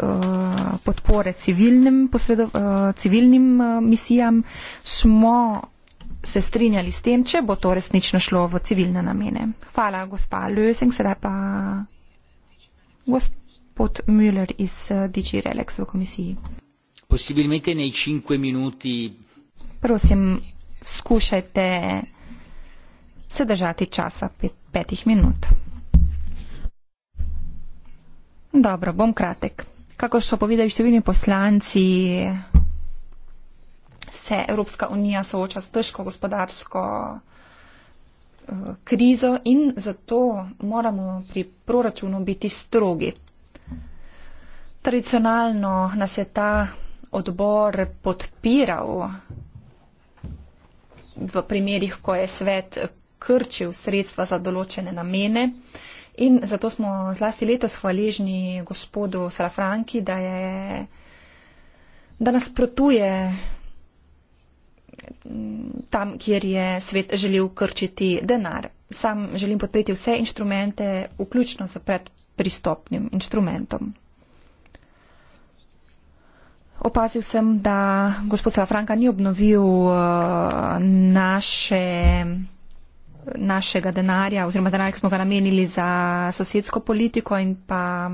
Speaker 1: podpore civilnim, posredo, eh, civilnim misijam, smo se strinjali s tem, če bo to resnično šlo v civilne namene. Hvala, gospa Lösing, sedaj pa Gospod Müller iz eh, DG Relax v komisiji.
Speaker 2: Possibilmente nei cinque minuti.
Speaker 1: Prosim, scusate, se držati časa pet, petih minut. Dobro, bom kratek. Kako so povedali številni poslanci, se Evropska unija sooča s težko gospodarsko. Eh, krizo in zato moramo pri proračunu biti strogi. Tradicionalno nas je ta odbor podpiral v primerih, ko je svet krčil sredstva za določene namene in zato smo zlasti letos hvaležni gospodu Salafranki, da, je, da nas protuje tam, kjer je svet želel krčiti denar. Sam želim podpreti vse inštrumente, vključno z predpristopnim inštrumentom. Opazil sem, da gospod Safranka ni obnovil eh, naše, našega denarja oziroma denarja, ki smo ga namenili za sosedsko politiko in pa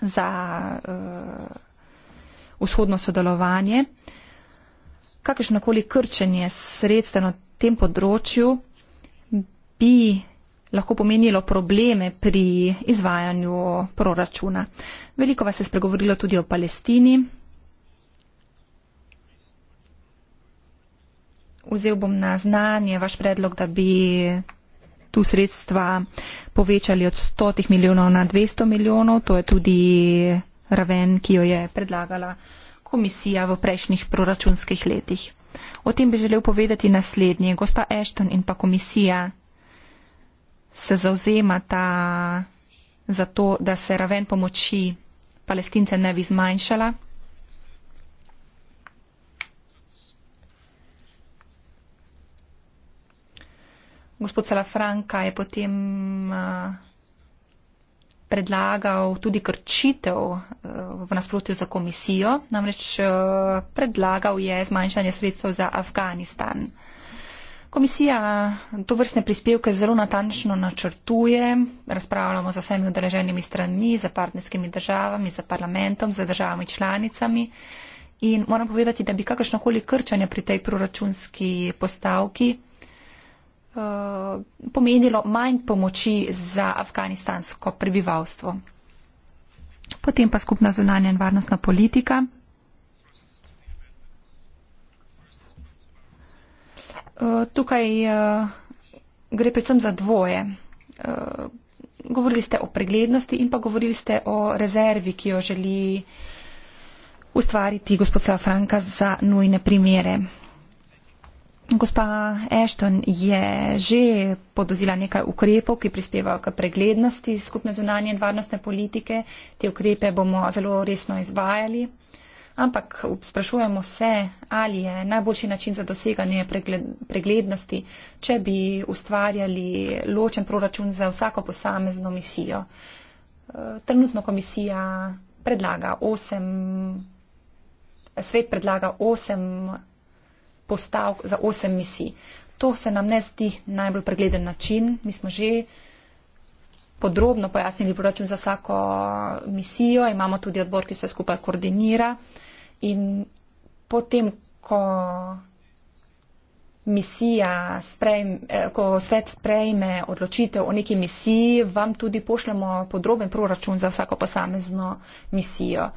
Speaker 1: za uh, vzhodno sodelovanje. Uh, kakršnokoli krčenje sredstev na tem področju bi lahko pomenilo probleme pri izvajanju proračuna. Veliko vas je spregovorilo tudi o Palestini. Vzel bom na znanje vaš predlog, da bi tu sredstva povečali od 100 milijonov na 200 milijonov. To je tudi raven, ki jo je predlagala komisija v prejšnjih proračunskih letih. O tem bi želel povedati naslednji. Gospa Ashton in pa komisija se zauzemata za to, da se raven pomoči palestincem ne bi zmanjšala. Gospod Salafranka je potem uh, predlagal tudi krčitev eh, v nasprotju za komisijo, namreč eh, predlagal je zmanjšanje sredstev za Afganistan. Komisija to vrstne prispevke zelo natančno načrtuje, razpravljamo z vsemi udeleženimi stranmi, za partnerskimi državami, za parlamentom, za državami članicami in moram povedati, da bi kakršnokoli krčanje pri tej proračunski postavki Eh, pomenilo manj pomoči za afganistansko prebivalstvo. Potem pa skupna zunanja in varnostna politika. Eh, tukaj eh, gre predvsem za dvoje. Govorili ste o preglednosti in pa govorili ste o rezervi, ki jo želi ustvariti gospod Safranka za nujne primere. Gospa Ashton je že podozila nekaj ukrepov, ki prispevajo k preglednosti skupne zunanje in varnostne politike. Te ukrepe bomo zelo resno izvajali. Ampak sprašujemo se, ali je najboljši način za doseganje preglednosti, če bi ustvarjali ločen proračun za vsako posamezno misijo. Eh, trenutno komisija predlaga osem, svet predlaga osem postavk za osem misij. To se nam ne zdi najbolj pregleden način. Mi smo že podrobno pojasnili proračun za vsako misijo, imamo tudi odbor, ki vse skupaj koordinira in potem, ko misija, sprejme, eh, ko svet sprejme odločitev o neki misiji, vam tudi pošljemo podroben proračun za vsako posamezno misijo. Uh,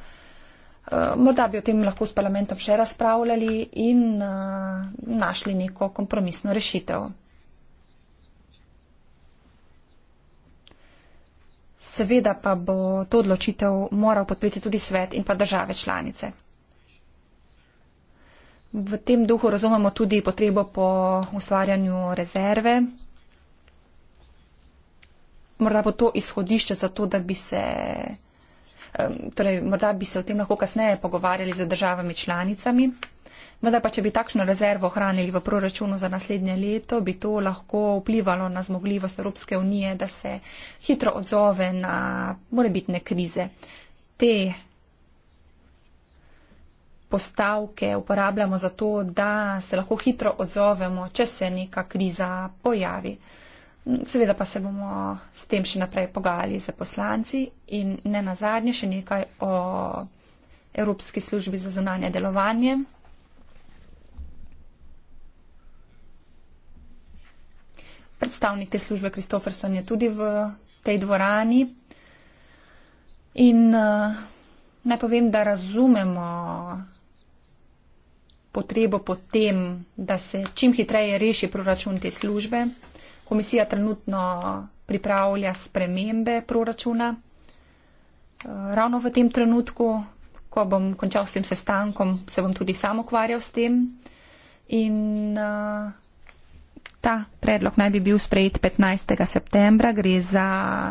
Speaker 1: Eh, morda bi o tem lahko s parlamentom še razpravljali in eh, našli neko kompromisno rešitev. Seveda pa bo to odločitev moral podpreti tudi svet in pa države članice. V tem duhu razumemo tudi potrebo po ustvarjanju rezerve. Morda bo to izhodišče za to, da bi se torej morda bi se o tem lahko kasneje pogovarjali z državami članicami. Vendar pa, če bi takšno rezervo hranili v proračunu za naslednje leto, bi to lahko vplivalo na zmogljivost Evropske unije, da se hitro odzove na morebitne krize. Te postavke uporabljamo zato, da se lahko hitro odzovemo, če se neka kriza pojavi. Seveda pa se bomo s tem še naprej pogajali za poslanci in ne nazadnje še nekaj o Evropski službi za zunanje delovanje. Predstavnik te službe Kristoferson je tudi v tej dvorani. In uh, naj povem, da razumemo potrebo po tem, da se čim hitreje reši proračun te službe. Komisija trenutno pripravlja spremembe proračuna. Eh, ravno v tem trenutku, ko bom končal s tem sestankom, se bom tudi sam ukvarjal s tem. In eh, ta predlog naj bi bil sprejet 15. septembra. Gre za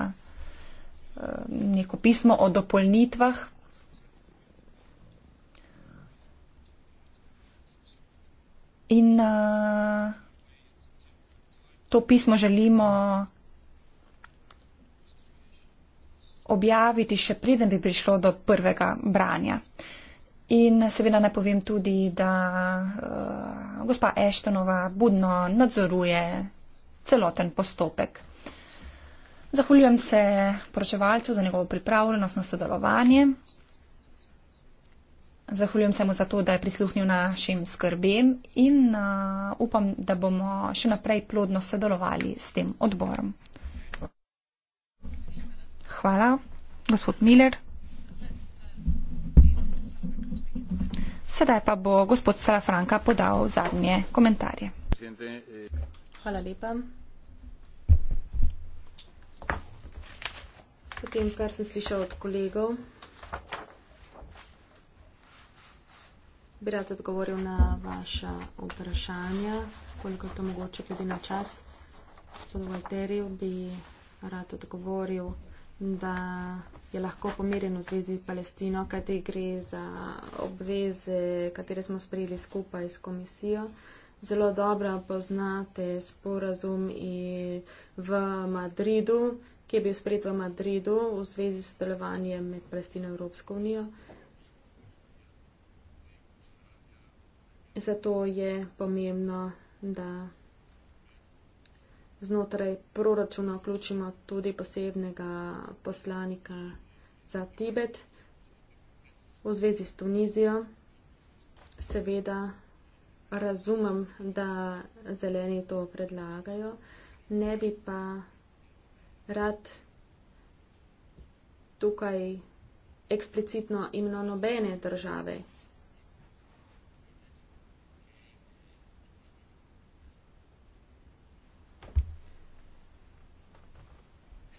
Speaker 1: eh, neko pismo o dopolnitvah. In uh, to pismo želimo objaviti, še preden bi prišlo do prvega branja. In seveda naj povem tudi, da uh, gospa Eštonova budno nadzoruje celoten postopek. Zahvaljujem se poročevalcu za njegovo pripravljenost na sodelovanje. Zahvaljujem se mu za to, da je prisluhnil našim skrbem in uh, upam, da bomo še naprej plodno sodelovali s tem odborom. Hvala. Gospod Miller. Sedaj pa bo gospod Salafranka podal zadnje komentarje.
Speaker 5: Hvala lepa. Potem, kar sem slišal od kolegov. Bi rad odgovoril na vaša vprašanja, koliko to mogoče glede na čas. Gospod Valteriju bi rad odgovoril, da je lahko pomirjen v zvezi s Palestino, kajti gre za obveze, katere smo sprejeli skupaj s komisijo. Zelo dobro poznate sporazum v Madridu, ki je bil sprejet v Madridu v zvezi s delovanjem med Palestino in Evropsko unijo. zato je pomembno, da znotraj proračuna vključimo tudi posebnega poslanika za Tibet v zvezi s Tunizijo. Seveda razumem, da zeleni to predlagajo, ne bi pa rad tukaj eksplicitno imeno nobene države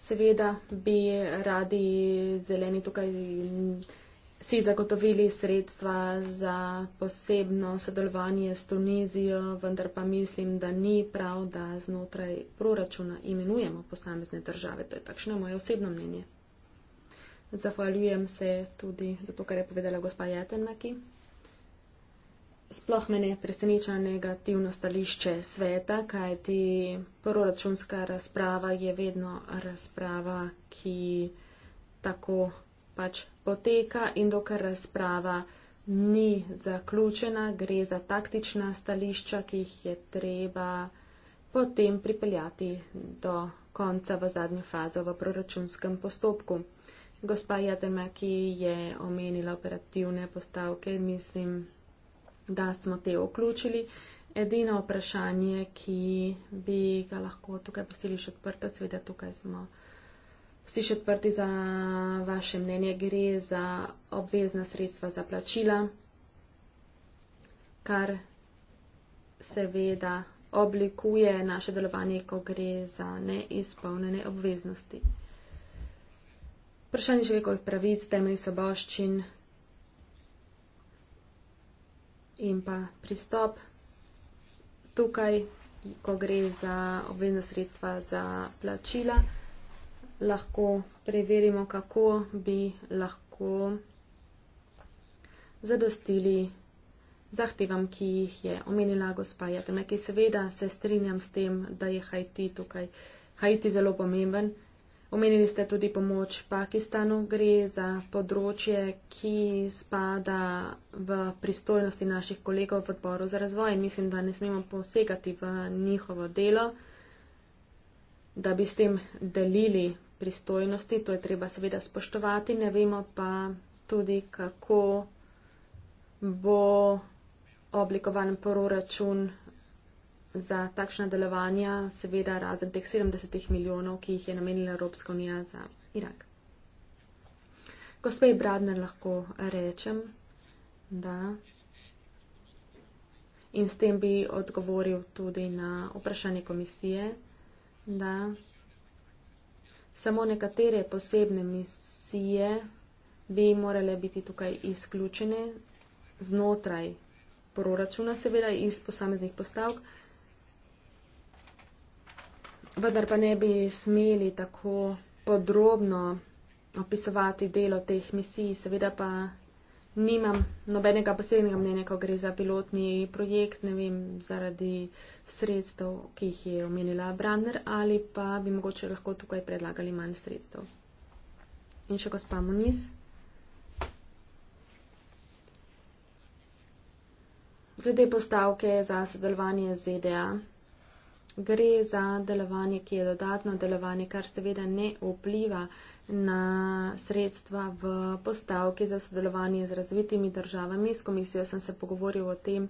Speaker 5: seveda bi radi zeleni tukaj si zagotovili sredstva za posebno sodelovanje s Tunizijo, vendar pa mislim, da ni prav, da znotraj proračuna imenujemo posamezne države. To je takšno moje osebno mnenje. Zahvaljujem se tudi za to, kar je povedala gospa Jatenmaki sploh me ne preseneča negativno stališče sveta, kajti proračunska razprava je vedno razprava, ki tako pač poteka in dokaj razprava ni zaključena, gre za taktična stališča, ki jih je treba potem pripeljati do konca v zadnjo fazo v proračunskem postopku. Gospa Jatema, ki je omenila operativne postavke, mislim, da smo te vključili. Edino vprašanje, ki bi ga lahko tukaj posili še odprto, seveda tukaj smo vsi še odprti za vaše mnenje, gre za obvezna sredstva za plačila, kar seveda oblikuje naše delovanje, ko gre za neizpolnjene obveznosti. Vprašanje človekovih pravic, temeljnih soboščin, in pa pristop tukaj, ko gre za obvezna sredstva za plačila, lahko preverimo, kako bi lahko zadostili zahtevam, ki jih je omenila gospa Jatemek. Seveda se strinjam s tem, da je Haiti tukaj, Haiti zelo pomemben. Omenili ste tudi pomoč Pakistanu, gre za področje, ki spada v pristojnosti naših kolegov v odboru za razvoj in mislim, da ne smemo posegati v njihovo delo, da bi s tem delili pristojnosti. To je treba seveda spoštovati, ne vemo pa tudi, kako bo oblikovan proračun za takšna delovanja, seveda razen teh 70 milijonov, ki jih je namenila Evropska unija za Irak. Gospej Bradner lahko rečem, da. In s tem bi odgovoril tudi na vprašanje komisije, da samo nekatere posebne misije bi morale biti tukaj izključene znotraj proračuna, seveda iz posameznih postavk, vendar pa ne bi smeli tako podrobno opisovati delo teh misij. Seveda pa nimam nobenega posebnega mnenja, ko gre za pilotni projekt, ne vem, zaradi sredstev, ki jih je omenila Brandner, ali pa bi mogoče lahko tukaj predlagali manj sredstev. In še gospa Moniz. Glede postavke za sodelovanje z ZDA gre za delovanje, ki je dodatno delovanje, kar seveda ne vpliva na sredstva v postavki za sodelovanje z razvitimi državami. S komisijo sem se pogovoril o tem,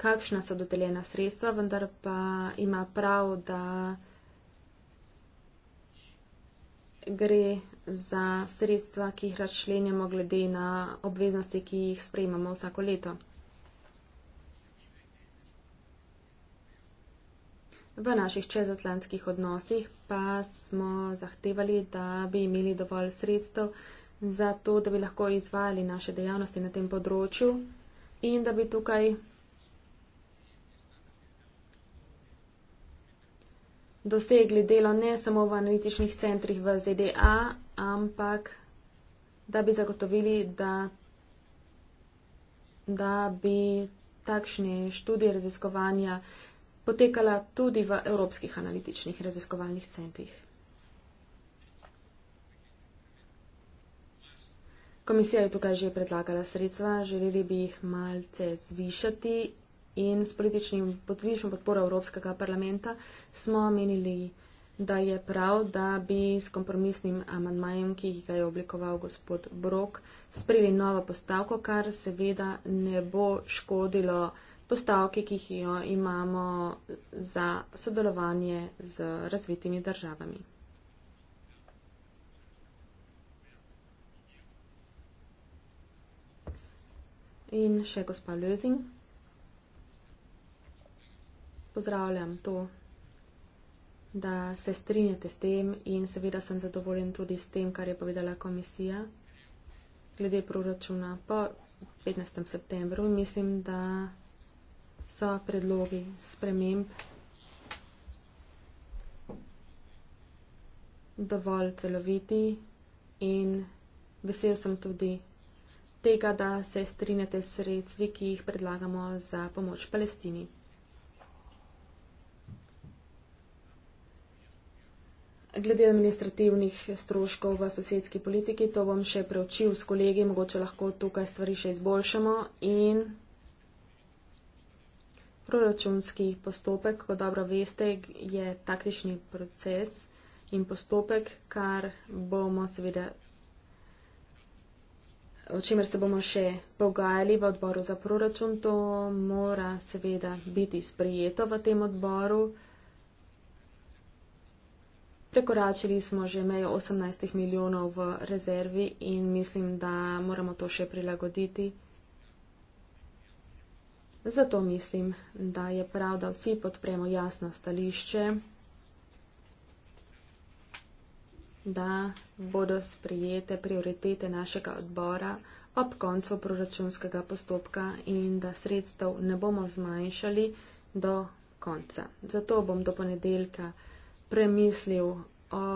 Speaker 5: kakšna so dodeljena sredstva, vendar pa ima prav, da gre za sredstva, ki jih razčlenjamo glede na obveznosti, ki jih sprejmamo vsako leto. V naših čezatlantskih odnosih pa smo zahtevali, da bi imeli dovolj sredstev za to, da bi lahko izvajali naše dejavnosti na tem področju in da bi tukaj dosegli delo ne samo v analitičnih centrih v ZDA, ampak da bi zagotovili, da, da bi takšne študije raziskovanja potekala tudi v evropskih analitičnih raziskovalnih centrih. Komisija je tukaj že predlagala sredstva, želeli bi jih malce zvišati in s političnim podporo Evropskega parlamenta smo menili, da je prav, da bi s kompromisnim amandmajem, ki ga je oblikoval gospod Brok, sprejeli novo postavko, kar seveda ne bo škodilo postavke, ki jih imamo za sodelovanje z razvitimi državami. In še gospa Lözing. Pozdravljam to, da se strinjate s tem in seveda sem zadovoljen tudi s tem, kar je povedala komisija glede proračuna po 15. septembru. Mislim, da so predlogi sprememb dovolj celoviti in vesel sem tudi tega, da se strinjate s sredstvi, ki jih predlagamo za pomoč Palestini. Glede administrativnih stroškov v sosedski politiki, to bom še preučil s kolegi, mogoče lahko tukaj stvari še izboljšamo in Proračunski postopek, kot dobro veste, je taktični proces in postopek, kar bomo seveda, o čemer se bomo še pogajali v odboru za proračun, to mora seveda biti sprejeto v tem odboru. Prekoračili smo že mejo 18 milijonov v rezervi in mislim, da moramo to še prilagoditi. Zato mislim, da je prav, da vsi podpremo jasno stališče, da bodo sprijete prioritete našega odbora ob koncu proračunskega postopka in da sredstev ne bomo zmanjšali do konca. Zato bom do ponedeljka premislil o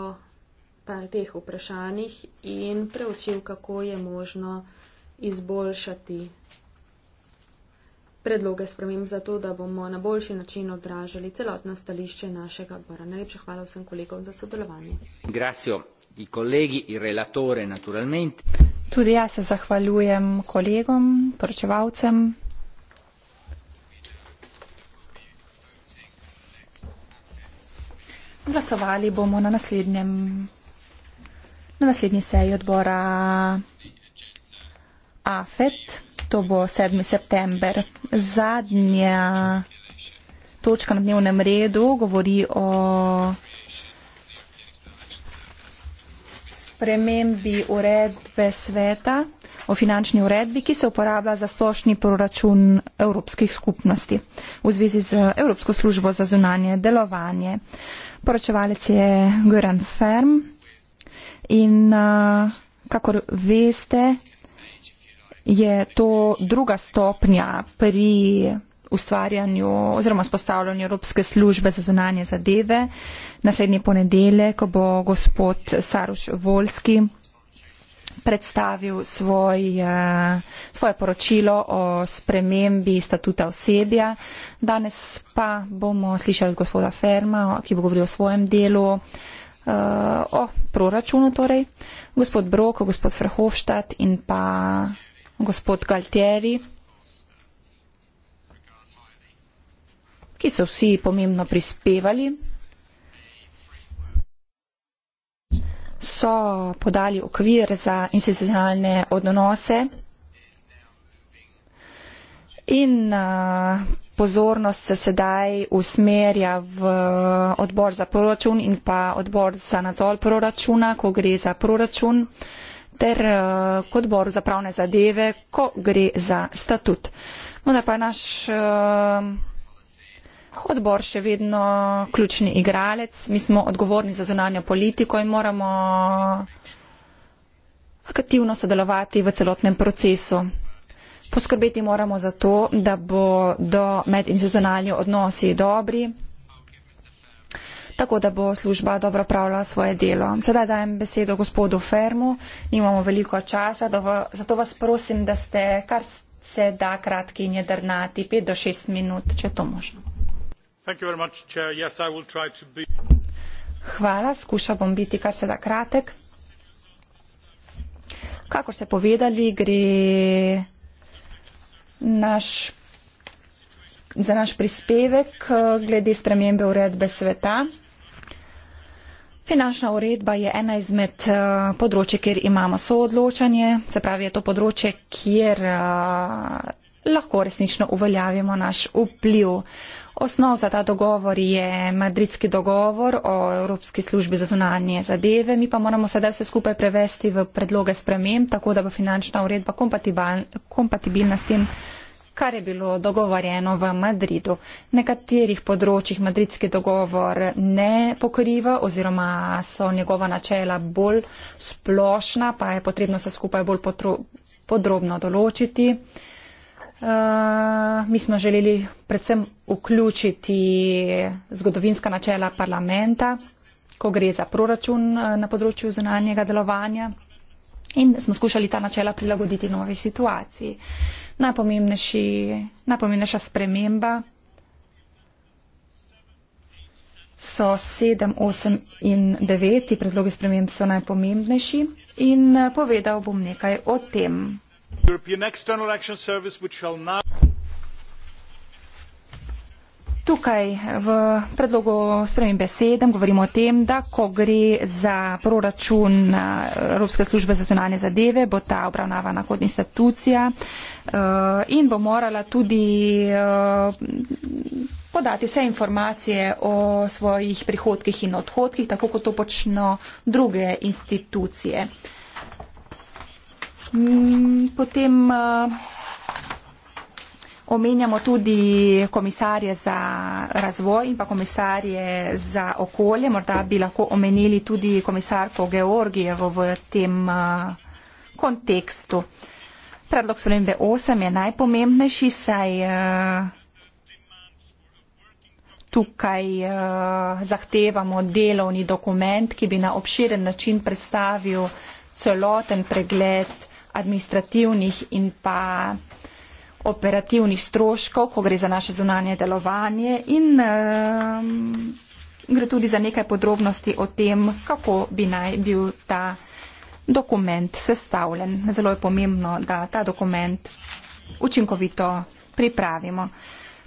Speaker 5: teh vprašanjih in preučil, kako je možno izboljšati predloge sprememb za to, da bomo na boljši način odražali celotno stališče našega odbora. Najlepša hvala vsem kolegom za sodelovanje.
Speaker 2: Gracijo. I kolegi, i relatore, naturalmente.
Speaker 1: Tudi jaz se zahvaljujem kolegom, poročevalcem. Glasovali bomo na, naslednjem, na naslednji seji odbora AFET to bo 7. september. Zadnja točka na dnevnem redu govori o spremembi uredbe sveta, o finančni uredbi, ki se uporablja za splošni proračun evropskih skupnosti v zvezi z Evropsko službo za zunanje delovanje. Poročevalec je Göran Ferm in kakor veste, je to druga stopnja pri ustvarjanju oziroma spostavljanju Evropske službe za zunanje zadeve. Naslednji ponedeljek, ko bo gospod Saruš Volski predstavil svoj, eh, svoje poročilo o spremembi statuta osebja. Danes pa bomo slišali gospoda Ferma, ki bo govoril o svojem delu, eh, o proračunu torej, gospod Broko, gospod Frehovštat in pa gospod Galtieri, ki so vsi pomembno prispevali, so podali okvir za institucionalne odnose in pozornost se sedaj usmerja v odbor za proračun in pa odbor za nadzor proračuna, ko gre za proračun ter uh, eh, kot boru za pravne zadeve, ko gre za statut. Morda pa je naš uh, odbor še vedno ključni igralec. Mi smo odgovorni za zunanjo politiko in moramo aktivno sodelovati v celotnem procesu. Poskrbeti moramo za to, da bo do medinstitucionalni odnosi dobri tako da bo služba dobro pravila svoje delo. Sedaj dajem besedo gospodu Fermu, nimamo veliko časa, v, zato vas prosim, da ste kar se da kratki in jedrnati, 5 do 6 minut, če je to možno. Hvala, skušal bom biti kar se da kratek. Kakor ste povedali, gre naš, za naš prispevek eh, glede spremembe uredbe sveta. Finančna uredba je ena izmed eh, področji, kjer imamo soodločanje, se pravi, je to področje, kjer eh, lahko resnično uveljavimo naš vpliv. Osnov za ta dogovor je madridski dogovor o Evropski službi za zunanje zadeve. Mi pa moramo sedaj vse skupaj prevesti v predloge sprememb, tako da bo finančna uredba kompatibilna s tem kar je bilo dogovorjeno v Madridu. Nekaterih področjih madridski dogovor ne pokriva oziroma so njegova načela bolj splošna, pa je potrebno se skupaj bolj podrobno določiti. Uh, mi smo želeli predvsem vključiti zgodovinska načela parlamenta, ko gre za proračun uh, na področju zunanjega delovanja in smo skušali ta načela prilagoditi novi situaciji. Uh, najpomembnejši, najpomembnejša sprememba so 7, 8 in 9. Predlogi sprememb so najpomembnejši in eh, povedal bom nekaj o tem. Tukaj v predlogu spremembe sedem govorimo o tem, da ko gre za proračun eh, Evropske službe za zonalne zadeve, bo ta obravnavana kot institucija eh, in bo morala tudi eh, podati vse informacije o svojih prihodkih in odhodkih, tako kot to počno druge institucije.
Speaker 5: Mm,
Speaker 1: potem uh, omenjamo tudi komisarje za razvoj in pa komisarje za okolje. Morda bi lahko omenili tudi komisarko Georgijevo v tem uh, kontekstu. Predlog spremembe 8 je najpomembnejši, saj uh, tukaj uh, zahtevamo delovni dokument, ki bi na obširen način predstavil celoten pregled administrativnih in pa operativnih stroškov, ko gre za naše zunanje delovanje in um, gre tudi za nekaj podrobnosti o tem, kako bi naj bil ta dokument sestavljen. Zelo je pomembno, da ta dokument učinkovito pripravimo.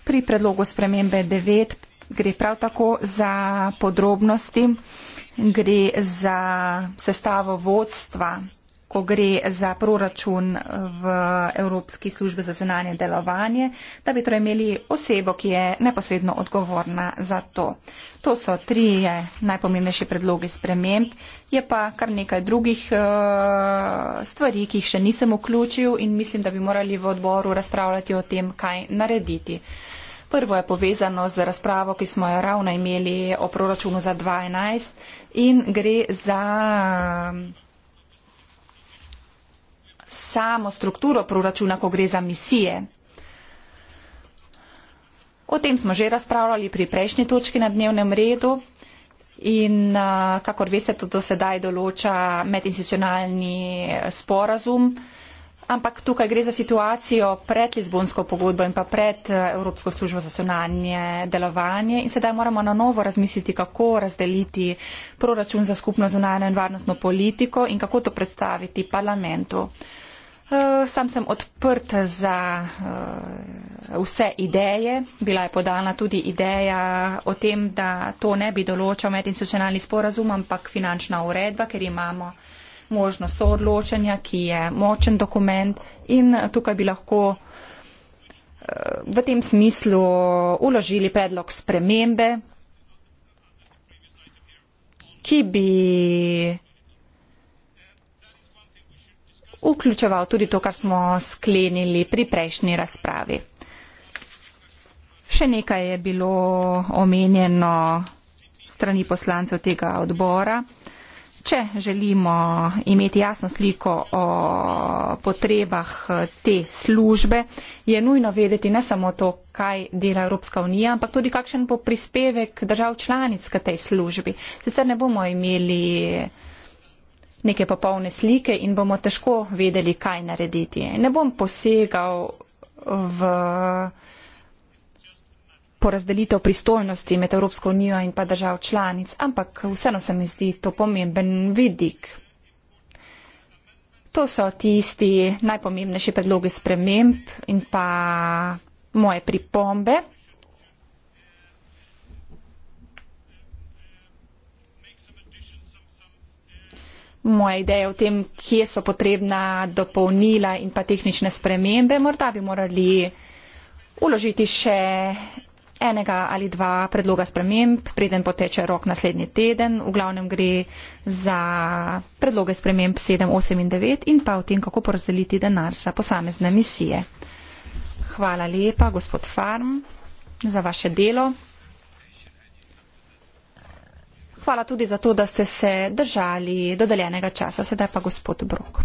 Speaker 1: Pri predlogu spremembe 9 gre prav tako za podrobnosti, gre za sestavo vodstva ko gre za proračun v Evropski službi za zunanje delovanje, da bi torej imeli osebo, ki je neposredno odgovorna za to. To so tri najpomembnejše predloge sprememb, je pa kar nekaj drugih eh, stvari, ki jih še nisem vključil in mislim, da bi morali v odboru razpravljati o tem, kaj narediti. Prvo je povezano z razpravo, ki smo jo ravno imeli o proračunu za 2012 in gre za samo strukturo proračuna, ko gre za misije. O tem smo že razpravljali pri prejšnji točki na dnevnem redu in kakor veste, to do sedaj določa medinstitucionalni sporazum ampak tukaj gre za situacijo pred Lizbonsko pogodbo in pa pred eh, Evropsko službo za sonanje delovanje in sedaj moramo na novo razmisliti, kako razdeliti proračun za skupno zunanje in varnostno politiko in kako to predstaviti parlamentu. Eh, sam sem odprt za eh, vse ideje. Bila je podana tudi ideja o tem, da to ne bi določal medinstitucionalni sporazum, ampak finančna uredba, ker imamo možnost soodločanja, ki je močen dokument in tukaj bi lahko eh, v tem smislu uložili predlog spremembe, ki bi vključeval tudi to, kar smo sklenili pri prejšnji razpravi. Še nekaj je bilo omenjeno strani poslancev tega odbora. Če želimo imeti jasno sliko o potrebah eh, te službe, je nujno vedeti ne samo to, kaj dela Evropska unija, ampak tudi kakšen bo prispevek držav članic k tej službi. Sicer ne bomo imeli neke popolne slike in bomo težko vedeli, kaj narediti. Ne bom posegal v porazdelitev pristojnosti med Evropsko unijo in pa držav članic, ampak vseeno se mi zdi to pomemben vidik. To so tisti najpomembnejši predlogi sprememb in pa moje pripombe. Moja ideja o tem, kje so potrebna dopolnila in pa tehnične spremembe, morda bi morali uložiti še enega ali dva predloga sprememb, preden poteče rok naslednji teden. V glavnem gre za predloge sprememb 7, 8 in 9 in pa o tem, kako porazdeliti denar za posamezne misije. Hvala lepa, gospod Farm, za vaše delo. Hvala tudi za to, da ste se držali dodeljenega časa. Sedaj pa gospod Brok.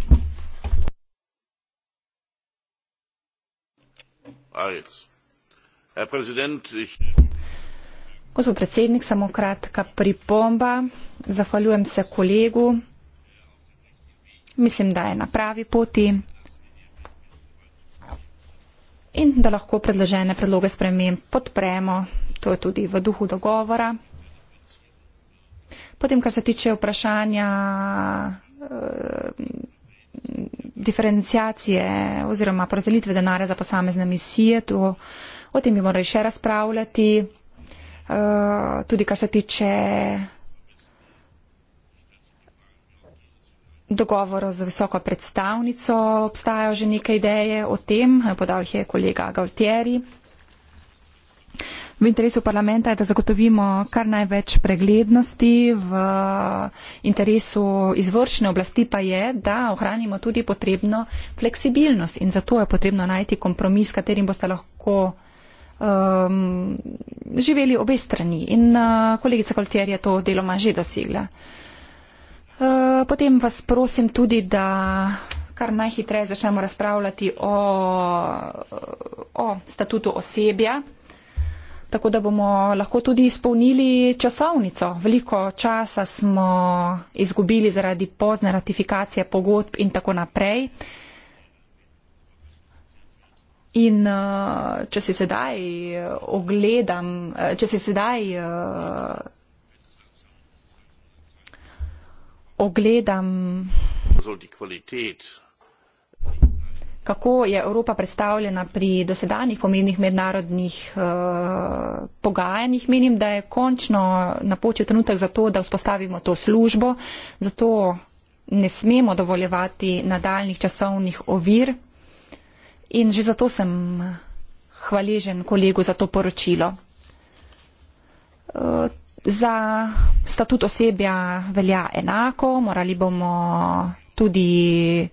Speaker 4: Hvala. Herr Präsident, ich
Speaker 1: Gospod predsednik, samo kratka pripomba. Zahvaljujem se kolegu. Mislim, da je na pravi poti in da lahko predložene predloge sprememb podpremo. To je tudi v duhu dogovora. Potem, kar se tiče vprašanja eh, diferencijacije oziroma porazdelitve denarja za posamezne misije, to O tem bi morali še razpravljati, eh, tudi kar se tiče dogovorov z visoko predstavnico, obstajajo že neke ideje o tem, podal jih je kolega Galtieri. V interesu parlamenta je, da zagotovimo kar največ preglednosti, v interesu izvršne oblasti pa je, da ohranimo tudi potrebno fleksibilnost in zato je potrebno najti kompromis, katerim boste lahko um, živeli obe strani in uh, kolegica Koltjer je to deloma že dosegla. Uh, potem vas prosim tudi, da kar najhitreje začnemo razpravljati o, o statutu osebja, tako da bomo lahko tudi izpolnili časovnico. Veliko časa smo izgubili zaradi pozne ratifikacije pogodb in tako naprej. Uh, In eh, če si sedaj eh, ogledam, eh, če si sedaj ogledam, kako je Evropa predstavljena pri dosedanjih pomembnih mednarodnih pogajanjih, menim, da je končno napočil trenutek za to, da vzpostavimo to službo, zato ne smemo dovoljevati nadaljnih časovnih ovir. In že zato sem hvaležen kolegu za to poročilo. Eh, za statut osebja velja enako, morali bomo tudi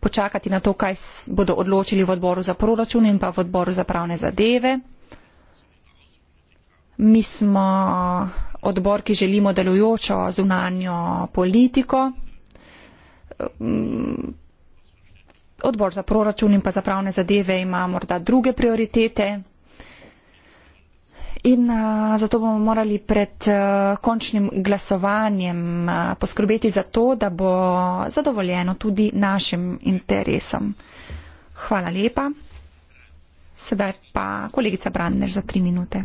Speaker 1: počakati na to, kaj bodo odločili v odboru za proračun in pa v odboru za pravne zadeve. Mi smo odbor, ki želimo delujočo zunanjo politiko. Eh, odbor za proračun in pa za pravne zadeve ima morda druge prioritete. In uh, zato bomo morali pred uh, končnim glasovanjem uh, poskrbeti za to, da bo zadovoljeno tudi našim interesom. Hvala lepa. Sedaj pa kolegica Brandner za tri minute.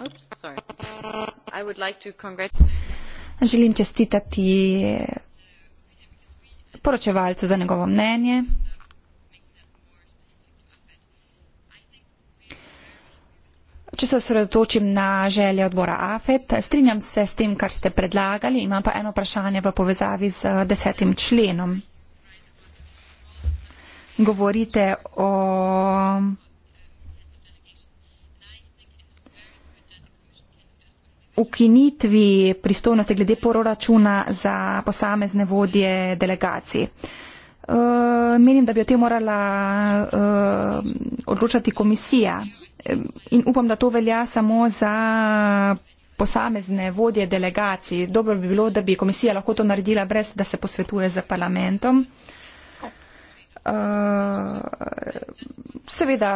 Speaker 5: Oops, like
Speaker 1: Želim čestitati poročevalcu za njegovo mnenje. Če se sredotočim na želje odbora AFET, strinjam se s tem, kar ste predlagali, imam pa eno vprašanje v povezavi z eh, desetim členom. Govorite o ukinitvi pristojnosti glede proračuna za posamezne vodje delegacij. Uh, menim, da bi o tem morala uh, odločati komisija in upam, da to velja samo za posamezne vodje delegacij. Dobro bi bilo, da bi komisija lahko to naredila brez, da se posvetuje z parlamentom. Uh, Eh, seveda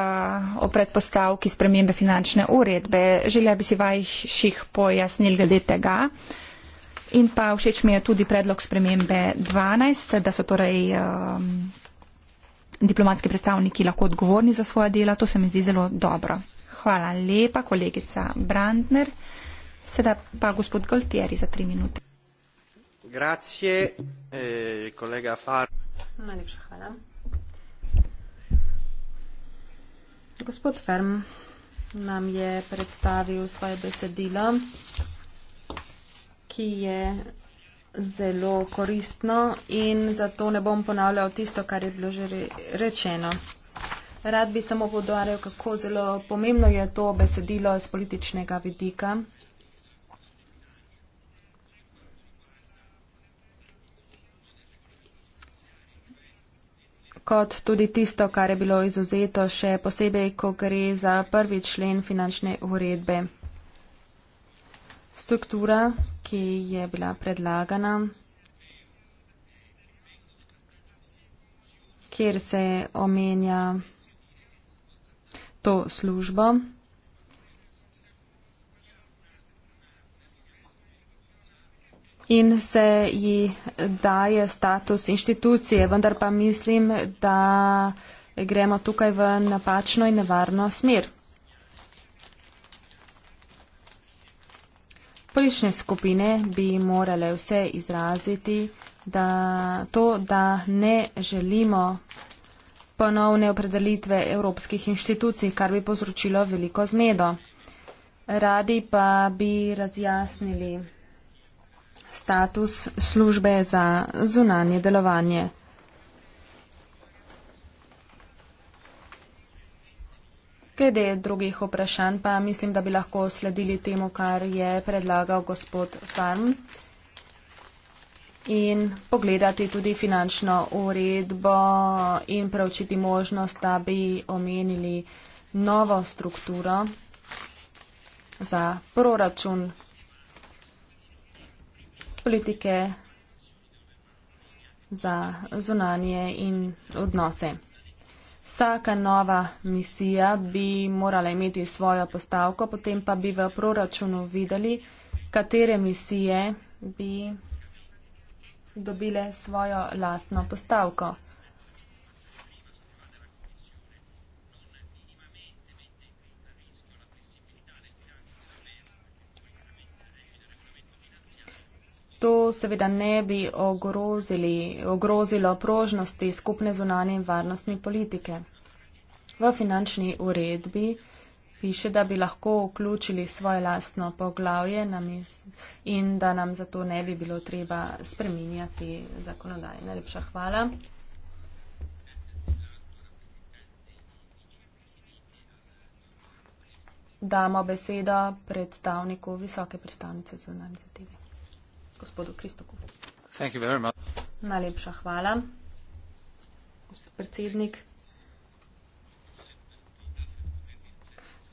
Speaker 1: o predpostavki spremembe finančne uredbe. Želja bi si vajših pojasnil glede tega. In pa všeč mi je tudi predlog spremembe 12, da so torej um, diplomatski predstavniki lahko odgovorni za svoja dela. To se mi zdi zelo dobro. Hvala lepa, kolegica Brandner. Sedaj pa gospod Goltieri za tri minute.
Speaker 2: Grazie, eh, kolega Far.
Speaker 5: Najlepša hvala. Gospod Ferm nam je predstavil svoje besedilo, ki je zelo koristno in zato ne bom ponavljal tisto, kar je bilo že rečeno. Rad bi samo podaril, kako zelo pomembno je to besedilo z političnega vidika. kot tudi tisto, kar je bilo izuzeto, še posebej, ko gre za prvi člen finančne uredbe. Struktura, ki je bila predlagana, kjer se omenja to službo. in se ji daje status inštitucije. Vendar pa mislim, da gremo tukaj v napačno in nevarno smer. Politične skupine bi morale vse izraziti, da to, da ne želimo ponovne opredelitve evropskih inštitucij, kar bi povzročilo veliko zmedo. Radi pa bi razjasnili status službe za zunanje delovanje. Glede drugih vprašanj pa mislim, da bi lahko sledili temu, kar je predlagal gospod Farm in pogledati tudi finančno uredbo in preučiti možnost, da bi omenili novo strukturo za proračun politike za zunanje in odnose. Vsaka nova misija bi morala imeti svojo postavko, potem pa bi v proračunu videli, katere misije bi dobile svojo lastno postavko. to seveda ne bi ogrozilo prožnosti skupne zunanje in varnostne politike. V finančni uredbi piše, da bi lahko vključili svoje lastno poglavje in da nam zato ne bi bilo treba spreminjati zakonodaje. Najlepša hvala. Damo besedo predstavniku visoke predstavnice za nadzor gospodu Kristoku. Najlepša hvala, gospod predsednik.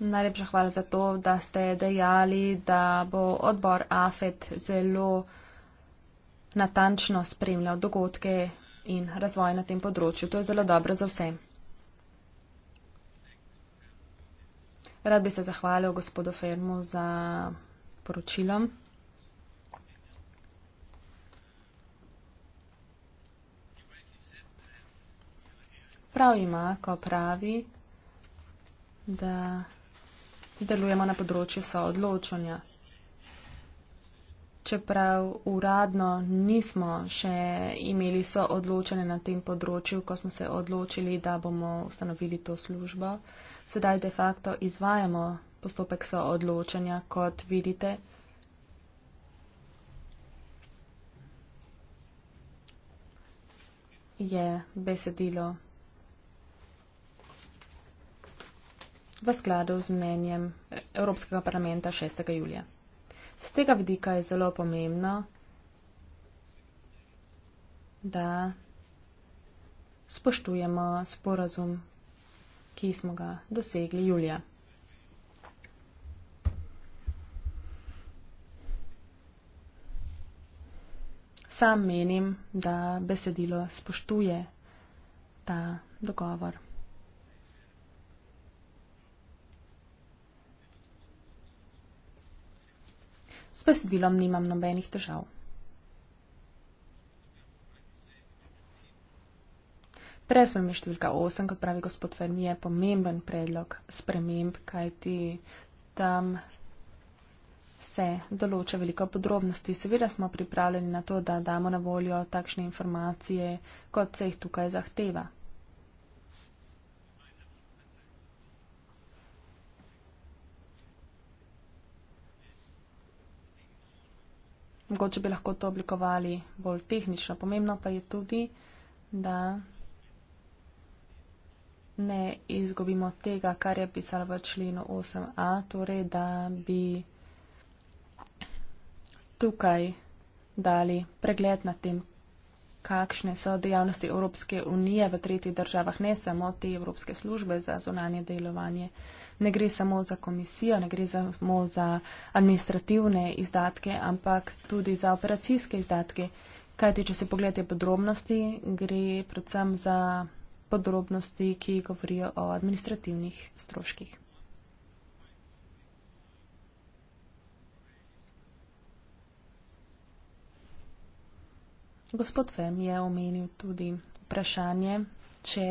Speaker 5: Najlepša hvala za to, da ste dejali, da bo odbor AFET zelo natančno spremljal dogodke in razvoj na tem področju. To je zelo dobro za vse. Rad bi se zahvalil gospodu Fermu za poročilom. prav ima, ko pravi, da delujemo na področju soodločanja. Čeprav uradno nismo še imeli soodločanja na tem področju, ko smo se odločili, da bomo ustanovili to službo, sedaj de facto izvajamo postopek soodločanja, kot vidite. Je besedilo v skladu z mnenjem Evropskega parlamenta 6. julija. Z tega vidika je zelo pomembno, da spoštujemo sporazum, ki smo ga dosegli julija. Sam menim, da besedilo spoštuje ta dogovor. S besedilom nimam nobenih težav. Presmem je številka 8, kot pravi gospod Fermi, je pomemben predlog sprememb, kajti tam se določa veliko podrobnosti. Seveda smo pripravljeni na to, da damo na voljo takšne informacije, kot se jih tukaj zahteva. Mogoče bi lahko to oblikovali bolj tehnično. Pomembno pa je tudi, da ne izgubimo tega, kar je pisalo v členu 8a, torej da bi tukaj dali pregled nad tem, kakšne so dejavnosti Evropske unije v tretjih državah, ne samo te Evropske službe za zonanje delovanje ne gre samo za komisijo, ne gre samo za administrativne izdatke, ampak tudi za operacijske izdatke. Kajti, če se pogledate podrobnosti, gre predvsem za podrobnosti, ki govorijo o administrativnih stroških. Gospod Fem je omenil tudi vprašanje, če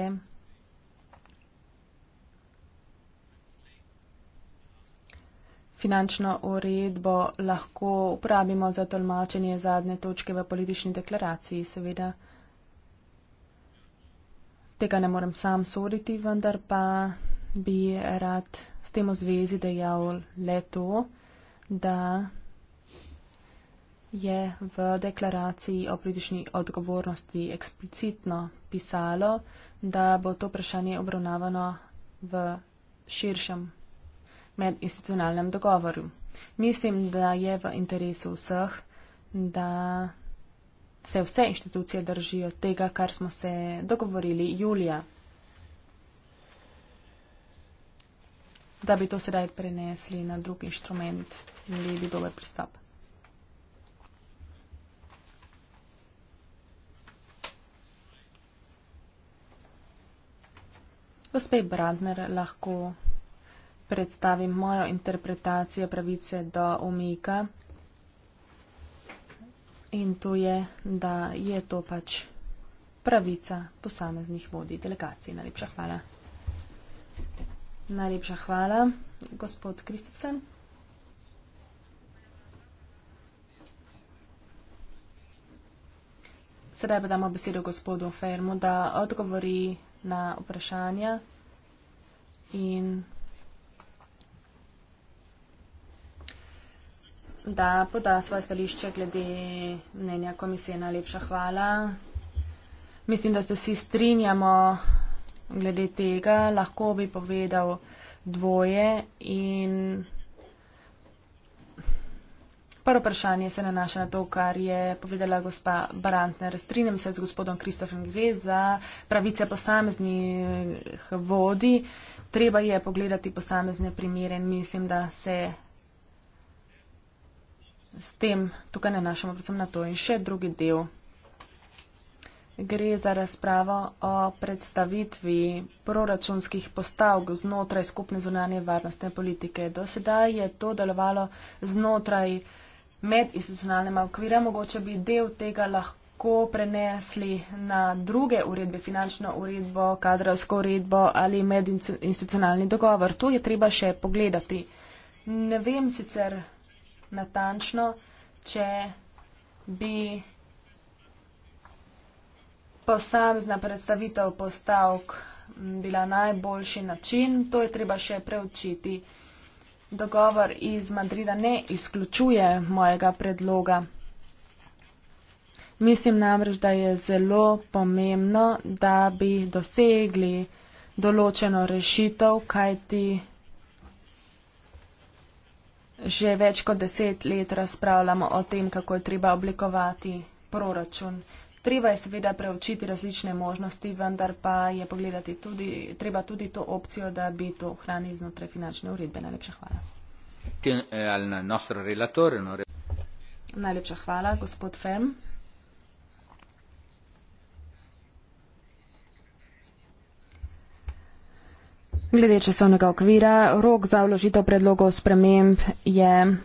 Speaker 5: finančno uredbo lahko uporabimo za tolmačenje zadnje točke v politični deklaraciji, seveda. Tega ne morem sam soditi, vendar pa bi rad s tem v zvezi dejal le to, da je v deklaraciji o politični odgovornosti eksplicitno pisalo, da bo to vprašanje obravnavano v širšem med institucionalnem dogovoru. Mislim, da je v interesu vseh, da se vse inštitucije držijo tega, kar smo se dogovorili julija. Da bi to sedaj prenesli na drug inštrument, ne bi dober pristop. Gospe Bradner, lahko predstavim mojo interpretacijo pravice do umika. In to je, da je to pač pravica posameznih vodij delegacij. Najlepša hvala. Najlepša hvala, gospod Kristofsen. Sedaj pa damo besedo gospodu Fermu, da odgovori na vprašanja in da poda svoje stališče glede mnenja komisije. Najlepša hvala. Mislim, da se vsi strinjamo glede tega. Lahko bi povedal dvoje in prvo vprašanje se nanaša na to, kar je povedala gospa Brantner. Strinjam se z gospodom Kristofem Gre za pravice posameznih vodi. Treba je pogledati posamezne primere in mislim, da se s tem tukaj nanašamo predvsem na to in še drugi del. Gre za razpravo o predstavitvi proračunskih postavk znotraj skupne zunanje varnostne politike. Do sedaj je to delovalo znotraj medinstitucionalnega okvira. Mogoče bi del tega lahko prenesli na druge uredbe, finančno uredbo, kadrovsko uredbo ali medinstitucionalni dogovor. To je treba še pogledati. Ne vem sicer natančno, če bi posamezna predstavitev postavk bila najboljši način. To je treba še preučiti. Dogovor iz Madrida ne izključuje mojega predloga. Mislim namreč, da je zelo pomembno, da bi dosegli določeno rešitev, kajti že več kot deset let razpravljamo o tem, kako je treba oblikovati proračun. Treba je seveda preučiti različne možnosti, vendar pa je pogledati tudi, treba tudi to opcijo, da bi to ohranili znotraj finančne uredbe. Najlepša hvala. Eh, Najlepša hvala, gospod Fem. Glede časovnega okvira, rok za vložitev predlogov sprememb je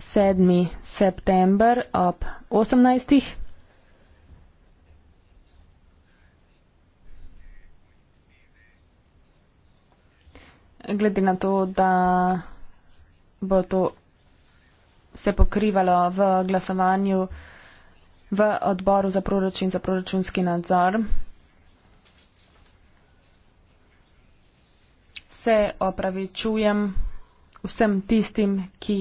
Speaker 5: 7. september ob 18. Glede na to, da bo to se pokrivalo v glasovanju v odboru za proračun za proračunski nadzor, se opravičujem vsem tistim, ki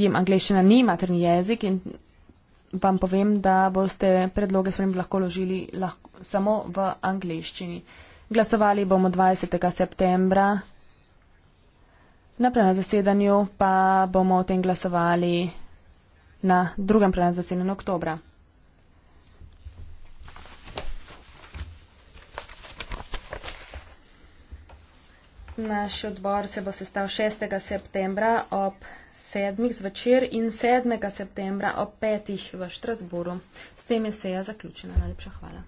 Speaker 5: jim angliščina ni materni jezik in vam povem, da boste predloge s vami lahko ložili lahko, samo v angliščini. Glasovali bomo 20. septembra. Na prenos zasedanju pa bomo o tem glasovali na drugem prenos zasedanju oktobra. Naš odbor se bo sestal 6. septembra ob 7. zvečer in 7. septembra ob 5. v Štrasburu. S tem je seja zaključena. Najlepša hvala.